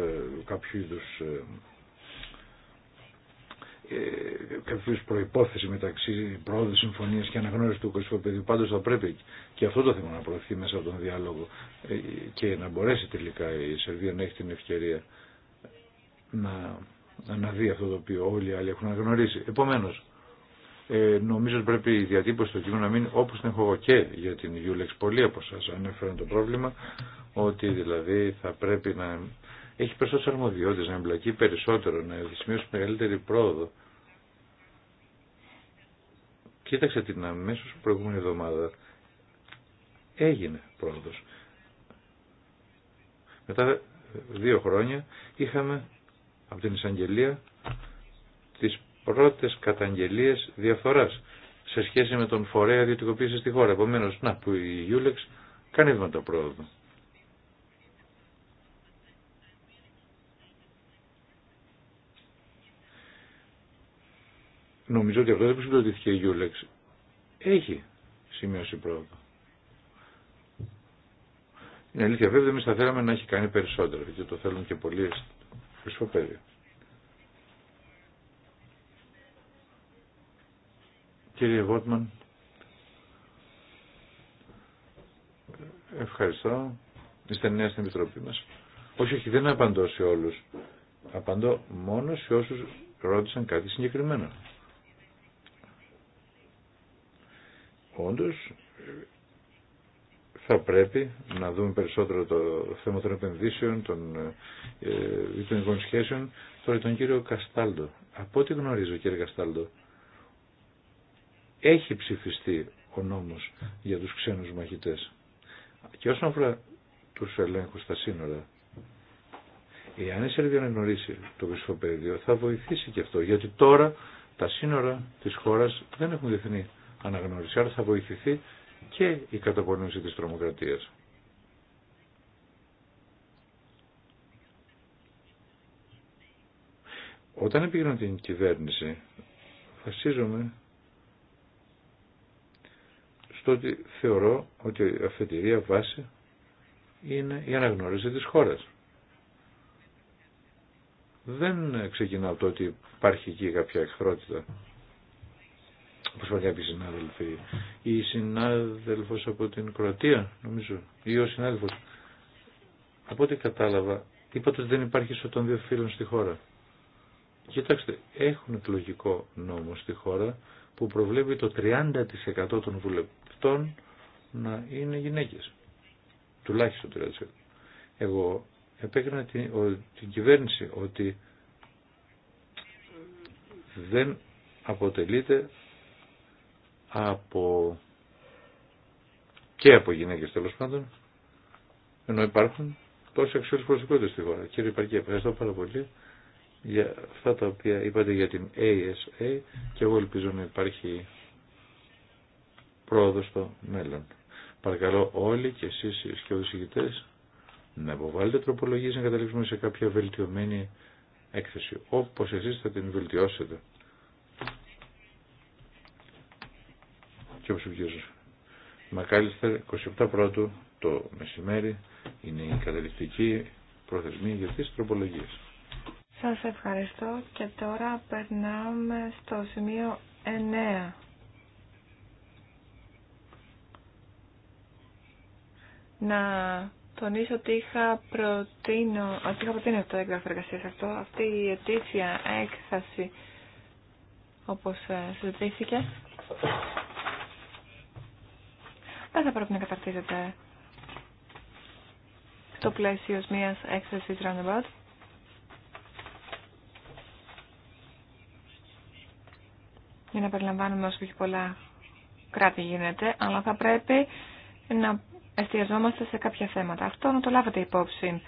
[SPEAKER 3] ε, κάποιο είδου ε, ε, κάποιο προπόθεση μεταξύ πρόοδου συμφωνία και αναγνώριση του πεδίου. Πάντω θα πρέπει και αυτό το θέμα να προωθεί μέσα από τον διάλογο ε, και να μπορέσει τελικά η Σερβία να έχει την ευκαιρία να, να δει αυτό το οποίο όλοι οι άλλοι έχουν αναγνωρίσει. Επομένω, ε, νομίζω πρέπει η διατύπωση του κειμένου να μείνει όπως την έχω εγώ και για την Ιούλεξ. Πολλοί από εσά ανέφεραν το πρόβλημα ότι δηλαδή θα πρέπει να έχει περισσότερε αρμοδιότητε, να εμπλακεί περισσότερο, να σημειώσει μεγαλύτερη πρόοδο. Κοίταξε την αμέσω προηγούμενη εβδομάδα. Έγινε πρόοδο. Μετά δύο χρόνια είχαμε από την εισαγγελία τις πρώτες καταγγελίες διαφθοράς σε σχέση με τον φορέα ιδιωτικοποίηση στη χώρα. Επομένω, να που η Ιούλεξ κάνει το πρόοδο. Νομίζω ότι αυτό δεν συγκροτήθηκε η Ιούλεξ. Έχει σημειώσει πρόοδο. Είναι αλήθεια βέβαια, εμεί θα θέλαμε να έχει κάνει περισσότερο και το θέλουν και πολλοί στο περίοδο. Κύριε Βότμαν, ευχαριστώ. Είστε νέα στην Επιτροπή μας. Όχι, όχι, δεν απαντώ σε όλους. Απαντώ μόνο σε όσους ρώτησαν κάτι συγκεκριμένο. Όντως, θα πρέπει να δούμε περισσότερο το θέμα των επενδύσεων, των ε, ε σχέσεων. Τώρα τον κύριο Καστάλτο. Από ό,τι γνωρίζω κύριε Καστάλτο, έχει ψηφιστεί ο νόμος για τους ξένους μαχητές. Και όσον αφορά τους ελέγχους στα σύνορα, εάν η Σερβία να γνωρίσει το Χρυσοπαίδιο θα βοηθήσει και αυτό, γιατί τώρα τα σύνορα της χώρας δεν έχουν διεθνή αναγνώριση, άρα θα βοηθηθεί και η καταπονήση της τρομοκρατίας. Όταν επικοινωνώ την κυβέρνηση, φασίζουμε στο ότι θεωρώ ότι η αφετηρία βάση είναι η αναγνώριση της χώρας. Δεν ξεκινάω το ότι υπάρχει εκεί κάποια εχθρότητα. όπω είπαν κάποιοι συνάδελφοι. Η συνάδελφος από την Κροατία, νομίζω, ή ο συνάδελφος. Από ό,τι κατάλαβα, είπατε ότι δεν υπάρχει ισότητα δύο φίλων στη χώρα. Κοιτάξτε, έχουν εκλογικό νόμο στη χώρα που προβλέπει το 30% των να είναι γυναίκες. Τουλάχιστον 30%. Εγώ επέκρινα την, την κυβέρνηση ότι δεν αποτελείται από και από γυναίκες τέλος πάντων ενώ υπάρχουν τόσες αξιόλες προσωπικότητες στη χώρα. Κύριε Υπαρκή, ευχαριστώ πάρα πολύ για αυτά τα οποία είπατε για την ASA και εγώ ελπίζω να υπάρχει πρόοδο στο μέλλον. Παρακαλώ όλοι και εσείς οι σκιοδοσηγητές να αποβάλλετε τροπολογίες να καταλήξουμε σε κάποια βελτιωμένη έκθεση, όπως εσείς θα την βελτιώσετε. Και όπως είπε Μακάλιστερ, 27 πρώτου το μεσημέρι είναι η καταληκτική προθεσμία για τις τροπολογίες.
[SPEAKER 5] Σας ευχαριστώ και τώρα περνάμε στο σημείο 9. να τονίσω ότι είχα προτείνω, ότι είχα προτείνω το έγγραφο εργασία αυτή η ετήσια έκθεση όπως ε, συζητήθηκε. Δεν θα πρέπει να καταρτίζεται στο πλαίσιο μιας έκθεσης roundabout. Για να περιλαμβάνουμε όσο έχει πολλά κράτη γίνεται, αλλά θα πρέπει να εστιαζόμαστε σε κάποια θέματα. Αυτό να το λάβετε υπόψη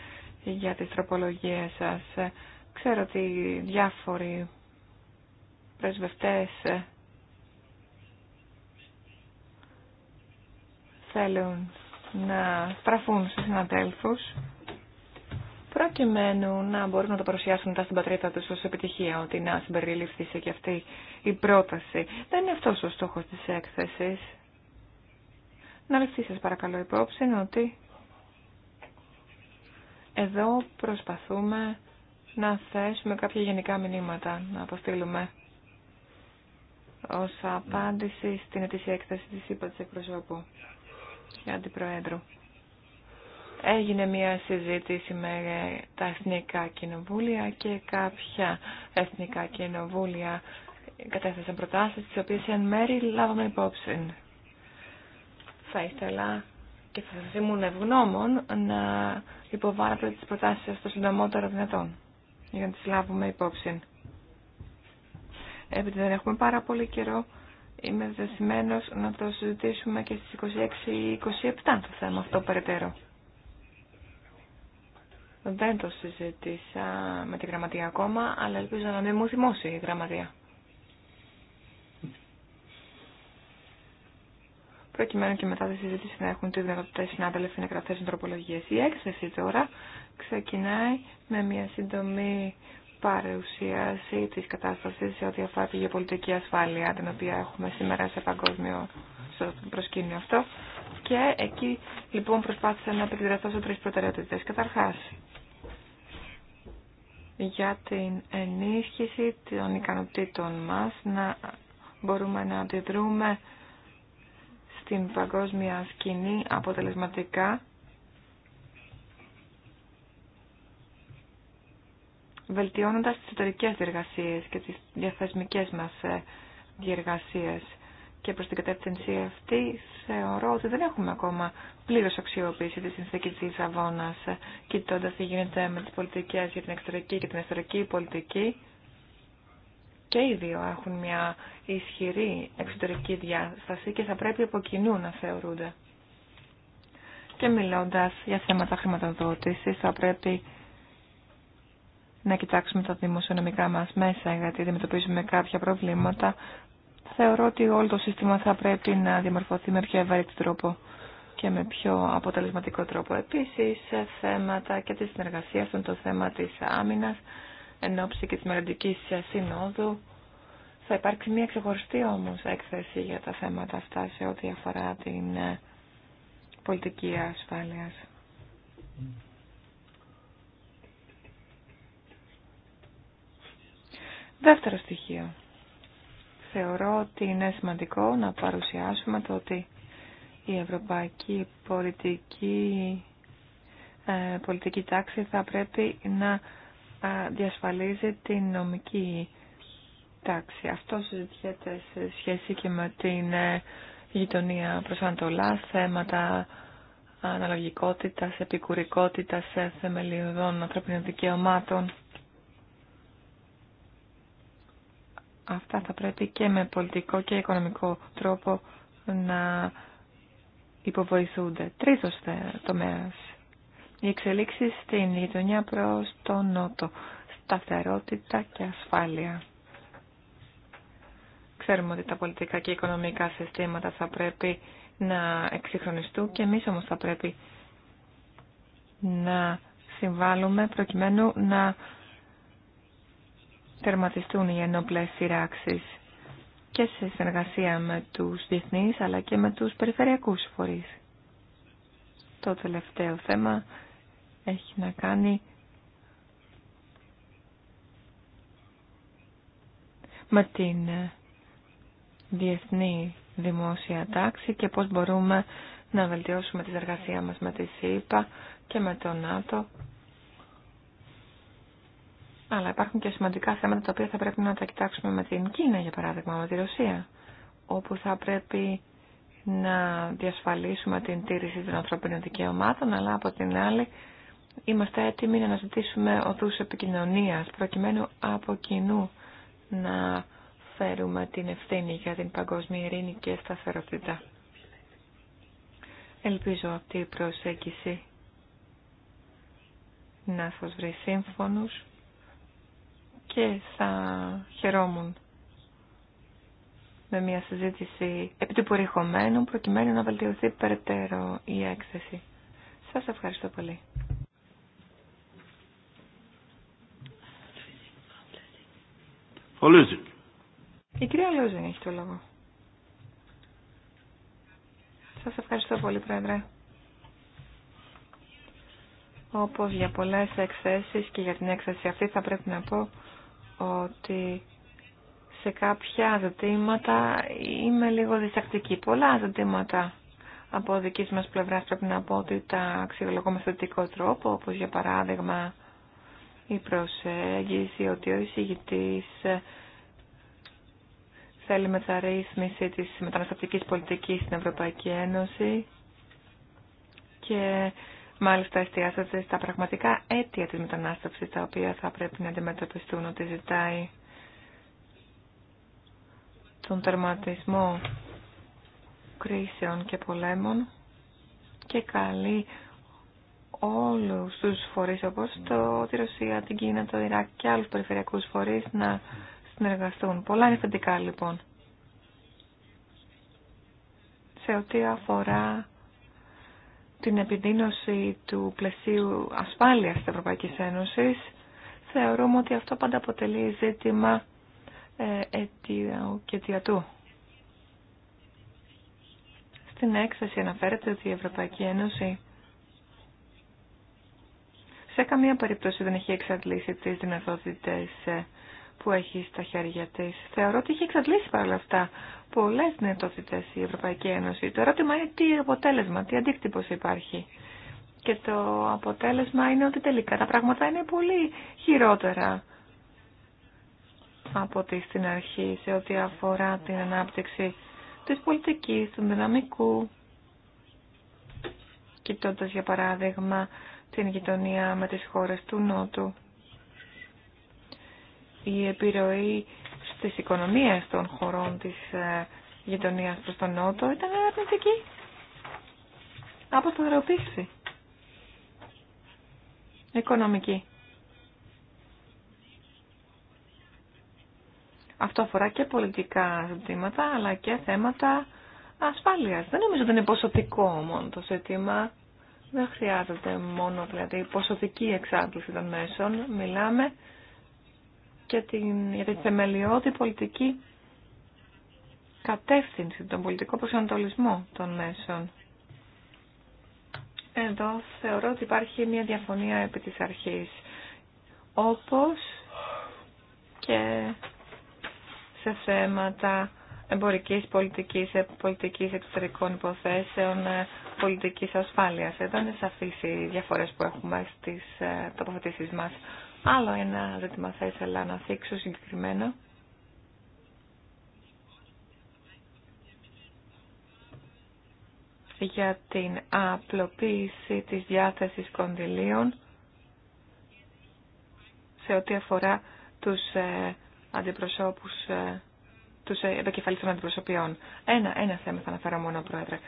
[SPEAKER 5] για τις τροπολογίες σας. Ξέρω ότι διάφοροι πρεσβευτές θέλουν να στραφούν στους συναδέλφους προκειμένου να μπορούν να το παρουσιάσουν μετά στην πατρίδα τους ως επιτυχία ότι να συμπεριληφθεί σε και αυτή η πρόταση. Δεν είναι αυτός ο στόχος της έκθεσης. Να ληφθεί σας παρακαλώ υπόψη ότι εδώ προσπαθούμε να θέσουμε κάποια γενικά μηνύματα να αποστείλουμε ως απάντηση στην ετήσια έκθεση της ΥΠΑ της εκπροσώπου και αντιπροέδρου. Έγινε μια συζήτηση με τα εθνικά κοινοβούλια και κάποια εθνικά κοινοβούλια κατέθεσαν προτάσεις τις οποίες εν μέρη λάβαμε υπόψη. Θα ήθελα και θα ήμουν ευγνώμων να υποβάλλετε τις προτάσεις σας το συντομότερο δυνατόν για να τις λάβουμε υπόψη. Επειδή δεν έχουμε πάρα πολύ καιρό, είμαι δεσμένος να το συζητήσουμε και στις 26-27 ή το θέμα αυτό περαιτέρω. Δεν το συζητήσα με τη γραμματεία ακόμα, αλλά ελπίζω να μην μου θυμώσει η γραμματεία. προκειμένου και μετά τη συζήτηση να έχουν τη δυνατότητα οι συνάδελφοι να κρατήσουν τροπολογίε. Η έκθεση τώρα ξεκινάει με μια σύντομη παρουσίαση τη κατάσταση σε ό,τι αφορά τη γεωπολιτική ασφάλεια, την οποία έχουμε σήμερα σε παγκόσμιο στο προσκήνιο αυτό. Και εκεί λοιπόν προσπάθησα να επικεντρωθώ σε τρει προτεραιότητε. Καταρχά, για την ενίσχυση των ικανοτήτων μας να μπορούμε να αντιδρούμε στην παγκόσμια σκηνή αποτελεσματικά βελτιώνοντας τις εταιρικέ διεργασίες και τις διαθεσμικές μας ε, διεργασίες. Και προς την κατεύθυνση αυτή θεωρώ ότι δεν έχουμε ακόμα πλήρως αξιοποίηση τη συνθήκη της Λισαβόνας, ε, κοιτώντας τι γίνεται με τις πολιτικές για την εξωτερική και την εσωτερική πολιτική και οι δύο έχουν μια ισχυρή εξωτερική διάσταση και θα πρέπει από κοινού να θεωρούνται. Και μιλώντας για θέματα χρηματοδότησης θα πρέπει να κοιτάξουμε τα δημοσιονομικά μας μέσα γιατί αντιμετωπίζουμε κάποια προβλήματα. Θεωρώ ότι όλο το σύστημα θα πρέπει να διαμορφωθεί με πιο ευαρύτη τρόπο και με πιο αποτελεσματικό τρόπο. Επίσης, θέματα και της συνεργασίας, το θέμα της άμυνας, εν ώψη και της μελλοντικής συνόδου. Θα υπάρξει μια ξεχωριστή όμως έκθεση για τα θέματα αυτά σε ό,τι αφορά την ε, πολιτική ασφάλειας. Δεύτερο στοιχείο. Θεωρώ ότι είναι σημαντικό να παρουσιάσουμε το ότι η ευρωπαϊκή πολιτική, ε, πολιτική τάξη θα πρέπει να διασφαλίζει την νομική τάξη. Αυτό συζητιέται σε σχέση και με την ε, γειτονία προς Ανατολά, θέματα αναλογικότητας, επικουρικότητας, ε, θεμελιωδών ανθρωπινών δικαιωμάτων. Αυτά θα πρέπει και με πολιτικό και οικονομικό τρόπο να υποβοηθούνται. Τρίτος τομέας οι εξελίξει στην γειτονιά προ τον Νότο. Σταθερότητα και ασφάλεια. Ξέρουμε ότι τα πολιτικά και οικονομικά συστήματα θα πρέπει να εξυγχρονιστούν και εμεί όμω θα πρέπει να συμβάλλουμε προκειμένου να τερματιστούν οι ενόπλες σειράξεις και σε συνεργασία με τους διεθνεί, αλλά και με τους περιφερειακούς φορείς. Το τελευταίο θέμα έχει να κάνει με την ε, διεθνή δημόσια τάξη και πώς μπορούμε να βελτιώσουμε τη εργασία μας με τη ΣΥΠΑ και με το ΝΑΤΟ. Αλλά υπάρχουν και σημαντικά θέματα τα οποία θα πρέπει να τα κοιτάξουμε με την Κίνα, για παράδειγμα, με τη Ρωσία, όπου θα πρέπει να διασφαλίσουμε την τήρηση των ανθρωπίνων δικαιωμάτων, αλλά από την άλλη είμαστε έτοιμοι να αναζητήσουμε οδούς επικοινωνίας προκειμένου από κοινού να φέρουμε την ευθύνη για την παγκόσμια ειρήνη και σταθερότητα. Ελπίζω αυτή η προσέγγιση να σας βρει σύμφωνο και θα χαιρόμουν με μια συζήτηση επί του προκειμένου να βελτιωθεί περαιτέρω η έκθεση. Σας ευχαριστώ πολύ. Ο Η κυρία Λούζικ έχει το λόγο. Σας ευχαριστώ πολύ, Πρόεδρε. Όπως για πολλές εκθέσεις και για την έκθεση αυτή θα πρέπει να πω ότι σε κάποια ζητήματα είμαι λίγο διστακτική. Πολλά ζητήματα από δικής μας πλευράς πρέπει να πω ότι τα αξιολογούμε θετικό τρόπο, όπως για παράδειγμα η προσέγγιση ότι ο εισηγητής ε, θέλει μεταρρύθμιση της μεταναστευτικής πολιτικής στην Ευρωπαϊκή Ένωση και μάλιστα εστιάζεται στα πραγματικά αίτια της μετανάστευσης τα οποία θα πρέπει να αντιμετωπιστούν ότι ζητάει τον τερματισμό κρίσεων και πολέμων και καλή όλους τους φορείς όπως το, τη Ρωσία, την Κίνα, το Ιράκ και άλλους περιφερειακούς φορείς να συνεργαστούν. Πολλά είναι θετικά λοιπόν. Σε ό,τι αφορά την επιδείνωση του πλαισίου ασφάλειας της Ευρωπαϊκής Ένωσης, θεωρούμε ότι αυτό πάντα αποτελεί ζήτημα ε, αιτιαού και αιτιατού. Στην έκθεση αναφέρεται ότι η Ευρωπαϊκή Ένωση σε καμία περίπτωση δεν έχει εξαντλήσει τις δυνατότητες ε, που έχει στα χέρια της. Θεωρώ ότι έχει εξαντλήσει παρόλα αυτά πολλές δυνατότητες η Ευρωπαϊκή Ένωση. Το ερώτημα είναι τι αποτέλεσμα, τι αντίκτυπος υπάρχει. Και το αποτέλεσμα είναι ότι τελικά τα πράγματα είναι πολύ χειρότερα από ό,τι στην αρχή σε ό,τι αφορά την ανάπτυξη της πολιτικής, του δυναμικού. Κοιτώντας για παράδειγμα την γειτονία με τις χώρες του Νότου. Η επιρροή στις οικονομίες των χωρών της ε, γειτονίας προς τον Νότο ήταν αρνητική. Αποσταθεροποίηση. Οικονομική. Αυτό αφορά και πολιτικά ζητήματα, αλλά και θέματα ασφάλειας. Δεν νομίζω ότι είναι ποσοτικό μόνο το ζήτημα. Δεν χρειάζεται μόνο δηλαδή ποσοτική εξάντληση των μέσων. Μιλάμε και την, για τη θεμελιώδη πολιτική κατεύθυνση, τον πολιτικό προσανατολισμό των μέσων. Εδώ θεωρώ ότι υπάρχει μια διαφωνία επί της αρχής. Όπως και σε θέματα εμπορικής πολιτικής, πολιτικής εξωτερικών υποθέσεων, πολιτικής ασφάλειας. Εδώ είναι αφήσει οι διαφορές που έχουμε στις ε, τοποθετήσει μας. Άλλο ένα ζήτημα θα ήθελα να θίξω συγκεκριμένα. για την απλοποίηση της διάθεσης κονδυλίων σε ό,τι αφορά τους ε, αντιπροσώπους, ε, τους επικεφαλής των αντιπροσωπιών. Ένα, ένα θέμα θα αναφέρω μόνο, Πρόεδρε.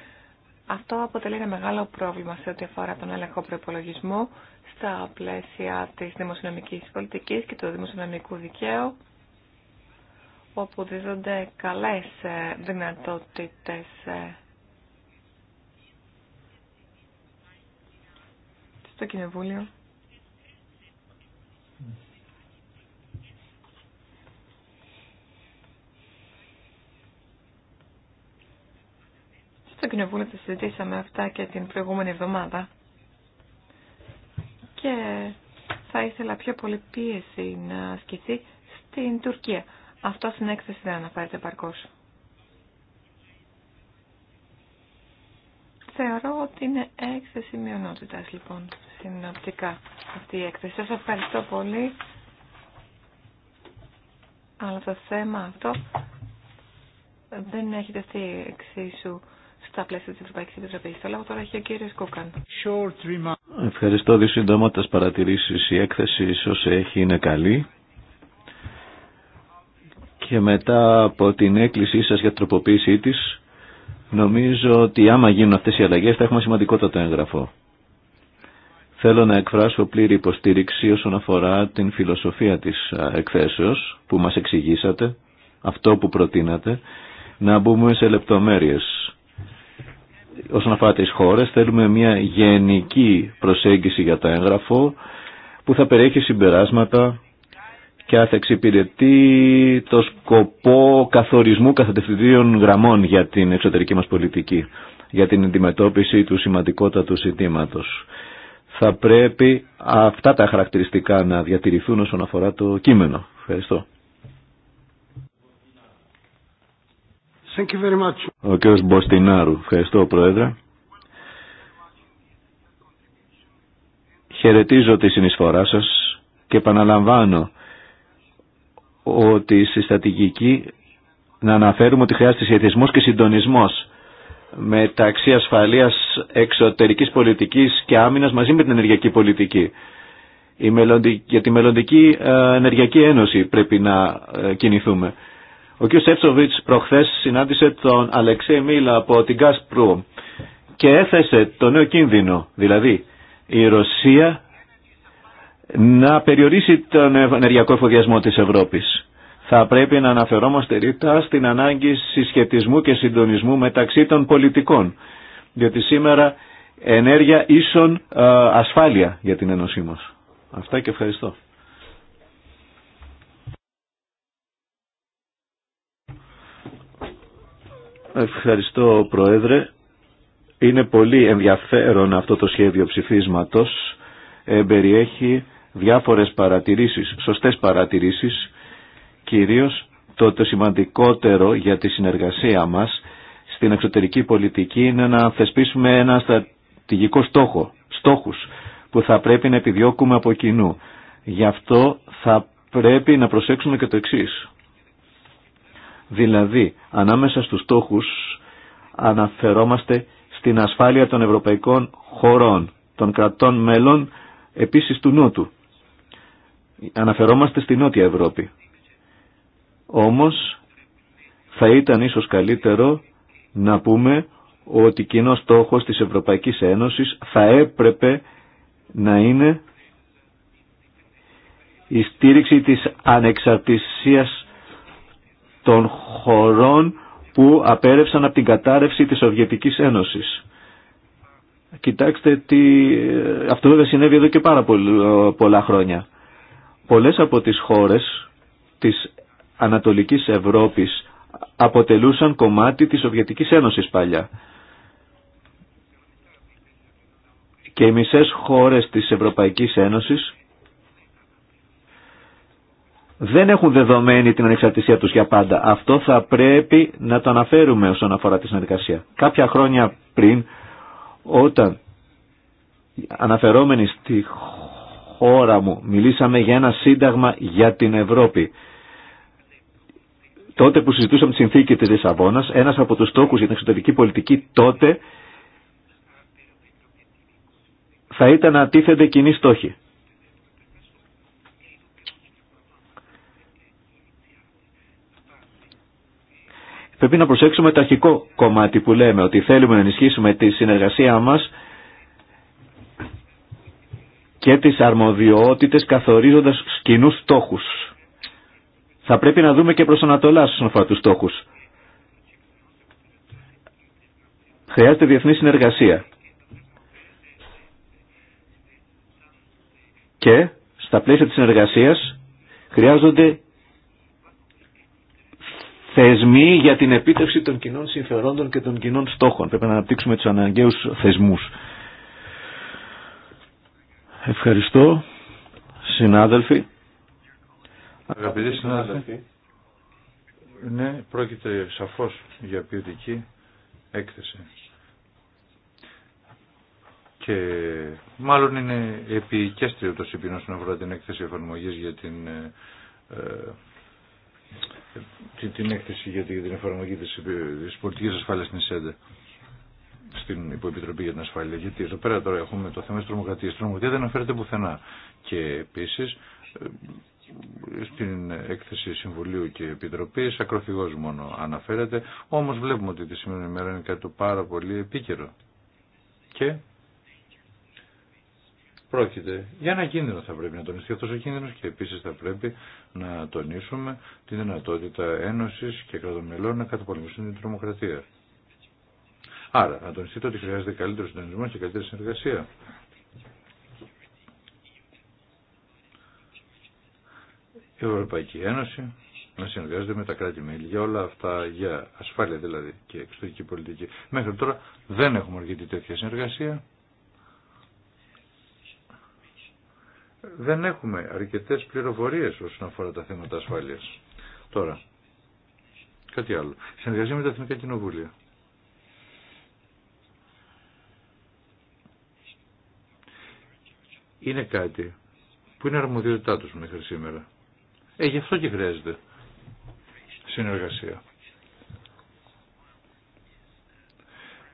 [SPEAKER 5] Αυτό αποτελεί ένα μεγάλο πρόβλημα σε ό,τι αφορά τον έλεγχο προπολογισμού στα πλαίσια της δημοσιονομικής πολιτικής και του δημοσιονομικού δικαίου, όπου δίδονται καλές ε, δυνατότητες ε, στο Κοινοβούλιο Στο Κοινοβούλιο τα συζητήσαμε αυτά και την προηγούμενη εβδομάδα. Και θα ήθελα πιο πολύ πίεση να ασκηθεί στην Τουρκία. Αυτό στην έκθεση δεν αναφέρεται παρκώς. Θεωρώ ότι είναι έκθεση μειονότητας λοιπόν συνοπτικά αυτή η έκθεση. Σα ευχαριστώ πολύ. Αλλά το θέμα αυτό δεν έχει τεθεί εξίσου στα πλαίσια της Ευρωπαϊκής Επιτροπής. Το λόγο τώρα έχει ο κύριος Κούκαν.
[SPEAKER 1] Ευχαριστώ δύο συντόματες παρατηρήσεις. Η έκθεση ίσως έχει είναι καλή. Και μετά από την έκκλησή σας για τροποποίησή της, νομίζω ότι άμα γίνουν αυτές οι αλλαγές θα έχουμε σημαντικότατο έγγραφο. Θέλω να εκφράσω πλήρη υποστήριξη όσον αφορά την φιλοσοφία της εκθέσεως που μας εξηγήσατε, αυτό που προτείνατε, να μπούμε σε λεπτομέρειες όσον αφορά τις χώρες θέλουμε μια γενική προσέγγιση για το έγγραφο που θα περιέχει συμπεράσματα και θα εξυπηρετεί το σκοπό καθορισμού καθατευθυντήριων γραμμών για την εξωτερική μας πολιτική, για την αντιμετώπιση του σημαντικότατου ζητήματο. Θα πρέπει αυτά τα χαρακτηριστικά να διατηρηθούν όσον αφορά το κείμενο. Ευχαριστώ.
[SPEAKER 4] Thank you very much.
[SPEAKER 1] Ο κ. Μποστινάρου. Ευχαριστώ, Πρόεδρε. Χαιρετίζω τη συνεισφορά σας και επαναλαμβάνω ότι στη στατηγική να αναφέρουμε ότι χρειάζεται σχετισμός και συντονισμός μεταξύ ασφαλείας εξωτερικής πολιτικής και άμυνας μαζί με την ενεργειακή πολιτική. Η για τη μελλοντική ε, ενεργειακή ένωση πρέπει να ε, κινηθούμε. Ο κ. Σεύσοβιτς προχθές συνάντησε τον Αλεξέη Μίλα από την Gazprom και έθεσε το νέο κίνδυνο, δηλαδή η Ρωσία να περιορίσει τον ενεργειακό εφοδιασμό της Ευρώπης. Θα πρέπει να αναφερόμαστε ρητά στην ανάγκη συσχετισμού και συντονισμού μεταξύ των πολιτικών, διότι σήμερα ενέργεια ίσον ε, ασφάλεια για την Ένωσή μας. Αυτά και ευχαριστώ. Ευχαριστώ Πρόεδρε. Είναι πολύ ενδιαφέρον αυτό το σχέδιο ψηφίσματος. Ε, περιέχει διάφορες παρατηρήσεις, σωστές παρατηρήσεις, κυρίως το, το σημαντικότερο για τη συνεργασία μας στην εξωτερική πολιτική είναι να θεσπίσουμε ένα στρατηγικό στόχο, στόχους που θα πρέπει να επιδιώκουμε από κοινού. Γι' αυτό θα πρέπει να προσέξουμε και το εξής. Δηλαδή, ανάμεσα στους στόχους αναφερόμαστε στην ασφάλεια των ευρωπαϊκών χωρών, των κρατών μέλων, επίσης του Νότου. Αναφερόμαστε στη Νότια Ευρώπη. Όμως, θα ήταν ίσως καλύτερο να πούμε ότι κοινό στόχος της Ευρωπαϊκής Ένωσης θα έπρεπε να είναι η στήριξη της ανεξαρτησίας των χωρών που απέρευσαν από την κατάρρευση της Σοβιετικής Ένωσης. Κοιτάξτε, τι... αυτό βέβαια συνέβη εδώ και πάρα πολλά χρόνια. Πολλές από τις χώρες της Ανατολικής Ευρώπης αποτελούσαν κομμάτι της Σοβιετικής Ένωσης παλιά. Και οι μισές χώρες της Ευρωπαϊκής Ένωσης δεν έχουν δεδομένη την ανεξαρτησία τους για πάντα. Αυτό θα πρέπει να το αναφέρουμε όσον αφορά τη συνεργασία. Κάποια χρόνια πριν, όταν αναφερόμενοι στη χώρα μου μιλήσαμε για ένα σύνταγμα για την Ευρώπη, τότε που συζητούσαμε τη συνθήκη της Λισαβόνας, ένας από τους στόχους για την εξωτερική πολιτική τότε θα ήταν να τίθενται κοινή στόχοι. Πρέπει να προσέξουμε το αρχικό κομμάτι που λέμε ότι θέλουμε να ενισχύσουμε τη συνεργασία μας και τις αρμοδιότητες καθορίζοντας κοινού στόχους. Θα πρέπει να δούμε και προς Ανατολά στον αφορά τους στόχους. Χρειάζεται διεθνή συνεργασία. Και στα πλαίσια της συνεργασίας χρειάζονται θεσμοί για την επίτευξη των κοινών συμφερόντων και των κοινών στόχων. Πρέπει να αναπτύξουμε τους αναγκαίους θεσμούς. Ευχαριστώ, συνάδελφοι.
[SPEAKER 3] Αγαπητοί συνάδελφοι, ναι, πρόκειται σαφώς για ποιοτική έκθεση. Και μάλλον είναι επικέστριο το το στην να την έκθεση εφαρμογής για την ε, την έκθεση για την εφαρμογή της, της πολιτικής ασφάλειας στην ΣΕΝΤΕ στην Υποεπιτροπή για την Ασφάλεια. Γιατί εδώ πέρα τώρα έχουμε το θέμα της τρομοκρατίας. Η τρομοκρατία δεν αναφέρεται πουθενά. Και επίσης ε, στην έκθεση Συμβουλίου και Επιτροπής, ακροφυγός μόνο αναφέρεται. Όμως βλέπουμε ότι τη σημερινή μέρα είναι κάτι το πάρα πολύ επίκαιρο. Και πρόκειται για ένα κίνδυνο θα πρέπει να τονιστεί αυτός ο κίνδυνος και επίσης θα πρέπει να τονίσουμε τη δυνατότητα Ένωση και κρατών μελών να καταπολεμήσουν την τρομοκρατία. Άρα, να τονιστείτε ότι χρειάζεται καλύτερο συντονισμό και καλύτερη συνεργασία. Η Ευρωπαϊκή Ένωση να συνεργάζεται με τα κράτη-μέλη για όλα αυτά, για ασφάλεια δηλαδή και εξωτερική πολιτική. Μέχρι τώρα δεν έχουμε αρκετή τέτοια συνεργασία. δεν έχουμε αρκετές πληροφορίες όσον αφορά τα θέματα ασφάλειας. Τώρα, κάτι άλλο. Συνεργασία με τα Εθνικά Κοινοβούλια. Είναι κάτι που είναι αρμοδιότητά τους μέχρι σήμερα. Ε, γι' αυτό και χρειάζεται συνεργασία.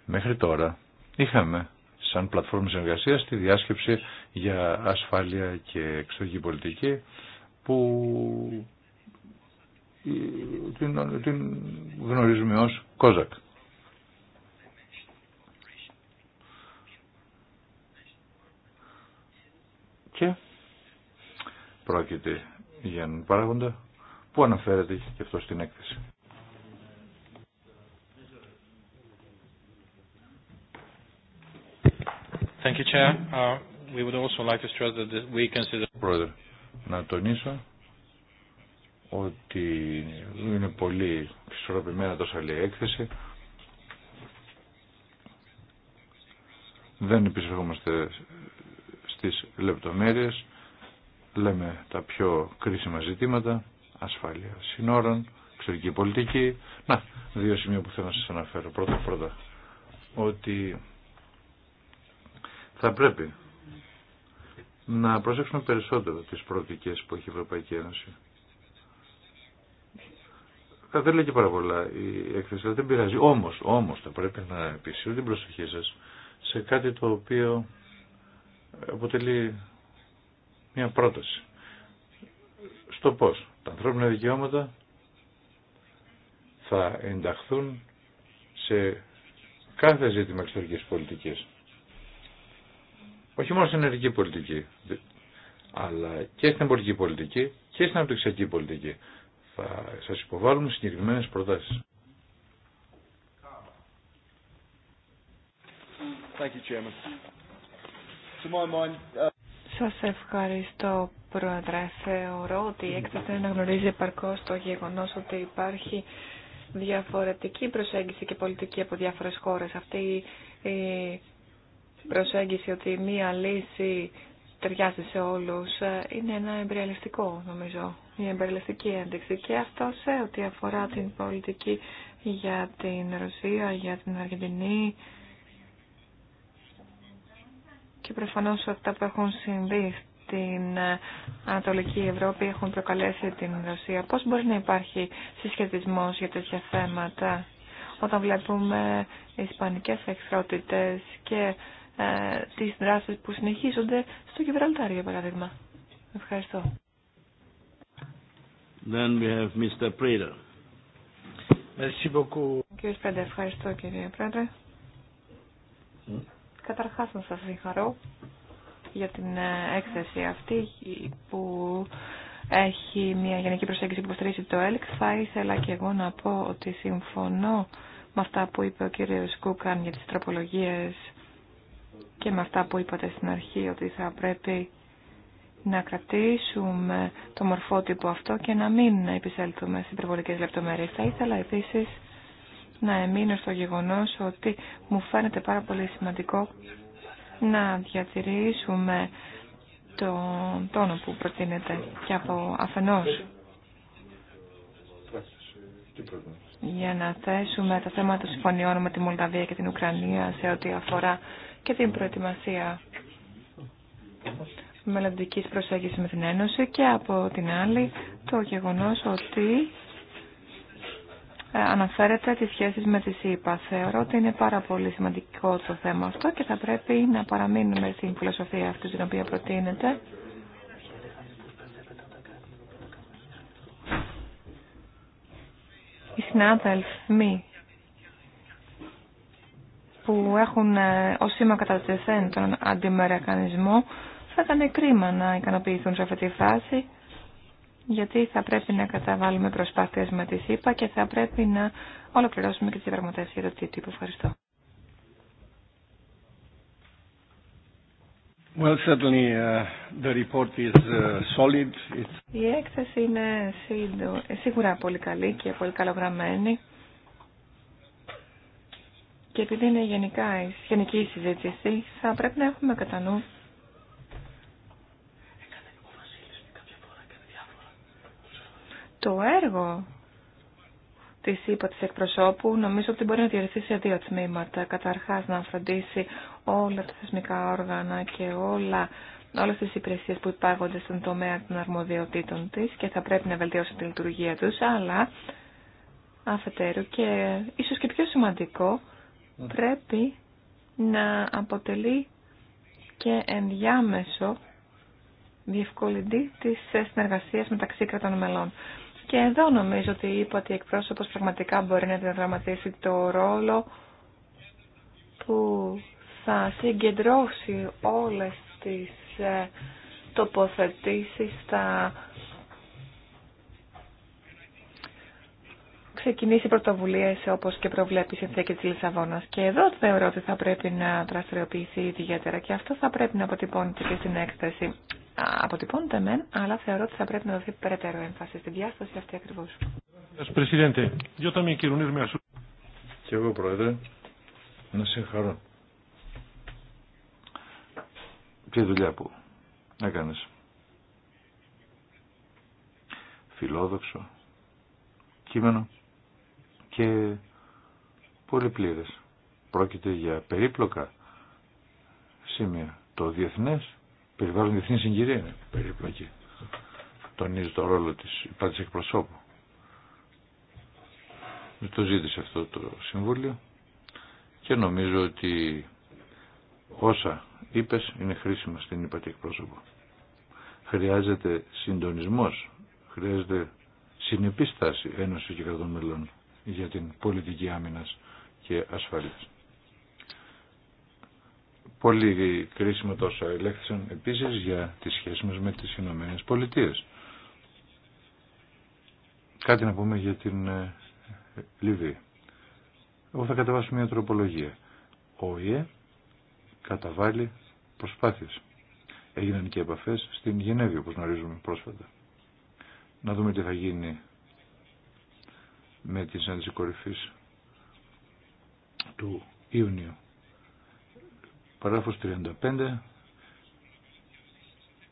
[SPEAKER 3] Μέχρι τώρα είχαμε σαν πλατφόρμα συνεργασίας τη διάσκεψη για ασφάλεια και εξωτερική πολιτική που ε, την, γνωρίζουμε ως Κόζακ. Και πρόκειται για έναν παράγοντα που αναφέρεται και αυτό στην έκθεση. Thank you, Chair. Uh, we would also like to stress that we consider... Πρόεδρε, να τονίσω ότι είναι πολύ ισορροπημένα τόσο άλλη έκθεση. Δεν επισερχόμαστε στις λεπτομέρειες. Λέμε τα πιο κρίσιμα ζητήματα, ασφάλεια συνόρων, εξωτερική πολιτική. Να, δύο σημεία που θέλω να σας αναφέρω. Πρώτα πρώτα, ότι θα πρέπει να προσέξουμε περισσότερο τις προοπτικές που έχει η Ευρωπαϊκή Ένωση. Ε, δεν λέει και πάρα πολλά η έκθεση, αλλά δεν πειράζει. Όμως, όμως θα πρέπει να επισύρω την προσοχή σας σε κάτι το οποίο αποτελεί μια πρόταση. Στο πώς τα ανθρώπινα δικαιώματα θα ενταχθούν σε κάθε ζήτημα εξωτερικής πολιτικής όχι μόνο στην ενεργική πολιτική, αλλά και στην εμπορική πολιτική και στην αναπτυξιακή πολιτική. Θα σας υποβάλουμε συγκεκριμένες προτάσεις.
[SPEAKER 4] Σα uh,
[SPEAKER 5] Σας ευχαριστώ, Πρόεδρε. Θεωρώ ότι η να αναγνωρίζει επαρκώς το γεγονός ότι υπάρχει διαφορετική προσέγγιση και πολιτική από διάφορες χώρες. Αυτή η προσέγγιση ότι μία λύση ταιριάζει σε όλους ε, είναι ένα εμπεριαλιστικό νομίζω, μια εμπεριαλιστική ένδειξη και αυτό σε ό,τι αφορά την πολιτική για την Ρωσία, για την Αργεντινή και προφανώς αυτά που έχουν συμβεί στην ε, Ανατολική Ευρώπη έχουν προκαλέσει την Ρωσία. Πώς μπορεί να υπάρχει συσχετισμός για τέτοια θέματα όταν βλέπουμε ισπανικές εχθρότητες και ε, τις δράσεις που συνεχίζονται στο Κεβραλτάρι, για παράδειγμα. Ευχαριστώ.
[SPEAKER 1] Then we have Mr.
[SPEAKER 5] Merci beaucoup. Κύριε Πρέντερ, ευχαριστώ κύριε Πρέντε. Mm. Καταρχάς να σας συγχαρώ για την ε, έκθεση αυτή που έχει μια γενική προσέγγιση που υποστηρίζει το ΕΛΚ. Θα ήθελα και εγώ να πω ότι συμφωνώ με αυτά που είπε ο κύριος Κούκαν για τις τροπολογίες και με αυτά που είπατε στην αρχή ότι θα πρέπει να κρατήσουμε το μορφότυπο αυτό και να μην επισέλθουμε σε υπερβολικές λεπτομέρειες. Θα ήθελα επίσης να εμείνω στο γεγονός ότι μου φαίνεται πάρα πολύ σημαντικό να διατηρήσουμε τον τόνο που προτείνεται και από αφενός για να θέσουμε τα θέματα των συμφωνιών με τη Μολδαβία και την Ουκρανία σε ό,τι αφορά και την προετοιμασία μελλοντική προσέγγιση με την Ένωση και από την άλλη το γεγονός ότι ε, αναφέρεται τις σχέσεις με τη ΣΥΠΑ. Θεωρώ ότι είναι πάρα πολύ σημαντικό το θέμα αυτό και θα πρέπει να παραμείνουμε στην φιλοσοφία αυτή την οποία προτείνεται. Οι συνάδελφοι που έχουν ε, ως σήμα κατά τεθέν τον αντιμερικανισμό θα ήταν κρίμα να ικανοποιηθούν σε αυτή τη φάση γιατί θα πρέπει να καταβάλουμε προσπάθειες με τη ΣΥΠΑ και θα πρέπει να ολοκληρώσουμε και τις διαπραγματεύσεις για το Ευχαριστώ.
[SPEAKER 4] Well, uh, the report is uh, solid.
[SPEAKER 5] Η έκθεση είναι σίγουρα πολύ καλή και πολύ καλογραμμένη. Και επειδή είναι γενικά η γενική συζήτηση, θα πρέπει να έχουμε κατά νου το έργο τη είπα τη εκπροσώπου νομίζω ότι μπορεί να διαρρεθεί σε δύο τμήματα. Καταρχά, να φροντίσει όλα τα θεσμικά όργανα και όλα, όλες τις υπηρεσίες που υπάγονται στον τομέα των αρμοδιοτήτων της και θα πρέπει να βελτιώσει τη λειτουργία τους, αλλά αφετέρου και ίσως και πιο σημαντικό πρέπει να αποτελεί και ενδιάμεσο διευκολυντή της συνεργασίας μεταξύ κρατών μελών. Και εδώ νομίζω ότι είπα ότι εκπρόσωπος πραγματικά μπορεί να διαδραματίσει το ρόλο που θα συγκεντρώσει όλες τις ε, τοποθετήσεις, στα... ξεκινήσει πρωτοβουλίε όπω και προβλέπει η συνθήκη τη Λισαβόνα. Και εδώ θεωρώ ότι θα πρέπει να δραστηριοποιηθεί ιδιαίτερα και αυτό θα πρέπει να αποτυπώνεται και στην έκθεση. Αποτυπώνεται μεν, αλλά θεωρώ ότι θα πρέπει να δοθεί περαιτέρω έμφαση στη διάσταση αυτή ακριβώ.
[SPEAKER 3] Και εγώ, Πρόεδρε, να συγχαρώ. Ποια δουλειά που έκανε. Φιλόδοξο κείμενο και πολύ πλήρες. Πρόκειται για περίπλοκα σημεία. Το διεθνές περιβάλλον διεθνή συγκυρία είναι περίπλοκη. Τονίζει το ρόλο της υπάρξης εκπροσώπου. Το ζήτησε αυτό το Συμβούλιο και νομίζω ότι όσα είπες είναι χρήσιμα στην υπατή εκπρόσωπο. Χρειάζεται συντονισμός, χρειάζεται συνεπίσταση ένωση και κρατών μελών για την πολιτική άμυνας και ασφαλείας. Πολύ κρίσιμο τόσο ελέγχθησαν επίσης για τις σχέσεις μας με τις Ηνωμένες Πολιτείες. Κάτι να πούμε για την ε, Λιβύη. Εγώ θα καταβάσω μια τροπολογία. Ο ΙΕ καταβάλει προσπάθειες. Έγιναν και επαφές στην Γενέβη, όπως γνωρίζουμε πρόσφατα. Να δούμε τι θα γίνει με τη συνάντηση του Ιουνίου. Παράγραφος 35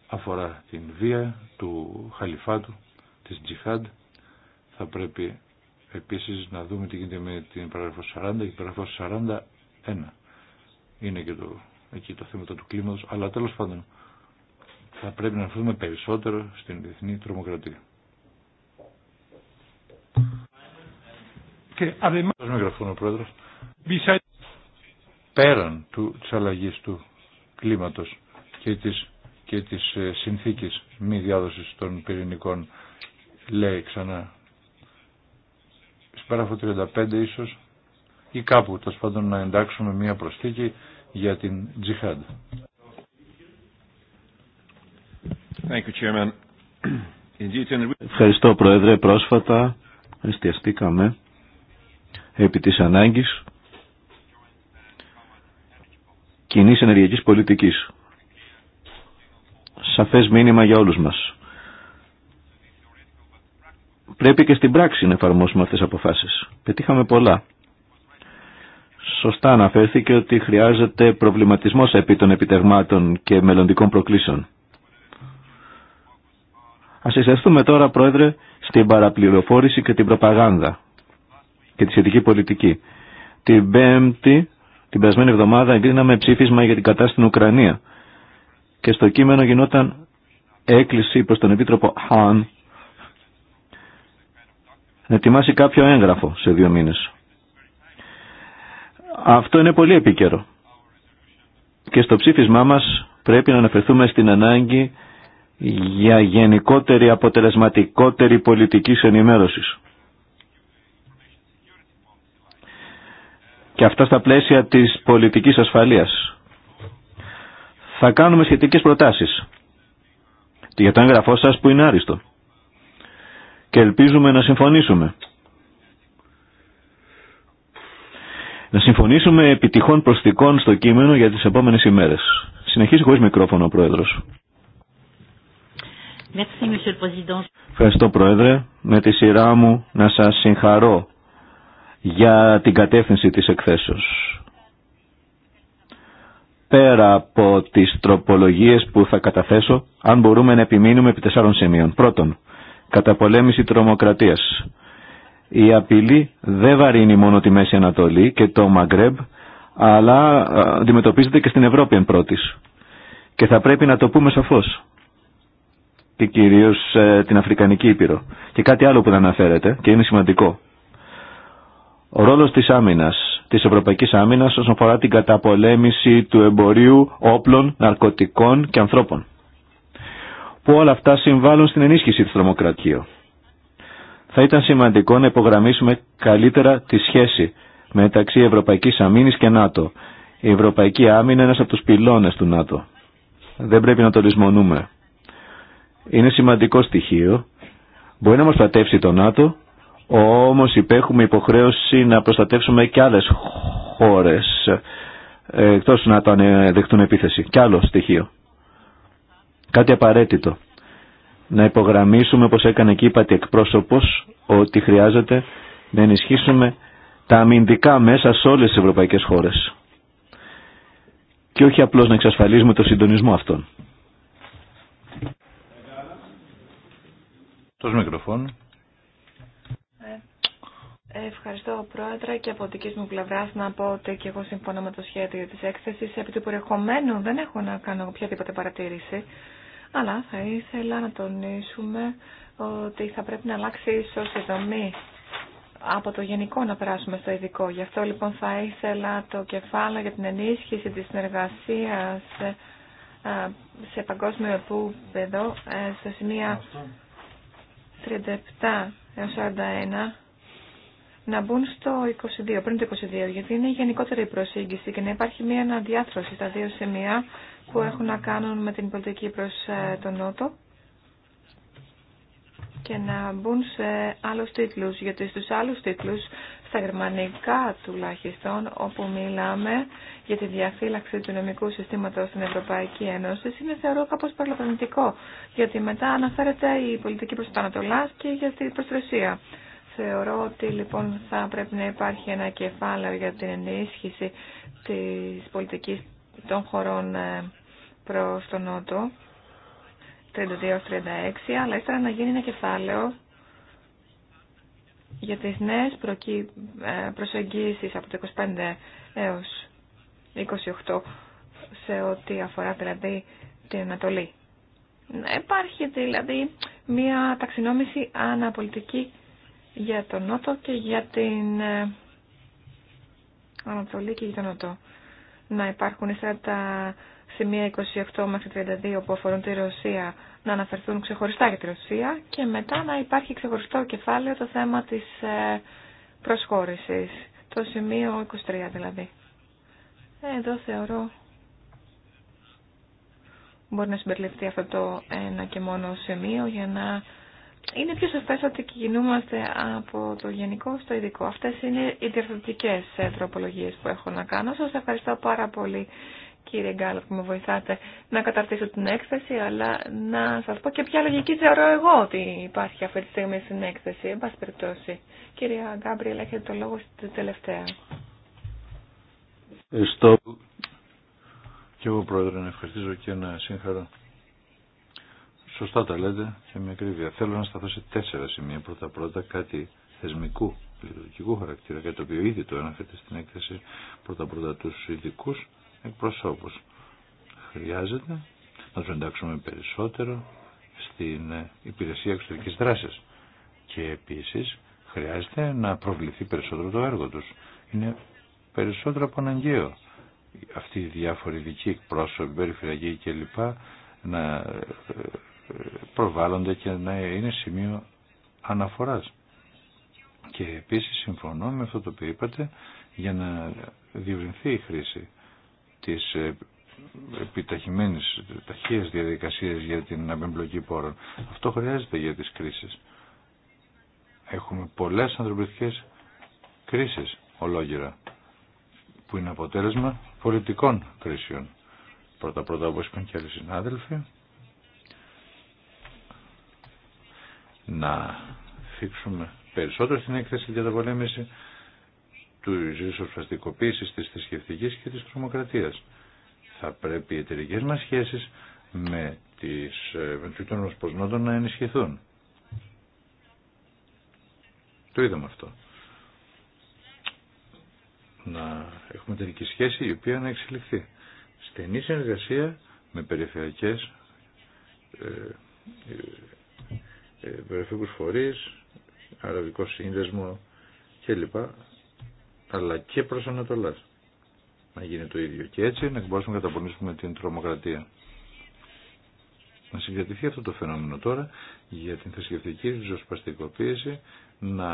[SPEAKER 3] αφορά την βία του χαλιφάτου, της τζιχάντ. Θα πρέπει επίσης να δούμε τι γίνεται με την παράγραφο 40 και την 41. Είναι και το, εκεί το θέμα του κλίματος, αλλά τέλος πάντων θα πρέπει να αναφερθούμε περισσότερο στην διεθνή τρομοκρατία. Και Πέραν του, της του κλίματος και της, και της ε, συνθήκης μη διάδοσης των πυρηνικών, λέει ξανά, Σπέραφο 35 ίσως, ή κάπου, τέλο πάντων, να εντάξουμε μία προσθήκη για την τζιχάντ.
[SPEAKER 1] Ευχαριστώ, Πρόεδρε. Πρόσφατα εστιαστήκαμε επί της ανάγκης κοινή ενεργειακής πολιτικής. Σαφές μήνυμα για όλους μας. Πρέπει και στην πράξη να εφαρμόσουμε αυτές τις αποφάσεις. Πετύχαμε πολλά. Σωστά αναφέρθηκε ότι χρειάζεται προβληματισμός επί των επιτεγμάτων και μελλοντικών προκλήσεων. Ας εισερθούμε τώρα, Πρόεδρε, στην παραπληροφόρηση και την προπαγάνδα και τη σχετική πολιτική. Την Πέμπτη, την περασμένη εβδομάδα, εγκρίναμε ψήφισμα για την κατάσταση στην Ουκρανία. Και στο κείμενο γινόταν έκκληση προς τον Επίτροπο Χάν να ετοιμάσει κάποιο έγγραφο σε δύο μήνες. Αυτό είναι πολύ επίκαιρο. Και στο ψήφισμά μας πρέπει να αναφερθούμε στην ανάγκη για γενικότερη αποτελεσματικότερη πολιτική ενημέρωσης. και αυτά στα πλαίσια της πολιτικής ασφαλείας. Θα κάνουμε σχετικές προτάσεις για το έγγραφό σας που είναι άριστο και ελπίζουμε να συμφωνήσουμε. Να συμφωνήσουμε επιτυχών προσθήκων στο κείμενο για τις επόμενες ημέρες. Συνεχίζει χωρίς μικρόφωνο ο Πρόεδρος. Ευχαριστώ Πρόεδρε. Με τη σειρά μου να σας συγχαρώ για την κατεύθυνση της εκθέσεως. Πέρα από τις τροπολογίες που θα καταθέσω, αν μπορούμε να επιμείνουμε επί τεσσάρων σημείων. Πρώτον, καταπολέμηση τρομοκρατίας. Η απειλή δεν βαρύνει μόνο τη Μέση Ανατολή και το Μαγκρέμπ, αλλά αντιμετωπίζεται και στην Ευρώπη εν πρώτης. Και θα πρέπει να το πούμε σαφώς. Και κυρίως ε, την Αφρικανική Ήπειρο. Και κάτι άλλο που αναφέρεται και είναι σημαντικό. Ο ρόλος της άμυνας, της ευρωπαϊκής άμυνας όσον αφορά την καταπολέμηση του εμπορίου όπλων, ναρκωτικών και ανθρώπων. Που όλα αυτά συμβάλλουν στην ενίσχυση του τρομοκρατίου. Θα ήταν σημαντικό να υπογραμμίσουμε καλύτερα τη σχέση μεταξύ Ευρωπαϊκής Αμήνης και ΝΑΤΟ. Η Ευρωπαϊκή Άμυνα είναι ένας από τους πυλώνες του ΝΑΤΟ. Δεν πρέπει να το λησμονούμε. Είναι σημαντικό στοιχείο. Μπορεί να μας πατεύσει το ΝΑΤΟ, όμως υπέχουμε υποχρέωση να προστατεύσουμε και άλλες χώρες ε, εκτός να το δεχτούν επίθεση. Κι άλλο στοιχείο. Κάτι απαραίτητο. Να υπογραμμίσουμε, όπως έκανε και είπατε εκπρόσωπος, ότι χρειάζεται να ενισχύσουμε τα αμυντικά μέσα σε όλες τις ευρωπαϊκές χώρες. Και όχι απλώς να εξασφαλίσουμε το συντονισμό αυτών. Τος μικροφόνο.
[SPEAKER 5] Ευχαριστώ, Πρόεδρε, και από δική μου πλευρά να πω ότι και εγώ συμφωνώ με το σχέδιο τη έκθεση. Επί του περιεχομένου δεν έχω να κάνω οποιαδήποτε παρατήρηση, αλλά θα ήθελα να τονίσουμε ότι θα πρέπει να αλλάξει ίσω η δομή από το γενικό να περάσουμε στο ειδικό. Γι' αυτό λοιπόν θα ήθελα το κεφάλαιο για την ενίσχυση της συνεργασίας ε, σε παγκόσμιο επίπεδο σε σημεία 37 41 να μπουν στο 22, πριν το 22, γιατί είναι η γενικότερη προσέγγιση και να υπάρχει μια αναδιάθρωση στα δύο σημεία που έχουν να κάνουν με την πολιτική προς ε, τον Νότο και να μπουν σε άλλους τίτλους, γιατί στους άλλους τίτλους, στα γερμανικά τουλάχιστον, όπου μιλάμε για τη διαφύλαξη του νομικού συστήματος στην Ευρωπαϊκή Ένωση, είναι θεωρώ κάπως παραλαπανητικό, γιατί μετά αναφέρεται η πολιτική προς Ανατολάς και για την προς Θεωρώ ότι λοιπόν θα πρέπει να υπάρχει ένα κεφάλαιο για την ενίσχυση της πολιτικής των χωρών ε, προς τον Νότο, 32-36, αλλά ήθελα να γίνει ένα κεφάλαιο για τις νέες ε, προσεγγίσεις από το 25 έως 28 σε ό,τι αφορά δηλαδή την Ανατολή. υπάρχει δηλαδή μια ταξινόμηση αναπολιτική για τον Νότο και για την ε, Ανατολή και για τον Νότο. Να υπάρχουν ίσα-ίσα τα σημεία 28 μέχρι 32 που αφορούν τη Ρωσία να αναφερθούν ξεχωριστά για τη Ρωσία και μετά να υπάρχει ξεχωριστό κεφάλαιο το θέμα της ε, προσχώρησης, το σημείο 23 δηλαδή. Εδώ θεωρώ μπορεί να συμπεριληφθεί αυτό το ένα και μόνο σημείο για να είναι πιο σωστέ ότι κινούμαστε από το γενικό στο ειδικό. Αυτές είναι οι διαφορετικές ε, τροπολογίε που έχω να κάνω. Σας ευχαριστώ πάρα πολύ κύριε Γκάλο που με βοηθάτε να καταρτήσω την έκθεση, αλλά να σας πω και ποια λογική θεωρώ εγώ ότι υπάρχει αυτή τη στιγμή στην έκθεση, εν πάση περιπτώσει. Κυρία Γκάμπριελ, έχετε το λόγο στην τελευταία.
[SPEAKER 3] Ευχαριστώ και εγώ πρόεδρε να ευχαριστήσω και να συγχαρώ Σωστά τα λέτε και με ακρίβεια. Θέλω να σταθώ σε τέσσερα σημεία. Πρώτα-πρώτα κάτι θεσμικού, λειτουργικού χαρακτήρα, για το οποίο ήδη το έναφετε στην έκθεση. Πρώτα-πρώτα του ειδικού εκπροσώπου. Χρειάζεται να του εντάξουμε περισσότερο στην υπηρεσία εξωτερική δράση. Και επίση χρειάζεται να προβληθεί περισσότερο το έργο του. Είναι περισσότερο από αναγκαίο αυτοί οι διάφοροι ειδικοί εκπρόσωποι, περιφερειακοί κλπ. να ε, προβάλλονται και να είναι σημείο αναφοράς. Και επίσης συμφωνώ με αυτό το οποίο είπατε για να διευρυνθεί η χρήση της ε, επιταχυμένης ταχείας διαδικασίας για την απεμπλοκή πόρων. Αυτό χρειάζεται για τις κρίσεις. Έχουμε πολλές ανθρωπιστικές κρίσεις ολόγυρα που είναι αποτέλεσμα πολιτικών κρίσεων. Πρώτα-πρώτα όπως είπαν και άλλοι συνάδελφοι να φύξουμε περισσότερο στην έκθεση για τα πολέμηση του ριζοσπαστικοποίησης της θρησκευτική και της τρομοκρατίας. Θα πρέπει οι εταιρικέ μας σχέσεις με τις βεντσουκτών προσμόντων να ενισχυθούν. Το είδαμε αυτό. Να έχουμε εταιρική σχέση η οποία να εξελιχθεί. Στενή συνεργασία με περιφερειακές ε, ε περιφερειακούς φορείς, αραβικό σύνδεσμο κλπ. Αλλά και προς Ανατολάς να γίνει το ίδιο. Και έτσι να μπορέσουμε να καταπονήσουμε την τρομοκρατία. Να συγκρατηθεί αυτό το φαινόμενο τώρα για την θρησκευτική ριζοσπαστικοποίηση, να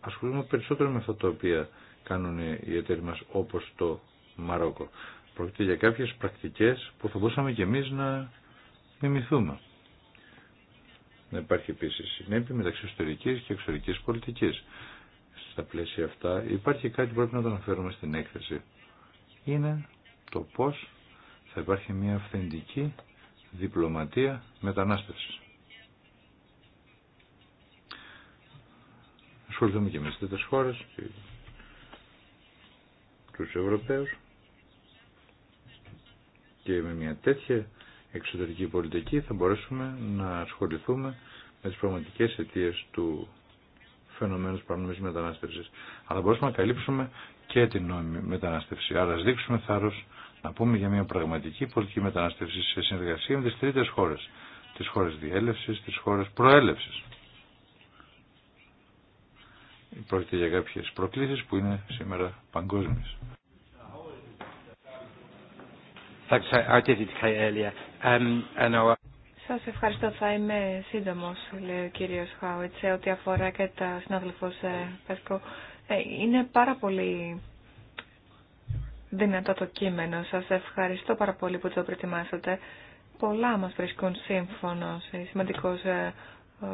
[SPEAKER 3] ασχολούμε περισσότερο με αυτά τα οποία κάνουν οι εταίροι μας όπως το Μαρόκο. Πρόκειται για κάποιες πρακτικές που θα μπορούσαμε και εμείς να μιμηθούμε να υπάρχει επίση συνέπεια μεταξύ ιστορική και εξωτερική πολιτική. Στα πλαίσια αυτά υπάρχει κάτι που πρέπει να το αναφέρουμε στην έκθεση. Είναι το πώ θα υπάρχει μια αυθεντική διπλωματία μετανάστευση. Ασχοληθούμε και με τι τέτοιε χώρε του Ευρωπαίου και με μια τέτοια εξωτερική πολιτική θα μπορέσουμε να ασχοληθούμε με τις πραγματικές αιτίε του φαινομένου της παρανομής μετανάστευσης. Αλλά μπορούσαμε να καλύψουμε και την νόμιμη μετανάστευση. Άρα ας δείξουμε θάρρος να πούμε για μια πραγματική πολιτική μετανάστευση σε συνεργασία με τις τρίτες χώρες. Τις χώρες διέλευσης, τις χώρες προέλευσης. Πρόκειται για κάποιες προκλήσεις που είναι σήμερα παγκόσμιες. Um,
[SPEAKER 5] Σα ευχαριστώ. Θα είμαι σύντομο, λέει ο κύριο Χάουιτ, σε ό,τι αφορά και τα συνάδελφο ε, Πέσκο. Ε, είναι πάρα πολύ δυνατό το κείμενο. Σα ευχαριστώ πάρα πολύ που το προετοιμάσατε. Πολλά μας βρίσκουν σύμφωνο σημαντικό ε,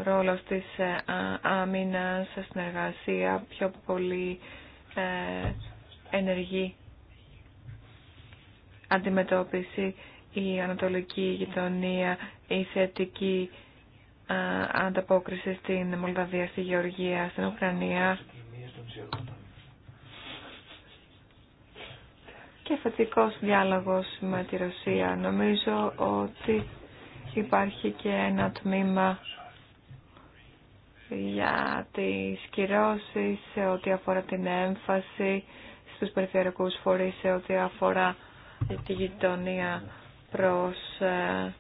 [SPEAKER 5] ρόλο τη της συνεργασία, πιο πολύ ενεργή αντιμετώπιση η ανατολική γειτονία, η θετική ανταπόκριση στην Μολδαβία, στη Γεωργία, στην Ουκρανία. Και θετικός διάλογος με τη Ρωσία. Νομίζω ότι υπάρχει και ένα τμήμα για τις κυρώσεις σε ό,τι αφορά την έμφαση στους περιφερειακούς φορείς, σε ό,τι αφορά ε, τη γειτονία προς ε,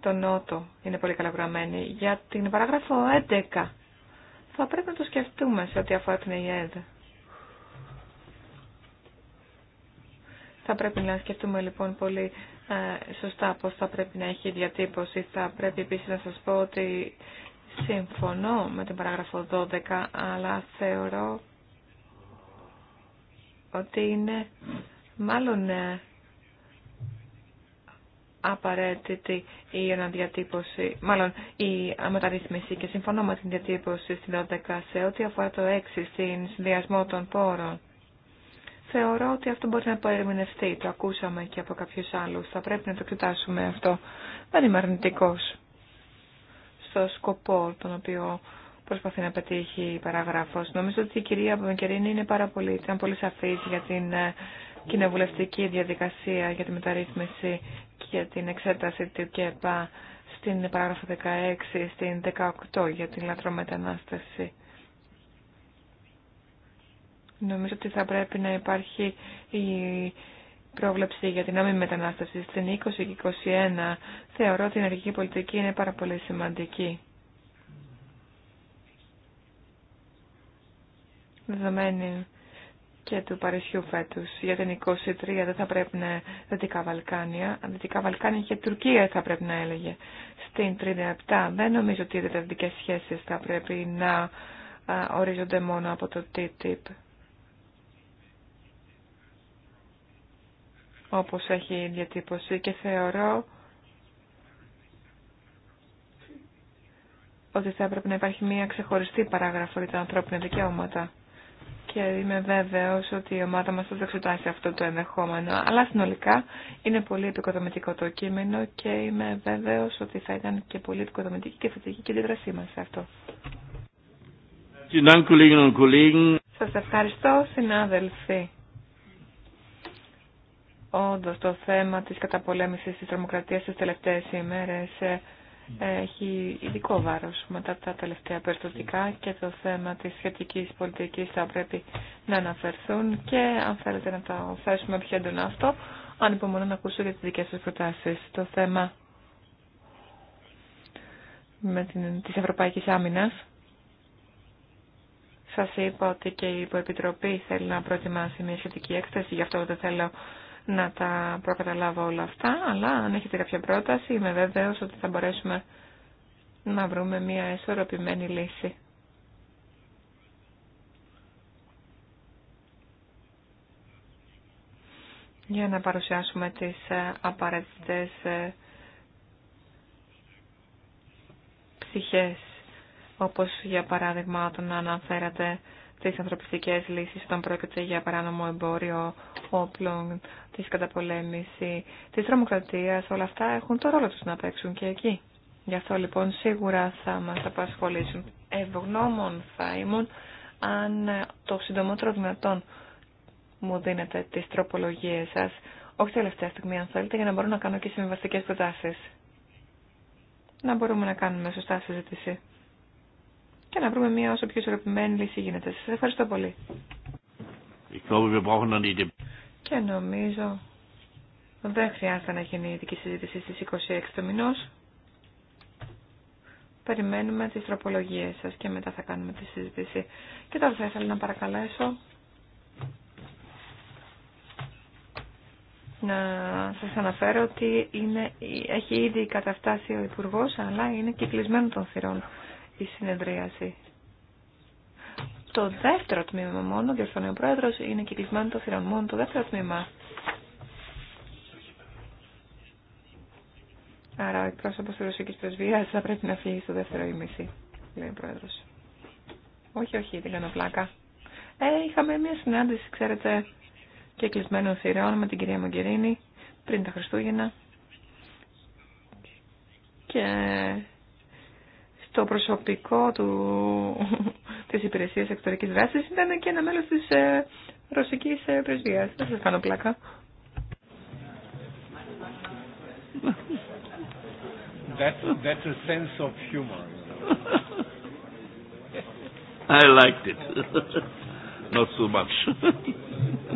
[SPEAKER 5] τον Νότο είναι πολύ καλαγραμμένη. Για την παράγραφο 11 θα πρέπει να το σκεφτούμε σε ό,τι αφορά την ΕΕΔ. Θα πρέπει να σκεφτούμε λοιπόν πολύ ε, σωστά πώς θα πρέπει να έχει διατύπωση. Θα πρέπει επίσης να σας πω ότι συμφωνώ με την παράγραφο 12, αλλά θεωρώ ότι είναι μάλλον απαραίτητη η αναδιατύπωση, μάλλον η μεταρρύθμιση και συμφωνώ με την διατύπωση στην 12 σε ό,τι αφορά το 6 στην συνδυασμό των πόρων. Θεωρώ ότι αυτό μπορεί να παρεμεινευτεί, το ακούσαμε και από κάποιου άλλου. θα πρέπει να το κοιτάσουμε αυτό. Δεν είμαι αρνητικό στο σκοπό τον οποίο προσπαθεί να πετύχει η παραγράφο. Νομίζω ότι η κυρία Παπακερίνη είναι πάρα πολύ, ήταν πολύ σαφή για την ε, κοινοβουλευτική διαδικασία για τη μεταρρύθμιση για την εξέταση του ΚΕΠΑ στην παράγραφο 16, στην 18 για την λατρομετανάσταση. Νομίζω ότι θα πρέπει να υπάρχει η πρόβλεψη για την άμεση μετανάστευση στην 20 και 21. Θεωρώ ότι η ενεργική πολιτική είναι πάρα πολύ σημαντική. Δεδομένη και του Παρισιού φέτο Για την 23 δεν θα πρέπει να Δυτικά Βαλκάνια, Δυτικά Βαλκάνια και Τουρκία θα πρέπει να έλεγε. Στην 37 δεν νομίζω ότι οι διδευτικές σχέσει θα πρέπει να ορίζονται μόνο από το TTIP. όπως έχει διατύπωση και θεωρώ ότι θα έπρεπε να υπάρχει μία ξεχωριστή παράγραφο για τα ανθρώπινα δικαιώματα και είμαι βέβαιος ότι η ομάδα μας θα εξετάσει αυτό το ενδεχόμενο. Αλλά συνολικά είναι πολύ επικοδομητικό το κείμενο και είμαι βέβαιος ότι θα ήταν και πολύ επικοδομητική και θετική και δρασή μας σε αυτό. Σας ευχαριστώ συνάδελφοι. Όντω το θέμα της καταπολέμησης της τρομοκρατίας στις τελευταίες ημέρες ε, έχει ειδικό βάρος μετά τα τελευταία περιστατικά και το θέμα της σχετικής πολιτικής θα πρέπει να αναφερθούν και αν θέλετε να τα θέσουμε πιο έντονα αυτό, αν υπομονώ να ακούσω για τις δικές σας προτάσεις. Το θέμα με την, της Ευρωπαϊκής Άμυνας. Σας είπα ότι και η Υποεπιτροπή θέλει να προετοιμάσει μια σχετική έκθεση, γι' αυτό δεν θέλω να τα προκαταλάβω όλα αυτά, αλλά αν έχετε κάποια πρόταση είμαι βέβαιος ότι θα μπορέσουμε να βρούμε μια ισορροπημένη λύση. για να παρουσιάσουμε τις ε, απαραίτητες ε, ψυχές, όπως για παράδειγμα όταν αναφέρατε τι ανθρωπιστικέ λύσει, όταν πρόκειται για παράνομο εμπόριο όπλων, τη καταπολέμηση, τη τρομοκρατία, όλα αυτά έχουν το ρόλο του να παίξουν και εκεί. Γι' αυτό λοιπόν σίγουρα θα μα απασχολήσουν. Ευγνώμων θα ήμουν αν το συντομότερο δυνατόν μου δίνετε τι τροπολογίε σα, όχι τελευταία στιγμή αν θέλετε, για να μπορώ να κάνω και συμβαστικέ προτάσει. Να μπορούμε να κάνουμε σωστά συζήτηση και να βρούμε μια όσο πιο ισορροπημένη λύση γίνεται. Σα ευχαριστώ πολύ. Και νομίζω δεν χρειάζεται να γίνει ειδική συζήτηση στις 26 του μηνός. Περιμένουμε τις τροπολογίες σας και μετά θα κάνουμε τη συζήτηση. Και τώρα θα ήθελα να παρακαλέσω να σας αναφέρω ότι είναι, έχει ήδη καταφτάσει ο Υπουργός, αλλά είναι κυκλισμένο των θυρών η συνεδρίαση. Το δεύτερο τμήμα μόνο, διορθώνει ο πρόεδρο, είναι κυκλισμένο το θηρόν. Μόνο το δεύτερο τμήμα. Άρα ο εκπρόσωπο τη Ρωσική Πρεσβεία θα πρέπει να φύγει στο δεύτερο ημίση, λέει ο Πρόεδρο. Όχι, όχι, δεν κάνω πλάκα. Ε, είχαμε μια συνάντηση, ξέρετε, και κλεισμένο θηρεών με την κυρία Μαγκερίνη πριν τα Χριστούγεννα. Και το προσωπικό του, της υπηρεσίας εξωτερικής δράσης ήταν και ένα μέλος της ε, ρωσικής ε, πρεσβείας. Δεν σας κάνω πλάκα.
[SPEAKER 4] That that's a sense of humor. I liked it. Not so much.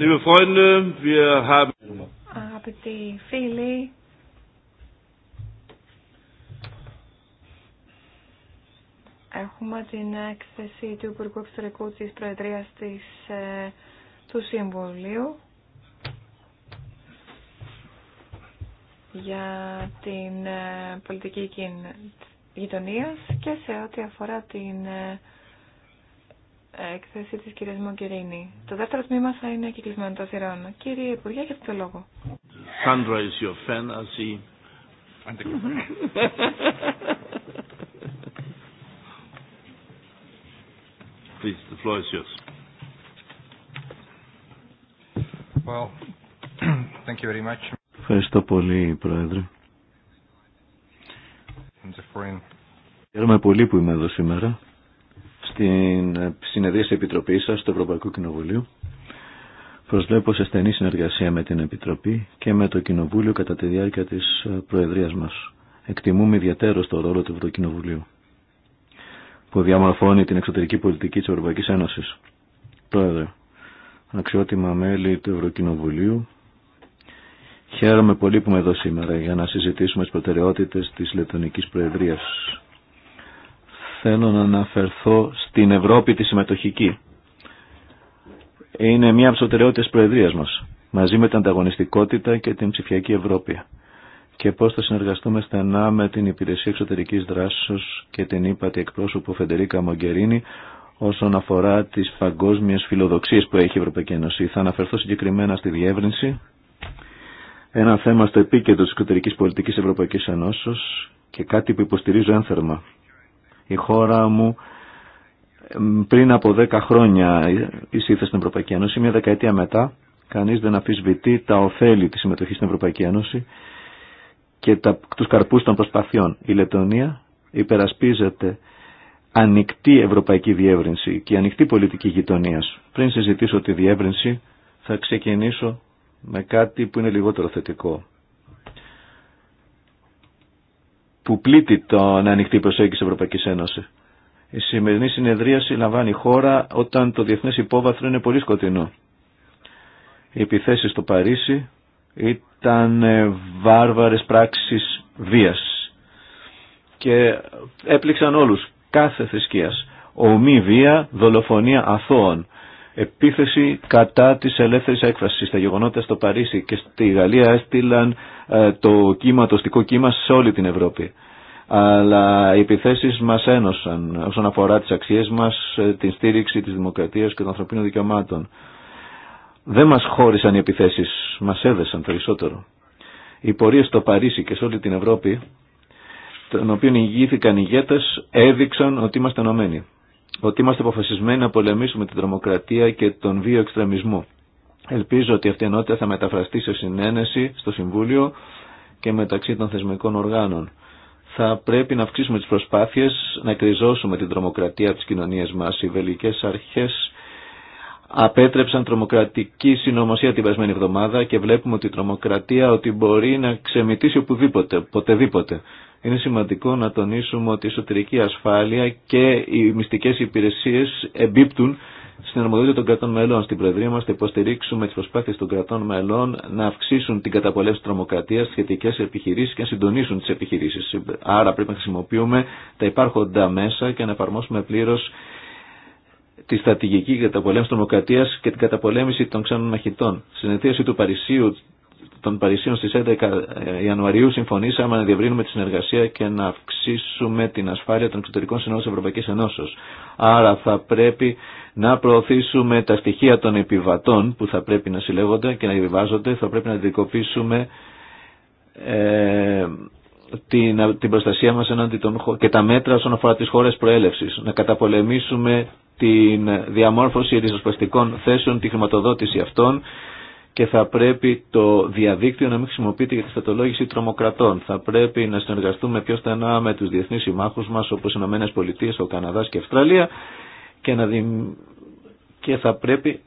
[SPEAKER 2] Liebe Freunde,
[SPEAKER 5] Αγαπητοί φίλοι, έχουμε την έκθεση του Υπουργού Εξωτερικού της Προεδρίας ε, του Συμβουλίου για την ε, πολιτική γειτονία και σε ό,τι αφορά την ε, έκθεση τη κυρία Μογκερίνη. Το δεύτερο τμήμα θα είναι κυκλισμένο το θυρών. Κύριε Υπουργέ, έχετε το λόγο.
[SPEAKER 4] Sandra is your fan, I see.
[SPEAKER 1] Ευχαριστώ πολύ, Πρόεδρε. Χαίρομαι πολύ που είμαι εδώ σήμερα στην συνεδρία τη Επιτροπής σα του Ευρωπαϊκού Κοινοβουλίου. Προσβλέπω σε στενή συνεργασία με την Επιτροπή και με το Κοινοβούλιο κατά τη διάρκεια τη Προεδρία μα. Εκτιμούμε ιδιαίτερο το ρόλο του Ευρωκοινοβουλίου που διαμορφώνει την εξωτερική πολιτική τη Ευρωπαϊκή Ένωση. Πρόεδρε, αξιότιμα μέλη του Ευρωκοινοβουλίου, χαίρομαι πολύ που είμαι εδώ σήμερα για να συζητήσουμε τι προτεραιότητε τη Λετωνικής Προεδρία. Θέλω να αναφερθώ την Ευρώπη τη συμμετοχική. Είναι μια από τι προτεραιότητε προεδρία μα, μαζί με την ανταγωνιστικότητα και την ψηφιακή Ευρώπη. Και πώ θα συνεργαστούμε στενά με την Υπηρεσία Εξωτερική Δράσεω και την ύπατη εκπρόσωπο Φεντερίκα Μογκερίνη όσον αφορά τι παγκόσμιε φιλοδοξίε που έχει η Ευρωπαϊκή Ένωση. Θα αναφερθώ συγκεκριμένα στη διεύρυνση, ένα θέμα στο επίκεντρο τη εξωτερική πολιτική Ευρωπαϊκή Ενώσεω και κάτι που υποστηρίζω ένθερμα. Η χώρα μου πριν από 10 χρόνια εισήλθε στην Ευρωπαϊκή Ένωση, μια δεκαετία μετά, κανεί δεν αφισβητεί τα ωφέλη τη συμμετοχή στην Ευρωπαϊκή Ένωση και του καρπού των προσπαθειών. Η Λετωνία υπερασπίζεται ανοιχτή ευρωπαϊκή διεύρυνση και ανοιχτή πολιτική γειτονία. Πριν συζητήσω τη διεύρυνση, θα ξεκινήσω με κάτι που είναι λιγότερο θετικό. Που πλήττει τον ανοιχτή προσέγγιση Ευρωπαϊκή Ένωση. Η σημερινή συνεδρίαση λαμβάνει χώρα όταν το διεθνές υπόβαθρο είναι πολύ σκοτεινό. Οι επιθέσεις στο Παρίσι ήταν ε, βάρβαρες πράξεις βίας και έπληξαν όλους κάθε θρησκείας. Ομή βία, δολοφονία αθώων, επίθεση κατά της ελεύθερης έκφρασης. Τα γεγονότα στο Παρίσι και στη Γαλλία έστειλαν ε, το κύμα, το οστικό κύμα σε όλη την Ευρώπη αλλά οι επιθέσεις μας ένωσαν όσον αφορά τις αξίες μας, την στήριξη της δημοκρατίας και των ανθρωπίνων δικαιωμάτων. Δεν μας χώρισαν οι επιθέσεις, μας έδεσαν περισσότερο. Οι πορείες στο Παρίσι και σε όλη την Ευρώπη, των οποίων ηγήθηκαν οι ηγέτες, έδειξαν ότι είμαστε ενωμένοι. Ότι είμαστε αποφασισμένοι να πολεμήσουμε την τρομοκρατία και τον βίο εξτρεμισμό. Ελπίζω ότι αυτή η ενότητα θα μεταφραστεί σε συνένεση στο Συμβούλιο και μεταξύ των θεσμικών οργάνων θα πρέπει να αυξήσουμε τις προσπάθειες να κρυζώσουμε την τρομοκρατία της κοινωνίας μας. Οι βελικές αρχές απέτρεψαν τρομοκρατική συνωμοσία την περασμένη εβδομάδα και βλέπουμε ότι η τρομοκρατία ότι μπορεί να ξεμητήσει οπουδήποτε, ποτεδήποτε. Είναι σημαντικό να τονίσουμε ότι η εσωτερική ασφάλεια και οι μυστικές υπηρεσίες εμπίπτουν στην αρμοδιότητα των κρατών μελών. Στην Προεδρία μα θα υποστηρίξουμε τι προσπάθειε των κρατών μελών να αυξήσουν την καταπολέμηση τη τρομοκρατία, σχετικέ επιχειρήσει και να συντονίσουν τι επιχειρήσει. Άρα πρέπει να χρησιμοποιούμε τα υπάρχοντα μέσα και να εφαρμόσουμε πλήρω τη στρατηγική καταπολέμηση τη τρομοκρατία και την καταπολέμηση των ξένων μαχητών. Στην του Παρισίου των Παρισίων στις 11 ε, Ιανουαρίου συμφωνήσαμε να διευρύνουμε τη συνεργασία και να αυξήσουμε την ασφάλεια των εξωτερικών συνόρων της Ευρωπαϊκής Ενώσεως. Άρα θα πρέπει να προωθήσουμε τα στοιχεία των επιβατών που θα πρέπει να συλλέγονται και να επιβάζονται, θα πρέπει να δικοποιήσουμε ε, την, την προστασία μας εναντί των, και τα μέτρα όσον αφορά τις χώρες προέλευσης. Να καταπολεμήσουμε την διαμόρφωση ριζοσπαστικών θέσεων, τη χρηματοδότηση αυτών, και θα πρέπει το διαδίκτυο να μην χρησιμοποιείται για τη στατολόγηση τρομοκρατών. Θα πρέπει να συνεργαστούμε πιο στενά με τους διεθνείς συμμάχους μας όπως οι ΗΠΑ, ο Καναδάς και η Αυστραλία και, να και θα πρέπει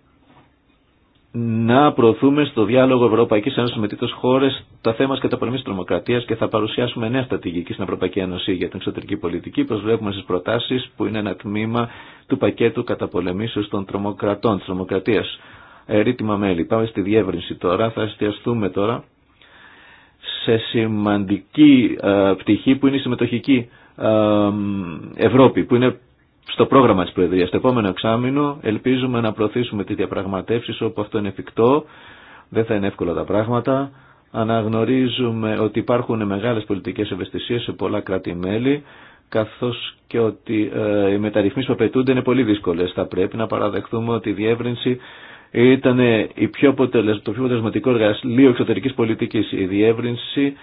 [SPEAKER 1] να προωθούμε στο διάλογο Ευρωπαϊκή Ένωση με τρίτε χώρε τα θέματα καταπολεμή τρομοκρατία και θα παρουσιάσουμε νέα στρατηγική στην Ευρωπαϊκή Ένωση για την εξωτερική πολιτική. Προσβλέπουμε στι προτάσει που είναι ένα τμήμα του πακέτου καταπολεμήσεω των τρομοκρατών, τη τρομοκρατία ερήτημα μέλη. Πάμε στη διεύρυνση τώρα. Θα εστιαστούμε τώρα σε σημαντική ε, πτυχή που είναι η συμμετοχική ε, Ευρώπη, που είναι στο πρόγραμμα της Προεδρίας. Στο επόμενο εξάμεινο ελπίζουμε να προωθήσουμε τις διαπραγματεύσεις όπου αυτό είναι εφικτό. Δεν θα είναι εύκολα τα πράγματα. Αναγνωρίζουμε ότι υπάρχουν μεγάλες πολιτικές ευαισθησίες σε πολλά κράτη-μέλη καθώς και ότι ε, οι μεταρρυθμίσεις που απαιτούνται είναι πολύ δύσκολες. Θα πρέπει να παραδεχθούμε ότι η διεύρυνση ήταν το πιο αποτελεσματικό εργαλείο εξωτερική πολιτική. Η διεύρυνση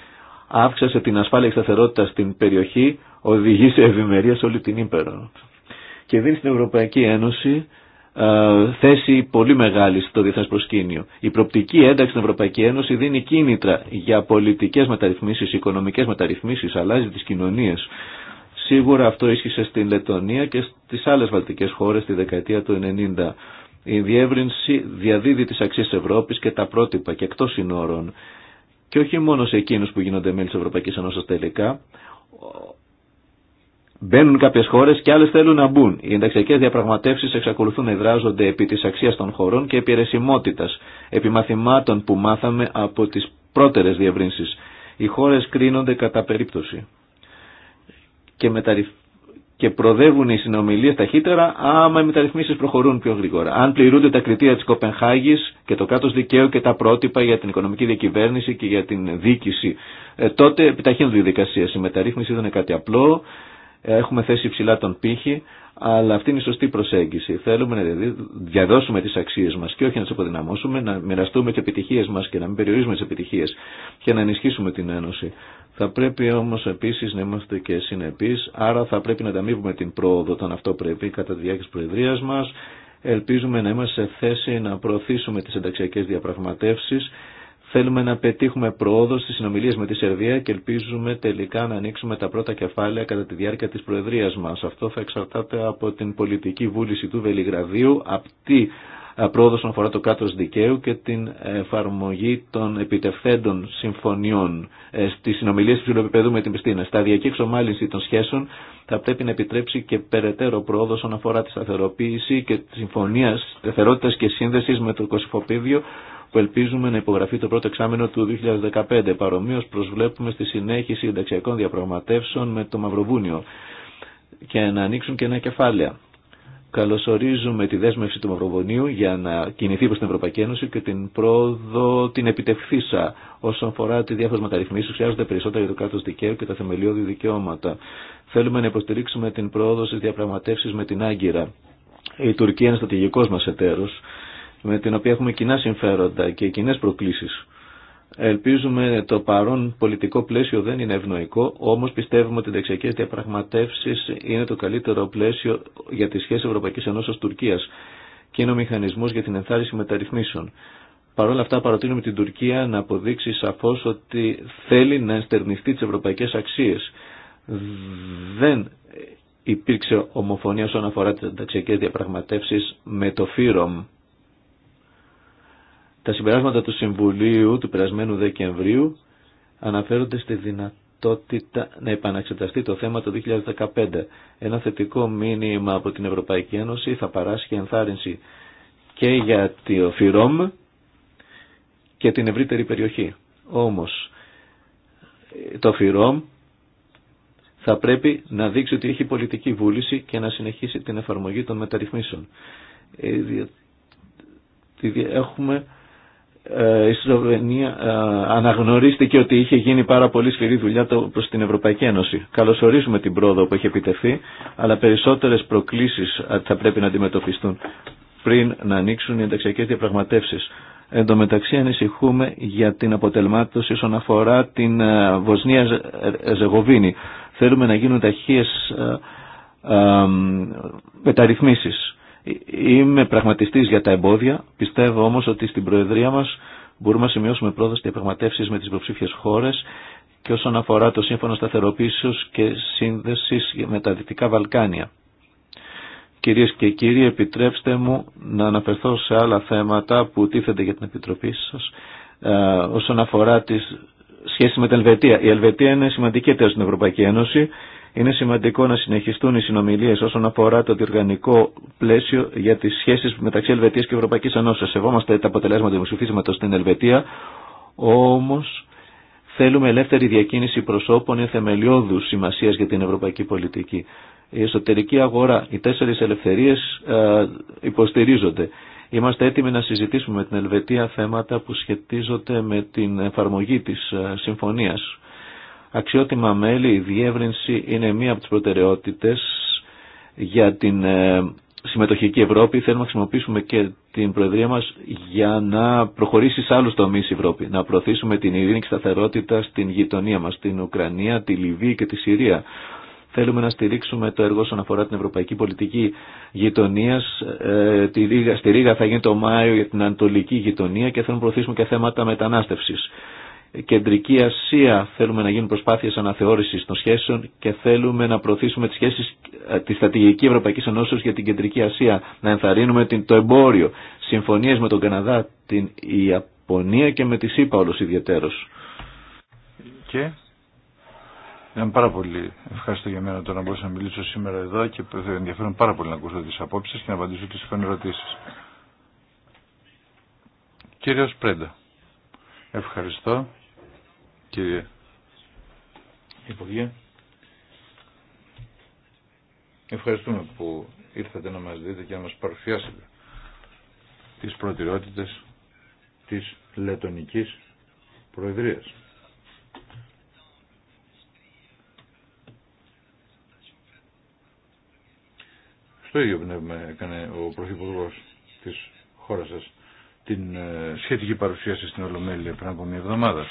[SPEAKER 1] αύξασε την ασφάλεια και σταθερότητα στην περιοχή, οδηγεί σε ευημερία σε όλη την Ήπειρο. Και δίνει στην Ευρωπαϊκή Ένωση ε, θέση πολύ μεγάλη στο διεθνέ προσκήνιο. Η προπτική ένταξη στην Ευρωπαϊκή Ένωση δίνει κίνητρα για πολιτικέ μεταρρυθμίσει, οικονομικέ μεταρρυθμίσει, αλλάζει τι κοινωνίε. Σίγουρα αυτό ίσχυσε στην Λετωνία και στι άλλε βαλτικέ χώρε τη δεκαετία του 90. Η διεύρυνση διαδίδει τις αξίες Ευρώπης και τα πρότυπα και εκτός συνόρων και όχι μόνο σε εκείνους που γίνονται μέλη της Ευρωπαϊκής Ενώσης τελικά. Μπαίνουν κάποιες χώρες και άλλες θέλουν να μπουν. Οι ενταξιακές διαπραγματεύσεις εξακολουθούν να εδράζονται επί της αξίας των χωρών και επί αιρεσιμότητας, επί μαθημάτων που μάθαμε από τις πρώτερες διευρύνσεις. Οι χώρες κρίνονται κατά περίπτωση και και προδεύουν οι συνομιλίε ταχύτερα άμα οι μεταρρυθμίσει προχωρούν πιο γρήγορα. Αν πληρούνται τα κριτήρια τη Κοπενχάγη και το κράτο δικαίου και τα πρότυπα για την οικονομική διακυβέρνηση και για την δίκηση, ε, τότε επιταχύνουν τη διαδικασία. Η μεταρρύθμιση δεν είναι κάτι απλό. Έχουμε θέσει ψηλά τον πύχη, αλλά αυτή είναι η σωστή προσέγγιση. Θέλουμε να διαδώσουμε τι αξίε μα και όχι να τι αποδυναμώσουμε, να μοιραστούμε τι επιτυχίε μα και να μην περιορίζουμε τι επιτυχίε και να ενισχύσουμε την Ένωση. Θα πρέπει όμως επίσης να είμαστε και συνεπείς, άρα θα πρέπει να ανταμείβουμε την πρόοδο όταν αυτό πρέπει κατά τη διάρκεια της Προεδρίας μας. Ελπίζουμε να είμαστε σε θέση να προωθήσουμε τις ενταξιακές διαπραγματεύσεις. Θέλουμε να πετύχουμε πρόοδο στις συνομιλίες με τη Σερβία και ελπίζουμε τελικά να ανοίξουμε τα πρώτα κεφάλαια κατά τη διάρκεια της Προεδρίας μας. Αυτό θα εξαρτάται από την πολιτική βούληση του Βελιγραδίου, από πρόοδο όσον αφορά το κράτο δικαίου και την εφαρμογή των επιτευθέντων συμφωνιών ε, στι συνομιλίε του επίπεδου με την Πιστίνα. Σταδιακή εξομάλυνση των σχέσεων θα πρέπει να επιτρέψει και περαιτέρω πρόοδο όσον αφορά τη σταθεροποίηση και τη συμφωνία σταθερότητα και σύνδεση με το Κωσυφοπίδιο που ελπίζουμε να υπογραφεί το πρώτο εξάμεινο του 2015. Παρομοίω προσβλέπουμε στη συνέχιση ενταξιακών διαπραγματεύσεων με το Μαυροβούνιο και να ανοίξουν και νέα κεφάλαια. Καλωσορίζουμε τη δέσμευση του Μαυροβονίου για να κινηθεί προς την Ευρωπαϊκή Ένωση και την πρόοδο την επιτευχθήσα όσον αφορά τη διάφορε που χρειάζονται περισσότερα για το κράτος δικαίου και τα θεμελιώδη δικαιώματα. Θέλουμε να υποστηρίξουμε την πρόοδο στις διαπραγματεύσεις με την Άγκυρα. Η Τουρκία είναι στρατηγικό μα εταίρος, με την οποία έχουμε κοινά συμφέροντα και κοινέ προκλήσεις. Ελπίζουμε το παρόν πολιτικό πλαίσιο δεν είναι ευνοϊκό, όμως πιστεύουμε ότι οι δεξιακές διαπραγματεύσεις είναι το καλύτερο πλαίσιο για τη σχέση Ευρωπαϊκής Ενώσεως Τουρκίας και είναι ο μηχανισμός για την ενθάρρυνση μεταρρυθμίσεων. Παρ' όλα αυτά παροτείνουμε την Τουρκία να αποδείξει σαφώς ότι θέλει να ενστερνιστεί τις ευρωπαϊκές αξίες. Δεν υπήρξε ομοφωνία όσον αφορά τι δεξιακέ διαπραγματεύσεις με το ΦΥΡΟΜ τα συμπεράσματα του Συμβουλίου του περασμένου Δεκεμβρίου αναφέρονται στη δυνατότητα να επαναξεταστεί το θέμα το 2015. Ένα θετικό μήνυμα από την Ευρωπαϊκή Ένωση θα παράσχει ενθάρρυνση και για τη ΦΥΡΟΜ και την ευρύτερη περιοχή. Όμως το ΦΥΡΟΜ θα πρέπει να δείξει ότι έχει πολιτική βούληση και να συνεχίσει την εφαρμογή των μεταρρυθμίσεων. Ε, έχουμε ε, η Σλοβενία ε, αναγνωρίστηκε ότι είχε γίνει πάρα πολύ σκληρή δουλειά προς την Ευρωπαϊκή Ένωση. Καλωσορίζουμε την πρόοδο που έχει επιτεθεί, αλλά περισσότερες προκλήσεις ε, θα πρέπει να αντιμετωπιστούν πριν να ανοίξουν οι ενταξιακές διαπραγματεύσεις. Εν τω μεταξύ ανησυχούμε για την αποτελμάτωση όσον αφορά την Βοσνία Ζεγοβίνη. Θέλουμε να γίνουν ε, μεταρρυθμίσεις Είμαι πραγματιστής για τα εμπόδια, πιστεύω όμως ότι στην Προεδρία μας μπορούμε να σημειώσουμε πρόοδο διαπραγματεύσει με τις υποψήφιε χώρες και όσον αφορά το Σύμφωνο Σταθεροποίησης και Σύνδεσης με τα Δυτικά Βαλκάνια. Κυρίες και κύριοι, επιτρέψτε μου να αναφερθώ σε άλλα θέματα που τίθενται για την Επιτροπή σας ε, όσον αφορά τις σχέσεις με την Ελβετία. Η Ελβετία είναι σημαντική εταιρεία στην Ευρωπαϊκή Ένωση είναι σημαντικό να συνεχιστούν οι συνομιλίε όσον αφορά το διοργανικό πλαίσιο για τι σχέσει μεταξύ Ελβετία και Ευρωπαϊκή Ενώσεω. Σεβόμαστε τα αποτελέσματα του στην Ελβετία, όμω θέλουμε ελεύθερη διακίνηση προσώπων ή θεμελιώδου σημασία για την ευρωπαϊκή πολιτική. Η εσωτερική αγορά, οι τέσσερι ελευθερίε ε, υποστηρίζονται. Είμαστε έτοιμοι να συζητήσουμε με την Ελβετία θέματα που σχετίζονται με την εφαρμογή της ε, συμφωνίας Αξιότιμα μέλη, η διεύρυνση είναι μία από τις προτεραιότητες για την ε, συμμετοχική Ευρώπη. Θέλουμε να χρησιμοποιήσουμε και την Προεδρία μας για να προχωρήσει σε άλλους τομείς η Ευρώπη. Να προωθήσουμε την ειρήνη και σταθερότητα στην γειτονία μας, στην Ουκρανία, τη Λιβύη και τη Συρία. Θέλουμε να στηρίξουμε το έργο όσον αφορά την ευρωπαϊκή πολιτική γειτονία. Ε, στη Ρίγα θα γίνει το Μάιο για την Ανατολική γειτονία και θέλουμε να προωθήσουμε και θέματα μετανάστευση. Κεντρική Ασία θέλουμε να γίνουν προσπάθειες αναθεώρησης των σχέσεων και θέλουμε να προωθήσουμε τις σχέσεις, ε, τη στρατηγική Ευρωπαϊκής Ενώσεως για την Κεντρική Ασία, να ενθαρρύνουμε το εμπόριο, συμφωνίες με τον Καναδά, την Ιαπωνία και με τη ΣΥΠΑ όλος ιδιαίτερος.
[SPEAKER 3] Και είναι πάρα πολύ ευχάριστο για μένα το να μπορούσα να μιλήσω σήμερα εδώ και ενδιαφέρον πάρα πολύ να ακούσω τις απόψεις και να απαντήσω τις ερωτήσεις. Κύριος Πρέντα, ευχαριστώ κύριε Υπουργέ. Ευχαριστούμε που ήρθατε να μας δείτε και να μας παρουσιάσετε τις προτεραιότητες της Λετωνικής Προεδρίας. Στο ίδιο πνεύμα έκανε ο Πρωθυπουργός της χώρας σας την ε, σχετική παρουσίαση στην Ολομέλεια πριν από μια εβδομάδα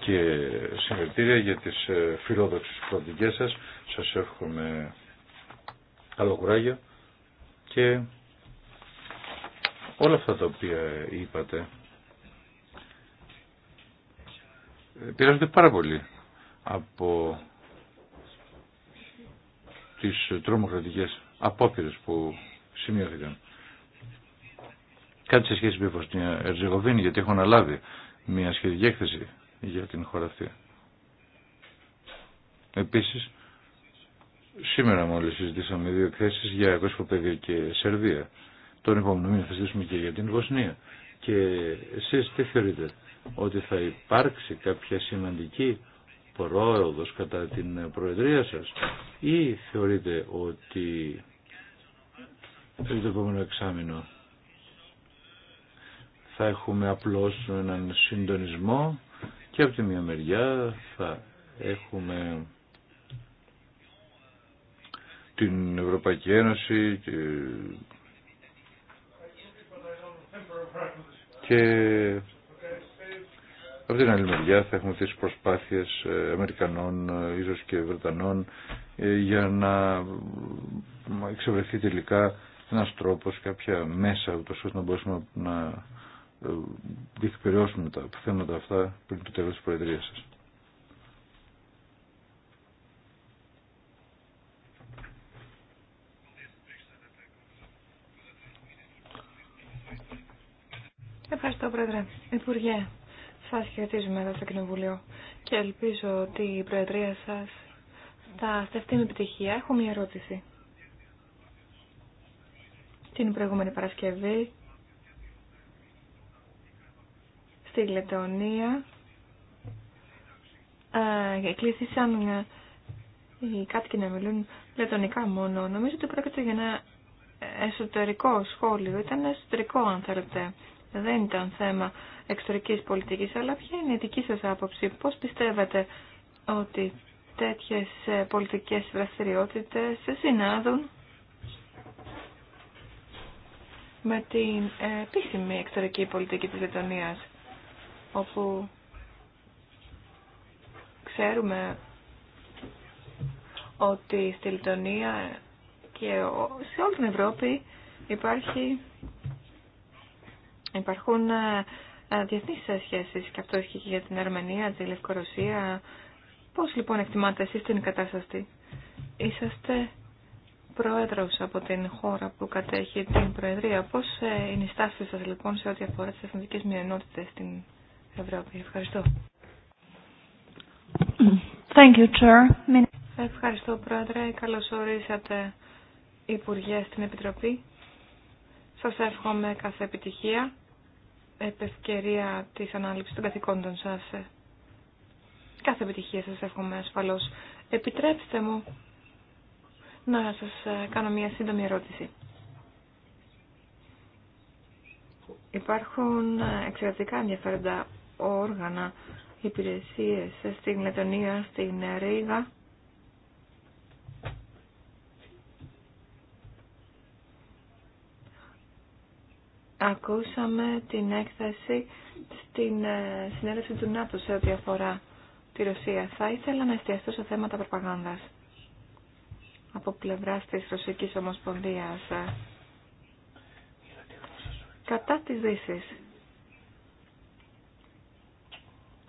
[SPEAKER 3] και συγχαρητήρια για τις ε, φιλόδοξες προοπτικές σας. Σας εύχομαι καλό κουράγιο και όλα αυτά τα οποία είπατε πειράζονται πάρα πολύ από τις τρομοκρατικές απόπειρες που σημειώθηκαν. Κάτι σε σχέση με την Ερζεγοβίνη, γιατί έχω αναλάβει μια σχετική έκθεση για την χώρα αυτή. Επίσης, σήμερα μόλις συζητήσαμε δύο εκθέσει για Κοσμοπέδιο και Σερβία. Τον επόμενο μήνα θα συζητήσουμε και για την Βοσνία. Και εσείς τι θεωρείτε, ότι θα υπάρξει κάποια σημαντική πρόοδος κατά την Προεδρία σας ή θεωρείτε ότι το επόμενο εξάμεινο θα έχουμε απλώς έναν συντονισμό και από τη μία μεριά θα έχουμε την Ευρωπαϊκή Ένωση
[SPEAKER 4] και από την άλλη μεριά
[SPEAKER 3] θα έχουμε τις προσπάθειες ε, Αμερικανών, ε, ίσως και Βρετανών ε, για να εξευρεθεί τελικά ένας τρόπος, κάποια μέσα ούτως ώστε να μπορέσουμε να διεκπαιρεώσουμε τα θέματα αυτά πριν το τέλος της Προεδρίας σας.
[SPEAKER 5] Ευχαριστώ, Πρόεδρε. Υπουργέ, σας χαιρετίζουμε εδώ στο Κοινοβούλιο και ελπίζω ότι η Προεδρία σας θα στεφτεί με επιτυχία. Έχω μία ερώτηση. Την προηγούμενη Παρασκευή στη Λετωνία εκλήθησαν ε, οι κάτοικοι να μιλούν λετωνικά μόνο. Νομίζω ότι πρόκειται για ένα εσωτερικό σχόλιο. Ήταν εσωτερικό αν θέλετε. Δεν ήταν θέμα εξωτερικής πολιτικής. Αλλά ποια είναι η δική σας άποψη. Πώς πιστεύετε ότι τέτοιες ε, πολιτικές σε συνάδουν με την ε, επίσημη εξωτερική πολιτική της Λετωνίας όπου ξέρουμε ότι στη Λιτωνία και σε όλη την Ευρώπη υπάρχει, υπάρχουν ε, ε, διεθνείς σχέσεις και αυτό έχει και για την Αρμενία, τη Λευκορωσία. Πώς λοιπόν εκτιμάτε εσείς την κατάσταση. Είσαστε πρόεδρος από την χώρα που κατέχει την Προεδρία. Πώς ε, είναι η στάση σας λοιπόν σε ό,τι αφορά τις εθνικές μειονότητες στην Ευχαριστώ. Thank you, Chair. Ευχαριστώ, Πρόεδρε. Καλώς ορίσατε, Υπουργέ, στην Επιτροπή. Σας εύχομαι κάθε επιτυχία επευκαιρία της ανάληψης των καθηκόντων σας. Κάθε επιτυχία σας εύχομαι ασφαλώς. Επιτρέψτε μου να σας ε, κάνω μια σύντομη ερώτηση. Υπάρχουν ε, εξαιρετικά ενδιαφέροντα όργανα, υπηρεσίες στην Λετωνία, στην Ρήγα. Ακούσαμε την έκθεση στην ε, συνέλευση του ΝΑΤΟ σε ό,τι αφορά τη Ρωσία. Θα ήθελα να εστιαστώ σε θέματα προπαγάνδας από πλευράς της Ρωσικής Ομοσπονδίας κατά της Δύσης.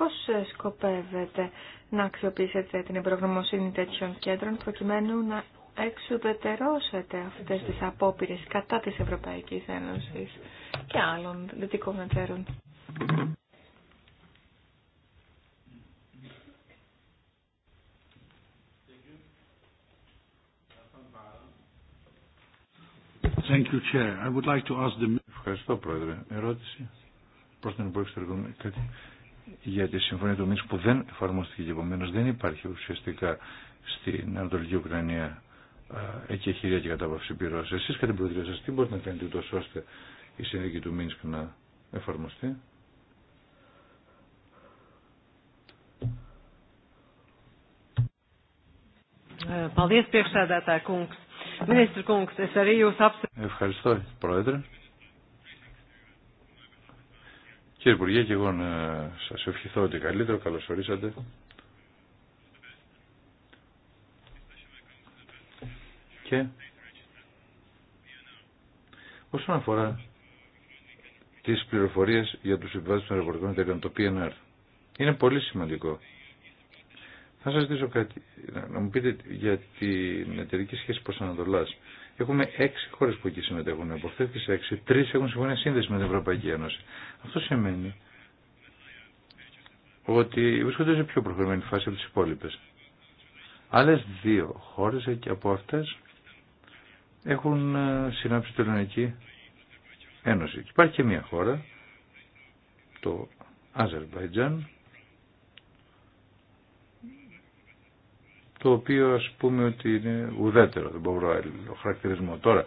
[SPEAKER 5] Πώς ε, σκοπεύετε να αξιοποιήσετε την εμπρογνωμοσύνη τέτοιων κέντρων προκειμένου να εξουδετερώσετε αυτές τις απόπειρες κατά της Ευρωπαϊκής Ένωσης και άλλων δυτικών εταίρων.
[SPEAKER 3] Ευχαριστώ, Πρόεδρε. Ερώτηση προς την Υπουργή Εξωτερικών. Κάτι για τη Συμφωνία του Μίνσκ που δεν εφαρμόστηκε και επομένω δεν υπάρχει ουσιαστικά στην Ανατολική Ουκρανία εκεχηρία και κατάπαυση πυρό. Εσεί κατά την προεδρία σα, τι μπορείτε να κάνετε ούτω ώστε η συνθήκη του Μίνσκ να εφαρμοστεί. Ευχαριστώ, Πρόεδρε. Κύριε Υπουργέ, και εγώ να σας ευχηθώ ότι καλύτερο, καλώς ορίσατε. Και όσον αφορά τις πληροφορίες για τους συμβάσεις των αεροπορικών εταιριών, το PNR, είναι πολύ σημαντικό. Θα σας δείξω κάτι, να μου πείτε για την εταιρική σχέση προς Ανατολάς. Έχουμε έξι χώρε που εκεί συμμετέχουν. Από αυτέ τι έξι, τρει έχουν συμφωνία σύνδεση με την Ευρωπαϊκή Ένωση. Αυτό σημαίνει ότι βρίσκονται σε πιο προχωρημένη φάση από τι υπόλοιπε. Άλλε δύο χώρε και από αυτέ έχουν ε, συνάψει την Ελληνική Ένωση. υπάρχει και μια χώρα, το Αζερβαϊτζάν, το οποίο ας πούμε ότι είναι ουδέτερο, δεν μπορώ άλλο χαρακτηρισμό. Τώρα,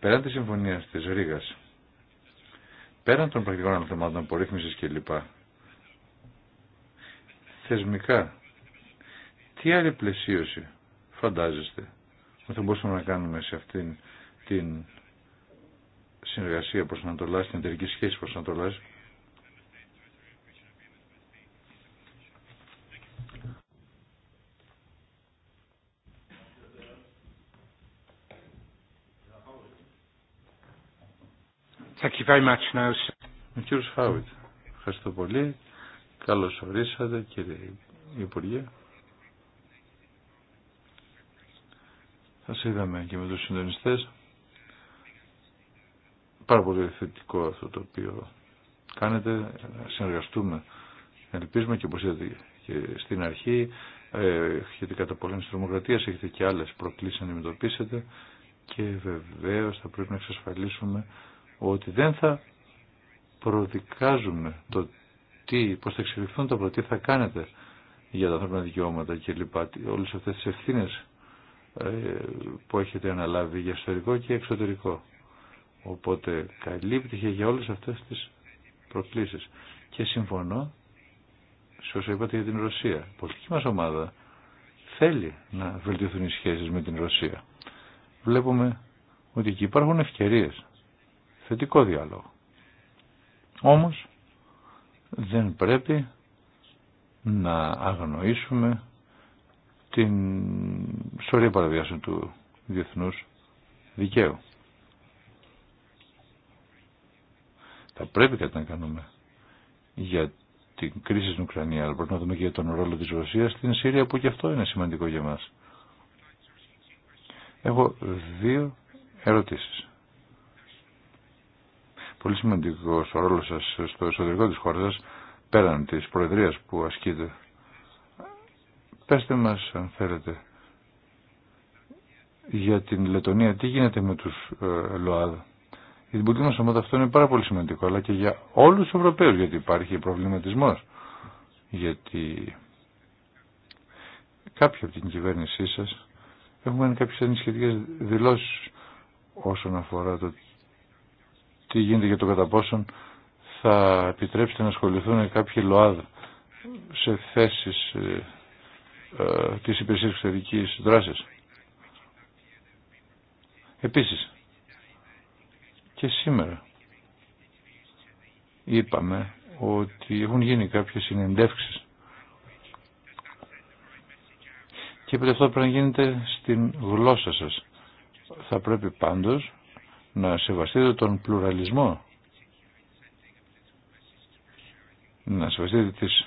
[SPEAKER 3] πέραν της συμφωνίας της Ρήγας, πέραν των πρακτικών αναθεμάτων, απορρίθμιση κλπ. Θεσμικά, τι άλλη πλαισίωση φαντάζεστε ότι θα μπορούσαμε να κάνουμε σε αυτήν την συνεργασία προς Ανατολάς, την εταιρική σχέση προς Ανατολάς, Thank you very much, Ο κύριο ευχαριστώ πολύ. καλώ ορίσατε κύριε Υπουργέ. Σα είδαμε και με του συντονιστέ. Πάρα πολύ θετικό αυτό το οποίο κάνετε, συνεργαστούμε. Ελπίζουμε και όπω είδατε και στην αρχή, έχετε κατά τη τρομοκρατία, έχετε και άλλε προκλήσει να αντιμετωπίσετε και βεβαίω θα πρέπει να εξασφαλίσουμε ότι δεν θα προδικάζουμε το τι, πώς θα εξελιχθούν τα πρώτα, θα κάνετε για τα ανθρώπινα δικαιώματα και λοιπά, όλες αυτές τις ευθύνες ε, που έχετε αναλάβει για εσωτερικό και εξωτερικό. Οπότε καλή πτυχία για όλες αυτές τις προκλήσεις. Και συμφωνώ σε όσα είπατε για την Ρωσία. Η πολιτική μας ομάδα θέλει να βελτιωθούν οι σχέσεις με την Ρωσία. Βλέπουμε ότι εκεί υπάρχουν ευκαιρίες θετικό διάλογο. Όμως δεν πρέπει να αγνοήσουμε την σωρία παραβιάσεων του διεθνούς δικαίου. Θα πρέπει κάτι να κάνουμε για την κρίση στην Ουκρανία, αλλά πρέπει να δούμε και για τον ρόλο της Ρωσίας στην Συρία που και αυτό είναι σημαντικό για μας. Έχω δύο ερωτήσεις πολύ σημαντικό ο ρόλο σας στο εσωτερικό της χώρας σα πέραν της προεδρίας που ασκείτε. Πέστε μας, αν θέλετε, για την Λετωνία, τι γίνεται με τους ε, ΛΟΑΔ. Για την πολιτική μα ομάδα αυτό είναι πάρα πολύ σημαντικό, αλλά και για όλους τους Ευρωπαίους, γιατί υπάρχει προβληματισμός. Γιατί κάποιοι από την κυβέρνησή σα έχουν κάνει κάποιε ανησυχητικέ δηλώσει όσον αφορά το τι γίνεται για το κατά πόσον θα επιτρέψετε να ασχοληθούν κάποιοι ΛΟΑΔ σε θέσεις ε, ε, της υπηρεσίας εξωτερικής Επίσης, και σήμερα είπαμε ότι έχουν γίνει κάποιες συνεντεύξεις και επειδή αυτό πρέπει να γίνεται στην γλώσσα σας. Θα πρέπει πάντως να σεβαστείτε τον πλουραλισμό, να σεβαστείτε τις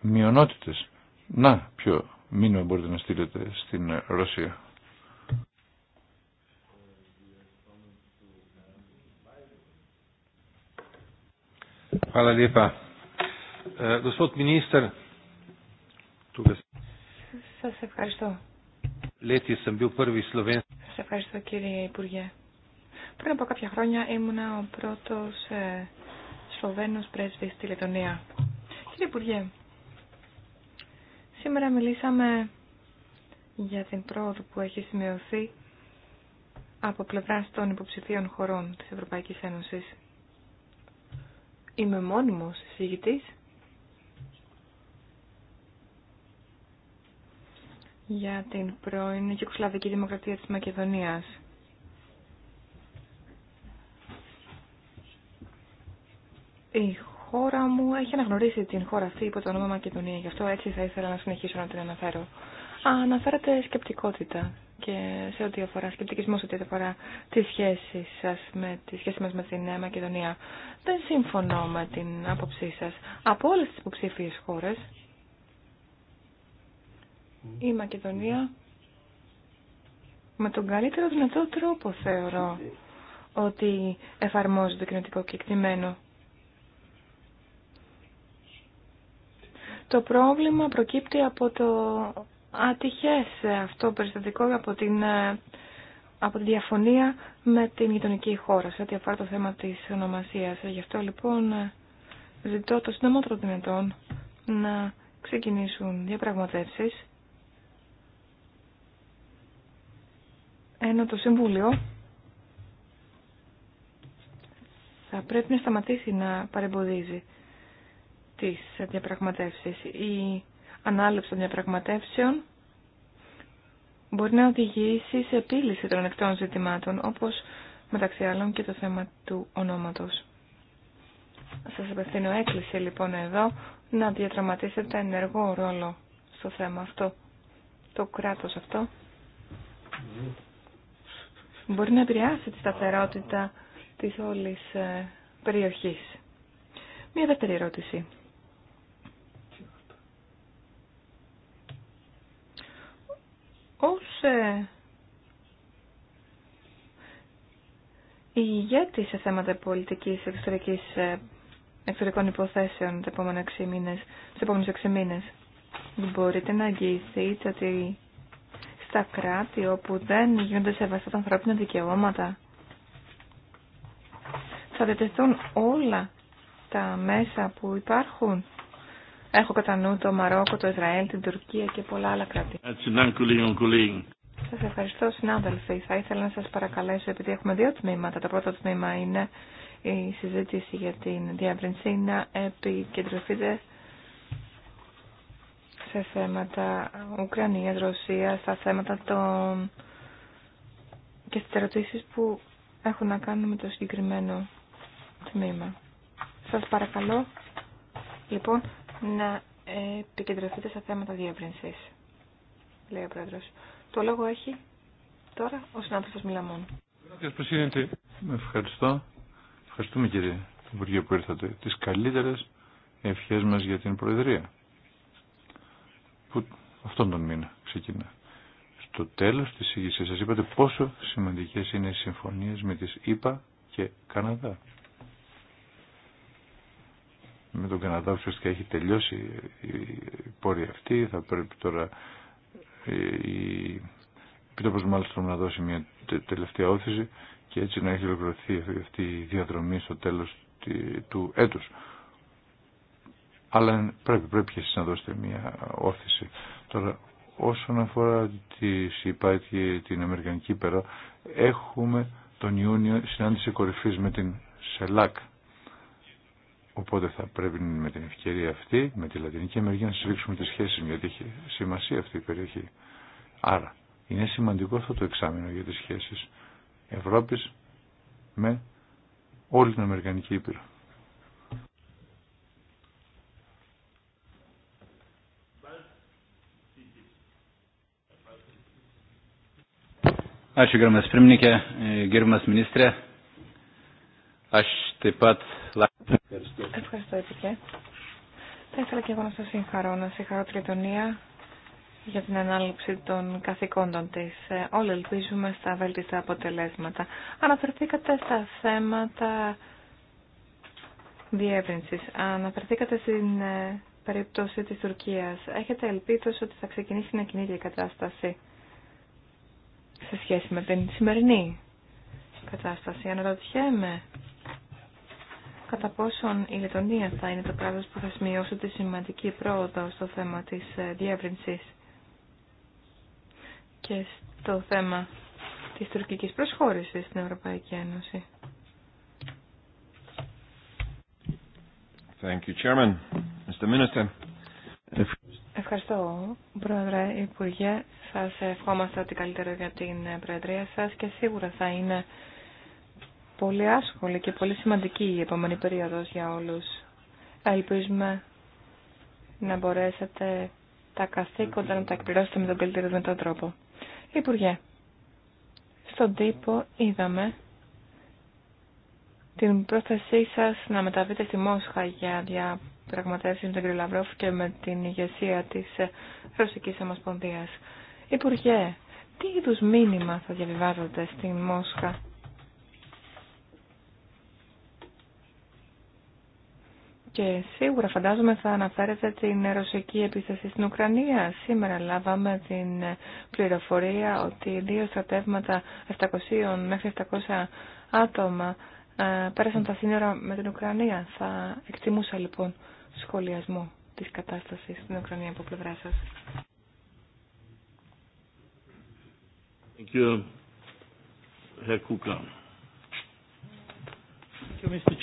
[SPEAKER 3] μειονότητες. Να, ποιο μήνυμα μπορείτε να στείλετε στην Ρωσία. Hvala lijepa. Eh, gospod ministar,
[SPEAKER 5] Σας ευχαριστώ. Σας ευχαριστώ κύριε Υπουργέ. Πριν από κάποια χρόνια ήμουνα ο πρώτος ε, Σλοβαίνος πρέσβης στη Λετωνία. Κύριε Υπουργέ, σήμερα μιλήσαμε για την πρόοδο που έχει σημειωθεί από πλευρά των υποψηφίων χωρών της Ευρωπαϊκής Ένωσης. Είμαι μόνιμος συζητητής για την πρώην Κυκλοσλαβική Δημοκρατία της Μακεδονίας. Η χώρα μου έχει αναγνωρίσει την χώρα αυτή υπό το όνομα Μακεδονία, γι' αυτό έτσι θα ήθελα να συνεχίσω να την αναφέρω. Αναφέρατε σκεπτικότητα και σε ό,τι αφορά σκεπτικισμό, σε ό,τι αφορά τη σχέση σας με τη σχέση μας με την Νέα Μακεδονία. Δεν συμφωνώ με την άποψή σα Από όλε τι υποψήφιε χώρε. η Μακεδονία με τον καλύτερο δυνατό τρόπο θεωρώ ότι εφαρμόζει το κοινωτικό κεκτημένο. Το πρόβλημα προκύπτει από το ατυχές αυτό περιστατικό από την, από τη διαφωνία με την γειτονική χώρα σε ό,τι αφορά το θέμα της ονομασίας. Γι' αυτό λοιπόν ζητώ το συντομότερο δυνατόν να ξεκινήσουν διαπραγματεύσεις ενώ το Συμβούλιο θα πρέπει να σταματήσει να παρεμποδίζει τις διαπραγματεύσεις. Η ανάληψη των διαπραγματεύσεων μπορεί να οδηγήσει σε επίλυση των εκτών ζητημάτων, όπως μεταξύ άλλων και το θέμα του ονόματος. Σας απευθύνω έκκληση λοιπόν εδώ να διατραματίσετε ενεργό ρόλο στο θέμα αυτό. Το κράτος αυτό μπορεί να επηρεάσει τη σταθερότητα της όλης ε, περιοχής. Μία δεύτερη ερώτηση. ως ε, ηγέτη σε θέματα πολιτικής εξωτερικής, ε, εξωτερικών υποθέσεων τα επόμενα έξι μήνες, επόμενους έξι μήνες. Μπορείτε να αγγιηθείτε ότι στα κράτη όπου δεν γίνονται σεβαστά τα ανθρώπινα δικαιώματα θα διατεθούν όλα τα μέσα που υπάρχουν Έχω κατά νου το Μαρόκο, το Ισραήλ, την Τουρκία και πολλά άλλα κράτη. Σα ευχαριστώ, συνάδελφοι. Θα ήθελα να σα παρακαλέσω, επειδή έχουμε δύο τμήματα. Το πρώτο τμήμα είναι η συζήτηση για την διαβρυνσή να επικεντρωθείτε σε θέματα Ουκρανία, Ρωσία, στα θέματα των και στι ερωτήσει που έχουν να κάνουν με το συγκεκριμένο τμήμα. Σα παρακαλώ λοιπόν να επικεντρωθείτε στα θέματα διεύρυνση, λέει ο Προεδρο. Το λόγο έχει τώρα ο συνάδελφο Μιλαμών.
[SPEAKER 3] Ευχαριστώ. Ευχαριστούμε κύριε Υπουργέ που ήρθατε. τι καλύτερε ευχέ μα για την Προεδρία. Που αυτόν τον μήνα ξεκινά. Στο τέλο τη ήγησης σα είπατε πόσο σημαντικέ είναι οι συμφωνίε με τι ΗΠΑ και Καναδά με τον Καναδά ουσιαστικά έχει τελειώσει η πόρη αυτή. Θα πρέπει τώρα η Επιτροπή μάλιστα να δώσει μια τελευταία όθηση και έτσι να έχει ολοκληρωθεί αυτή η διαδρομή στο τέλος του έτους. Αλλά πρέπει, πρέπει και εσείς να δώσετε μια όθηση. Τώρα, όσον αφορά τη ΣΥΠΑ και την Αμερικανική πέρα, έχουμε τον Ιούνιο συνάντηση κορυφής με την ΣΕΛΑΚ Οπότε θα πρέπει με την ευκαιρία αυτή, με τη Λατινική Αμερική, να συσφίξουμε τις σχέσεις, γιατί έχει σημασία αυτή η περιοχή. Άρα, είναι σημαντικό αυτό το εξάμεινο για τις σχέσεις Ευρώπης με όλη την Αμερικανική Ήπειρο. Ačiū gerbiamas και e, gerbiamas ministrė. Aš taip
[SPEAKER 4] Ευχαριστώ.
[SPEAKER 5] Ευχαριστώ, Επικέ. Θα ήθελα και εγώ να σας συγχαρώ, να συγχαρώ Τριτονία για την ανάληψη των καθηκόντων της. Ε, όλοι ελπίζουμε στα βέλτιστα αποτελέσματα. Αναφερθήκατε στα θέματα διεύρυνσης. Αναφερθήκατε στην ε, περίπτωση της Τουρκίας. Έχετε ελπίδος ότι θα ξεκινήσει να κινείται η κατάσταση σε σχέση με την σημερινή κατάσταση. Αναρωτιέμαι κατά πόσον η Λετωνία θα είναι το κράτος που θα σημειώσει τη σημαντική πρόοδο στο θέμα της ε, διεύρυνσης και στο θέμα της τουρκικής προσχώρησης στην Ευρωπαϊκή Ένωση.
[SPEAKER 2] Thank you, Chairman. Mr. Minister.
[SPEAKER 5] Ευχαριστώ, Πρόεδρε Υπουργέ. Σας ευχόμαστε ότι καλύτερο για την ε, Προεδρία σας και σίγουρα θα είναι πολύ άσχολη και πολύ σημαντική η επόμενη περίοδος για όλους. Ελπίζουμε να μπορέσετε τα καθήκοντα να τα εκπληρώσετε με τον καλύτερο δυνατό τρόπο. Υπουργέ, στον τύπο είδαμε την πρόθεσή σας να μεταβείτε στη Μόσχα για διαπραγματεύσεις με τον κ. και με την ηγεσία της Ρωσικής Ομοσπονδίας. Υπουργέ, τι είδου μήνυμα θα διαβιβάζετε στη Μόσχα Και σίγουρα φαντάζομαι θα αναφέρετε την ρωσική επίθεση στην Ουκρανία. Σήμερα λάβαμε την πληροφορία ότι δύο στρατεύματα 700 μέχρι 700 άτομα ε, πέρασαν τα σύνορα με την Ουκρανία. Θα εκτιμούσα λοιπόν σχολιασμό της κατάστασης στην Ουκρανία από πλευρά σας.
[SPEAKER 1] Thank you. Herr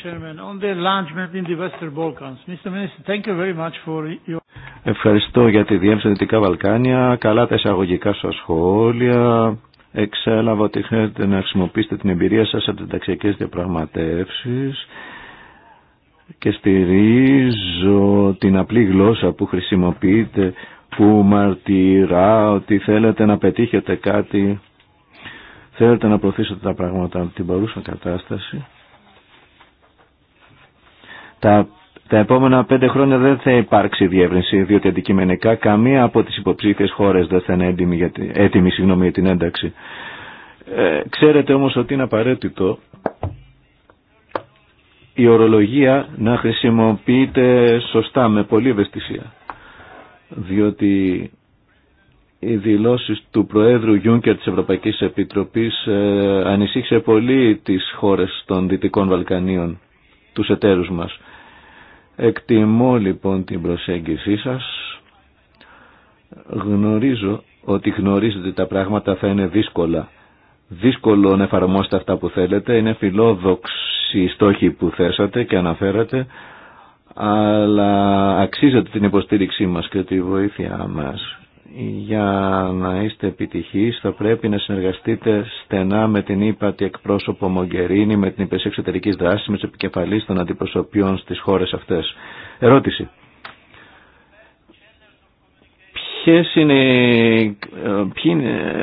[SPEAKER 4] Chairman. On the enlargement in the Western Balkans, Mr. Minister, thank you very much for your...
[SPEAKER 1] Ευχαριστώ για τη διεύθυνση Δυτικά Βαλκάνια. Καλά τα εισαγωγικά σας σχόλια. Εξέλαβα ότι θέλετε να χρησιμοποιήσετε την εμπειρία σας από τις ταξιακές διαπραγματεύσεις και στηρίζω την απλή γλώσσα που χρησιμοποιείτε που μαρτυρά ότι θέλετε να πετύχετε κάτι θέλετε να προωθήσετε τα πράγματα από την παρούσα κατάσταση τα, τα επόμενα πέντε χρόνια δεν θα υπάρξει διεύρυνση, διότι αντικειμενικά καμία από τις υποψήφιες χώρες δεν θα είναι έτοιμη για, έτοιμη, συγγνώμη, για την ένταξη. Ε, ξέρετε όμως ότι είναι απαραίτητο η ορολογία να χρησιμοποιείται σωστά, με πολύ ευαισθησία. Διότι οι δηλώσεις του Προέδρου Γιούνκερ της Ευρωπαϊκής Επιτροπής ε, ανησύχησε πολύ τις χώρες των Δυτικών Βαλκανίων, τους εταίρους μας. Εκτιμώ λοιπόν την προσέγγισή σας. Γνωρίζω ότι γνωρίζετε τα πράγματα θα είναι δύσκολα. Δύσκολο να εφαρμόσετε αυτά που θέλετε. Είναι φιλόδοξη η στόχοι που θέσατε και αναφέρατε. Αλλά αξίζεται την υποστήριξή μας και τη βοήθειά μας για να είστε επιτυχείς θα πρέπει να συνεργαστείτε στενά με την ύπατη εκπρόσωπο Μογκερίνη, με την υπηρεσία εξωτερική δράση, με του επικεφαλεί των αντιπροσωπείων στις χώρες αυτές. Ερώτηση. Ποιες είναι,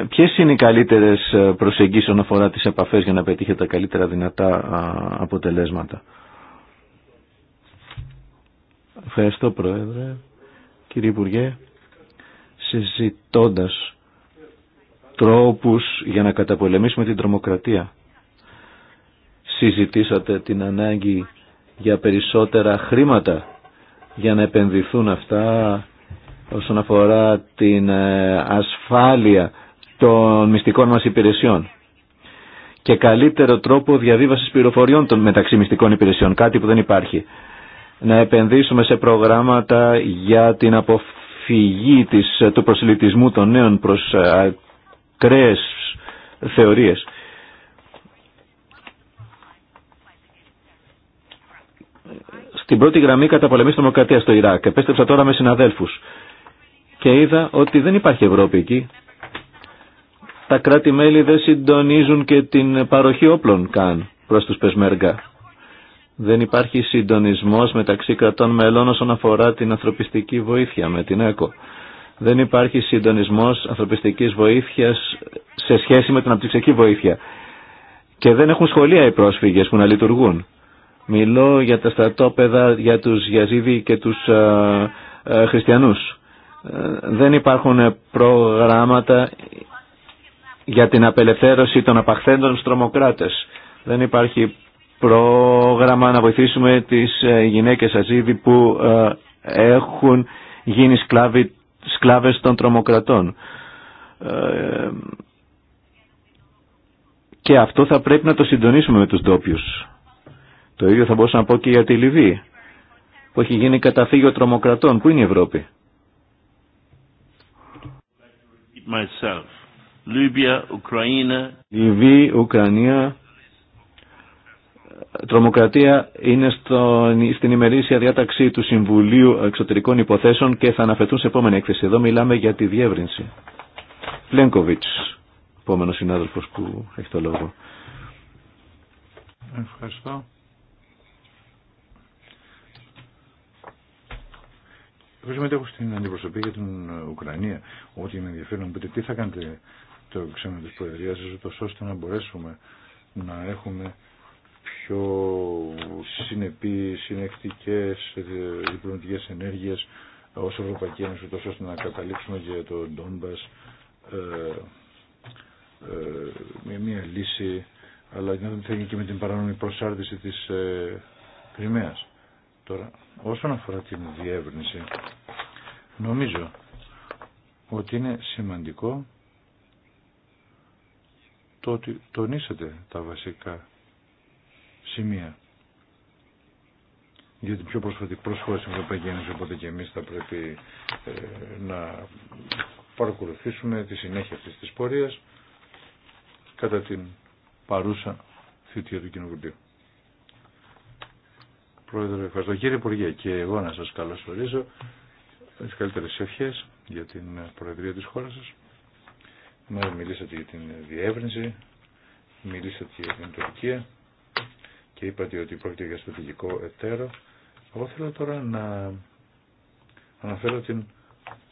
[SPEAKER 1] ποιες είναι οι καλύτερες προσεγγίσεις όσον αφορά τις επαφές για να πετύχετε τα καλύτερα δυνατά αποτελέσματα. Ευχαριστώ Πρόεδρε. Κύριε Υπουργέ συζητώντας τρόπους για να καταπολεμήσουμε την τρομοκρατία. Συζητήσατε την ανάγκη για περισσότερα χρήματα για να επενδυθούν αυτά όσον αφορά την ε, ασφάλεια των μυστικών μας υπηρεσιών και καλύτερο τρόπο διαβίβασης πληροφοριών των μεταξύ μυστικών υπηρεσιών, κάτι που δεν υπάρχει. Να επενδύσουμε σε προγράμματα για την αποφάση Φυγή της, ε, του προσελητισμού των νέων προς ε, ακραίες θεωρίες. Στην πρώτη γραμμή καταπολεμής τρομοκρατία στο Ιράκ. Επέστρεψα τώρα με συναδέλφους και είδα ότι δεν υπάρχει Ευρώπη εκεί. Τα κράτη-μέλη δεν συντονίζουν και την παροχή όπλων καν προς τους Πεσμέργα δεν υπάρχει συντονισμός μεταξύ κρατών μελών όσον αφορά την ανθρωπιστική βοήθεια με την ΕΚΟ. Δεν υπάρχει συντονισμός ανθρωπιστικής βοήθειας σε σχέση με την αναπτυξιακή βοήθεια. Και δεν έχουν σχολεία οι πρόσφυγες που να λειτουργούν. Μιλώ για τα στρατόπεδα, για τους Γιαζίδη και τους χριστιανού. χριστιανούς. Ε, δεν υπάρχουν προγράμματα για την απελευθέρωση των απαχθέντων στρομοκράτες. Δεν υπάρχει πρόγραμμα να βοηθήσουμε τις ε, γυναίκες Αζίδη που ε, έχουν γίνει σκλάβοι, σκλάβες των τρομοκρατών. Ε, και αυτό θα πρέπει να το συντονίσουμε με τους ντόπιου. Το ίδιο θα μπορούσα να πω και για τη Λιβύη, που έχει γίνει καταφύγιο τρομοκρατών. Πού είναι η Ευρώπη? Myself. Λιβύη, Ουκρανία, τρομοκρατία είναι στην ημερήσια διάταξη του Συμβουλίου Εξωτερικών Υποθέσεων και θα αναφερθούν σε επόμενη έκθεση. Εδώ μιλάμε για τη διεύρυνση. Πλένκοβιτς, επόμενος συνάδελφος που έχει το λόγο.
[SPEAKER 3] Ευχαριστώ. Εγώ συμμετέχω στην αντιπροσωπή για την Ουκρανία. Ό,τι με ενδιαφέρει να πείτε τι θα κάνετε το ξένο της Προεδρίας, ώστε να μπορέσουμε να έχουμε πιο συνεπείς, συνεκτικές ε, διπλωματικές ενέργειες ως Ευρωπαϊκή Ένωση, τόσο ώστε να καταλήξουμε για το Ντόμπας ε, ε, με μια λύση, αλλά να δούμε και με την παράνομη προσάρτηση της ε, Κρυμαίας. Τώρα, όσον αφορά την διεύρυνση, νομίζω ότι είναι σημαντικό το ότι τονίσατε τα βασικά σημεία για την πιο πρόσφατη προσχώρηση στην Ευρωπαϊκή Ένωση, οπότε και εμείς θα πρέπει ε, να παρακολουθήσουμε τη συνέχεια αυτής της πορείας κατά την παρούσα θητεία του Κοινοβουλίου. Πρόεδρε, ευχαριστώ. Κύριε Υπουργέ, και εγώ να σας καλωσορίζω τι καλύτερες ευχές για την Προεδρία της χώρας σας. Μας μιλήσατε για την διεύρυνση, μιλήσατε για την Τουρκία είπατε ότι πρόκειται για στρατηγικό εταίρο. Εγώ θέλω τώρα να αναφέρω την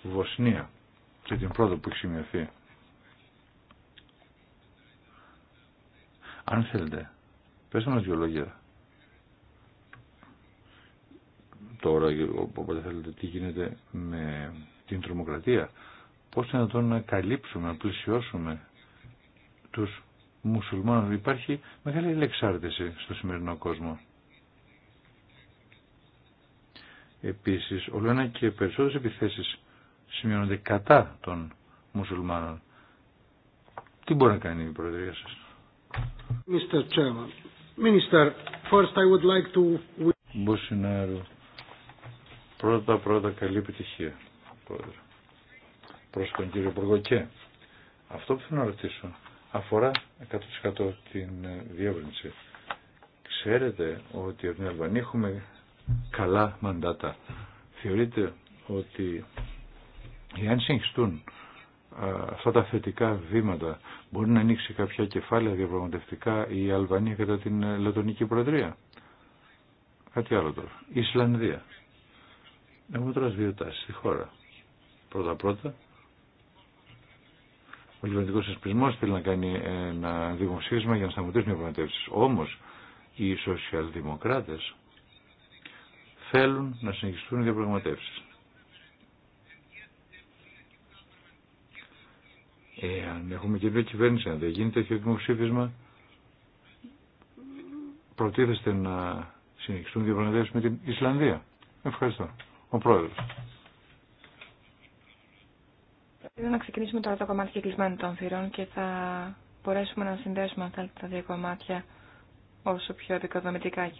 [SPEAKER 3] Βοσνία και την πρώτη που έχει σημειωθεί. Αν θέλετε, πες μας δυο λόγια. Τώρα, όποτε θέλετε, τι γίνεται με την τρομοκρατία. Πώς είναι να τον καλύψουμε, να πλησιώσουμε τους μουσουλμάνων. Υπάρχει μεγάλη ελεξάρτηση στο σημερινό κόσμο. Επίσης, όλο ένα και περισσότερες επιθέσεις σημειώνονται κατά των μουσουλμάνων. Τι μπορεί να κάνει η Προεδρία σας.
[SPEAKER 4] Mr. Chairman. Minister, first I would like
[SPEAKER 3] to... πρώτα πρώτα καλή επιτυχία, Πρόεδρε. Προς τον κύριο Υπουργό και αυτό που θέλω να ρωτήσω αφορά 100% την ε, διεύρυνση. Ξέρετε ότι από την Αλβανία έχουμε καλά μαντάτα. Θεωρείτε ότι εάν συγχυστούν ε, αυτά τα θετικά βήματα μπορεί να ανοίξει κάποια κεφάλαια διαπραγματευτικά η Αλβανία κατά την ε, Λετωνική Προεδρία. Κάτι άλλο τώρα. Η Ισλανδία. Έχουμε τώρα δύο τάσεις στη χώρα. Πρώτα-πρώτα ο κυβερνητικό εσπισμό θέλει να κάνει ένα δημοψήφισμα για να σταματήσουν οι διαπραγματεύσει. Όμω οι σοσιαλδημοκράτε θέλουν να συνεχιστούν οι διαπραγματεύσει. Εάν έχουμε και μια κυβέρνηση, αν δεν γίνει τέτοιο δημοψήφισμα, προτίθεστε να συνεχιστούν οι διαπραγματεύσει με την Ισλανδία. Ευχαριστώ.
[SPEAKER 5] Ο πρόεδρο θέλω να ξεκινήσουμε τώρα το κομμάτι κυκλισμένο των θυρών και θα μπορέσουμε να συνδέσουμε αν τα δύο κομμάτια όσο πιο επικοδομητικά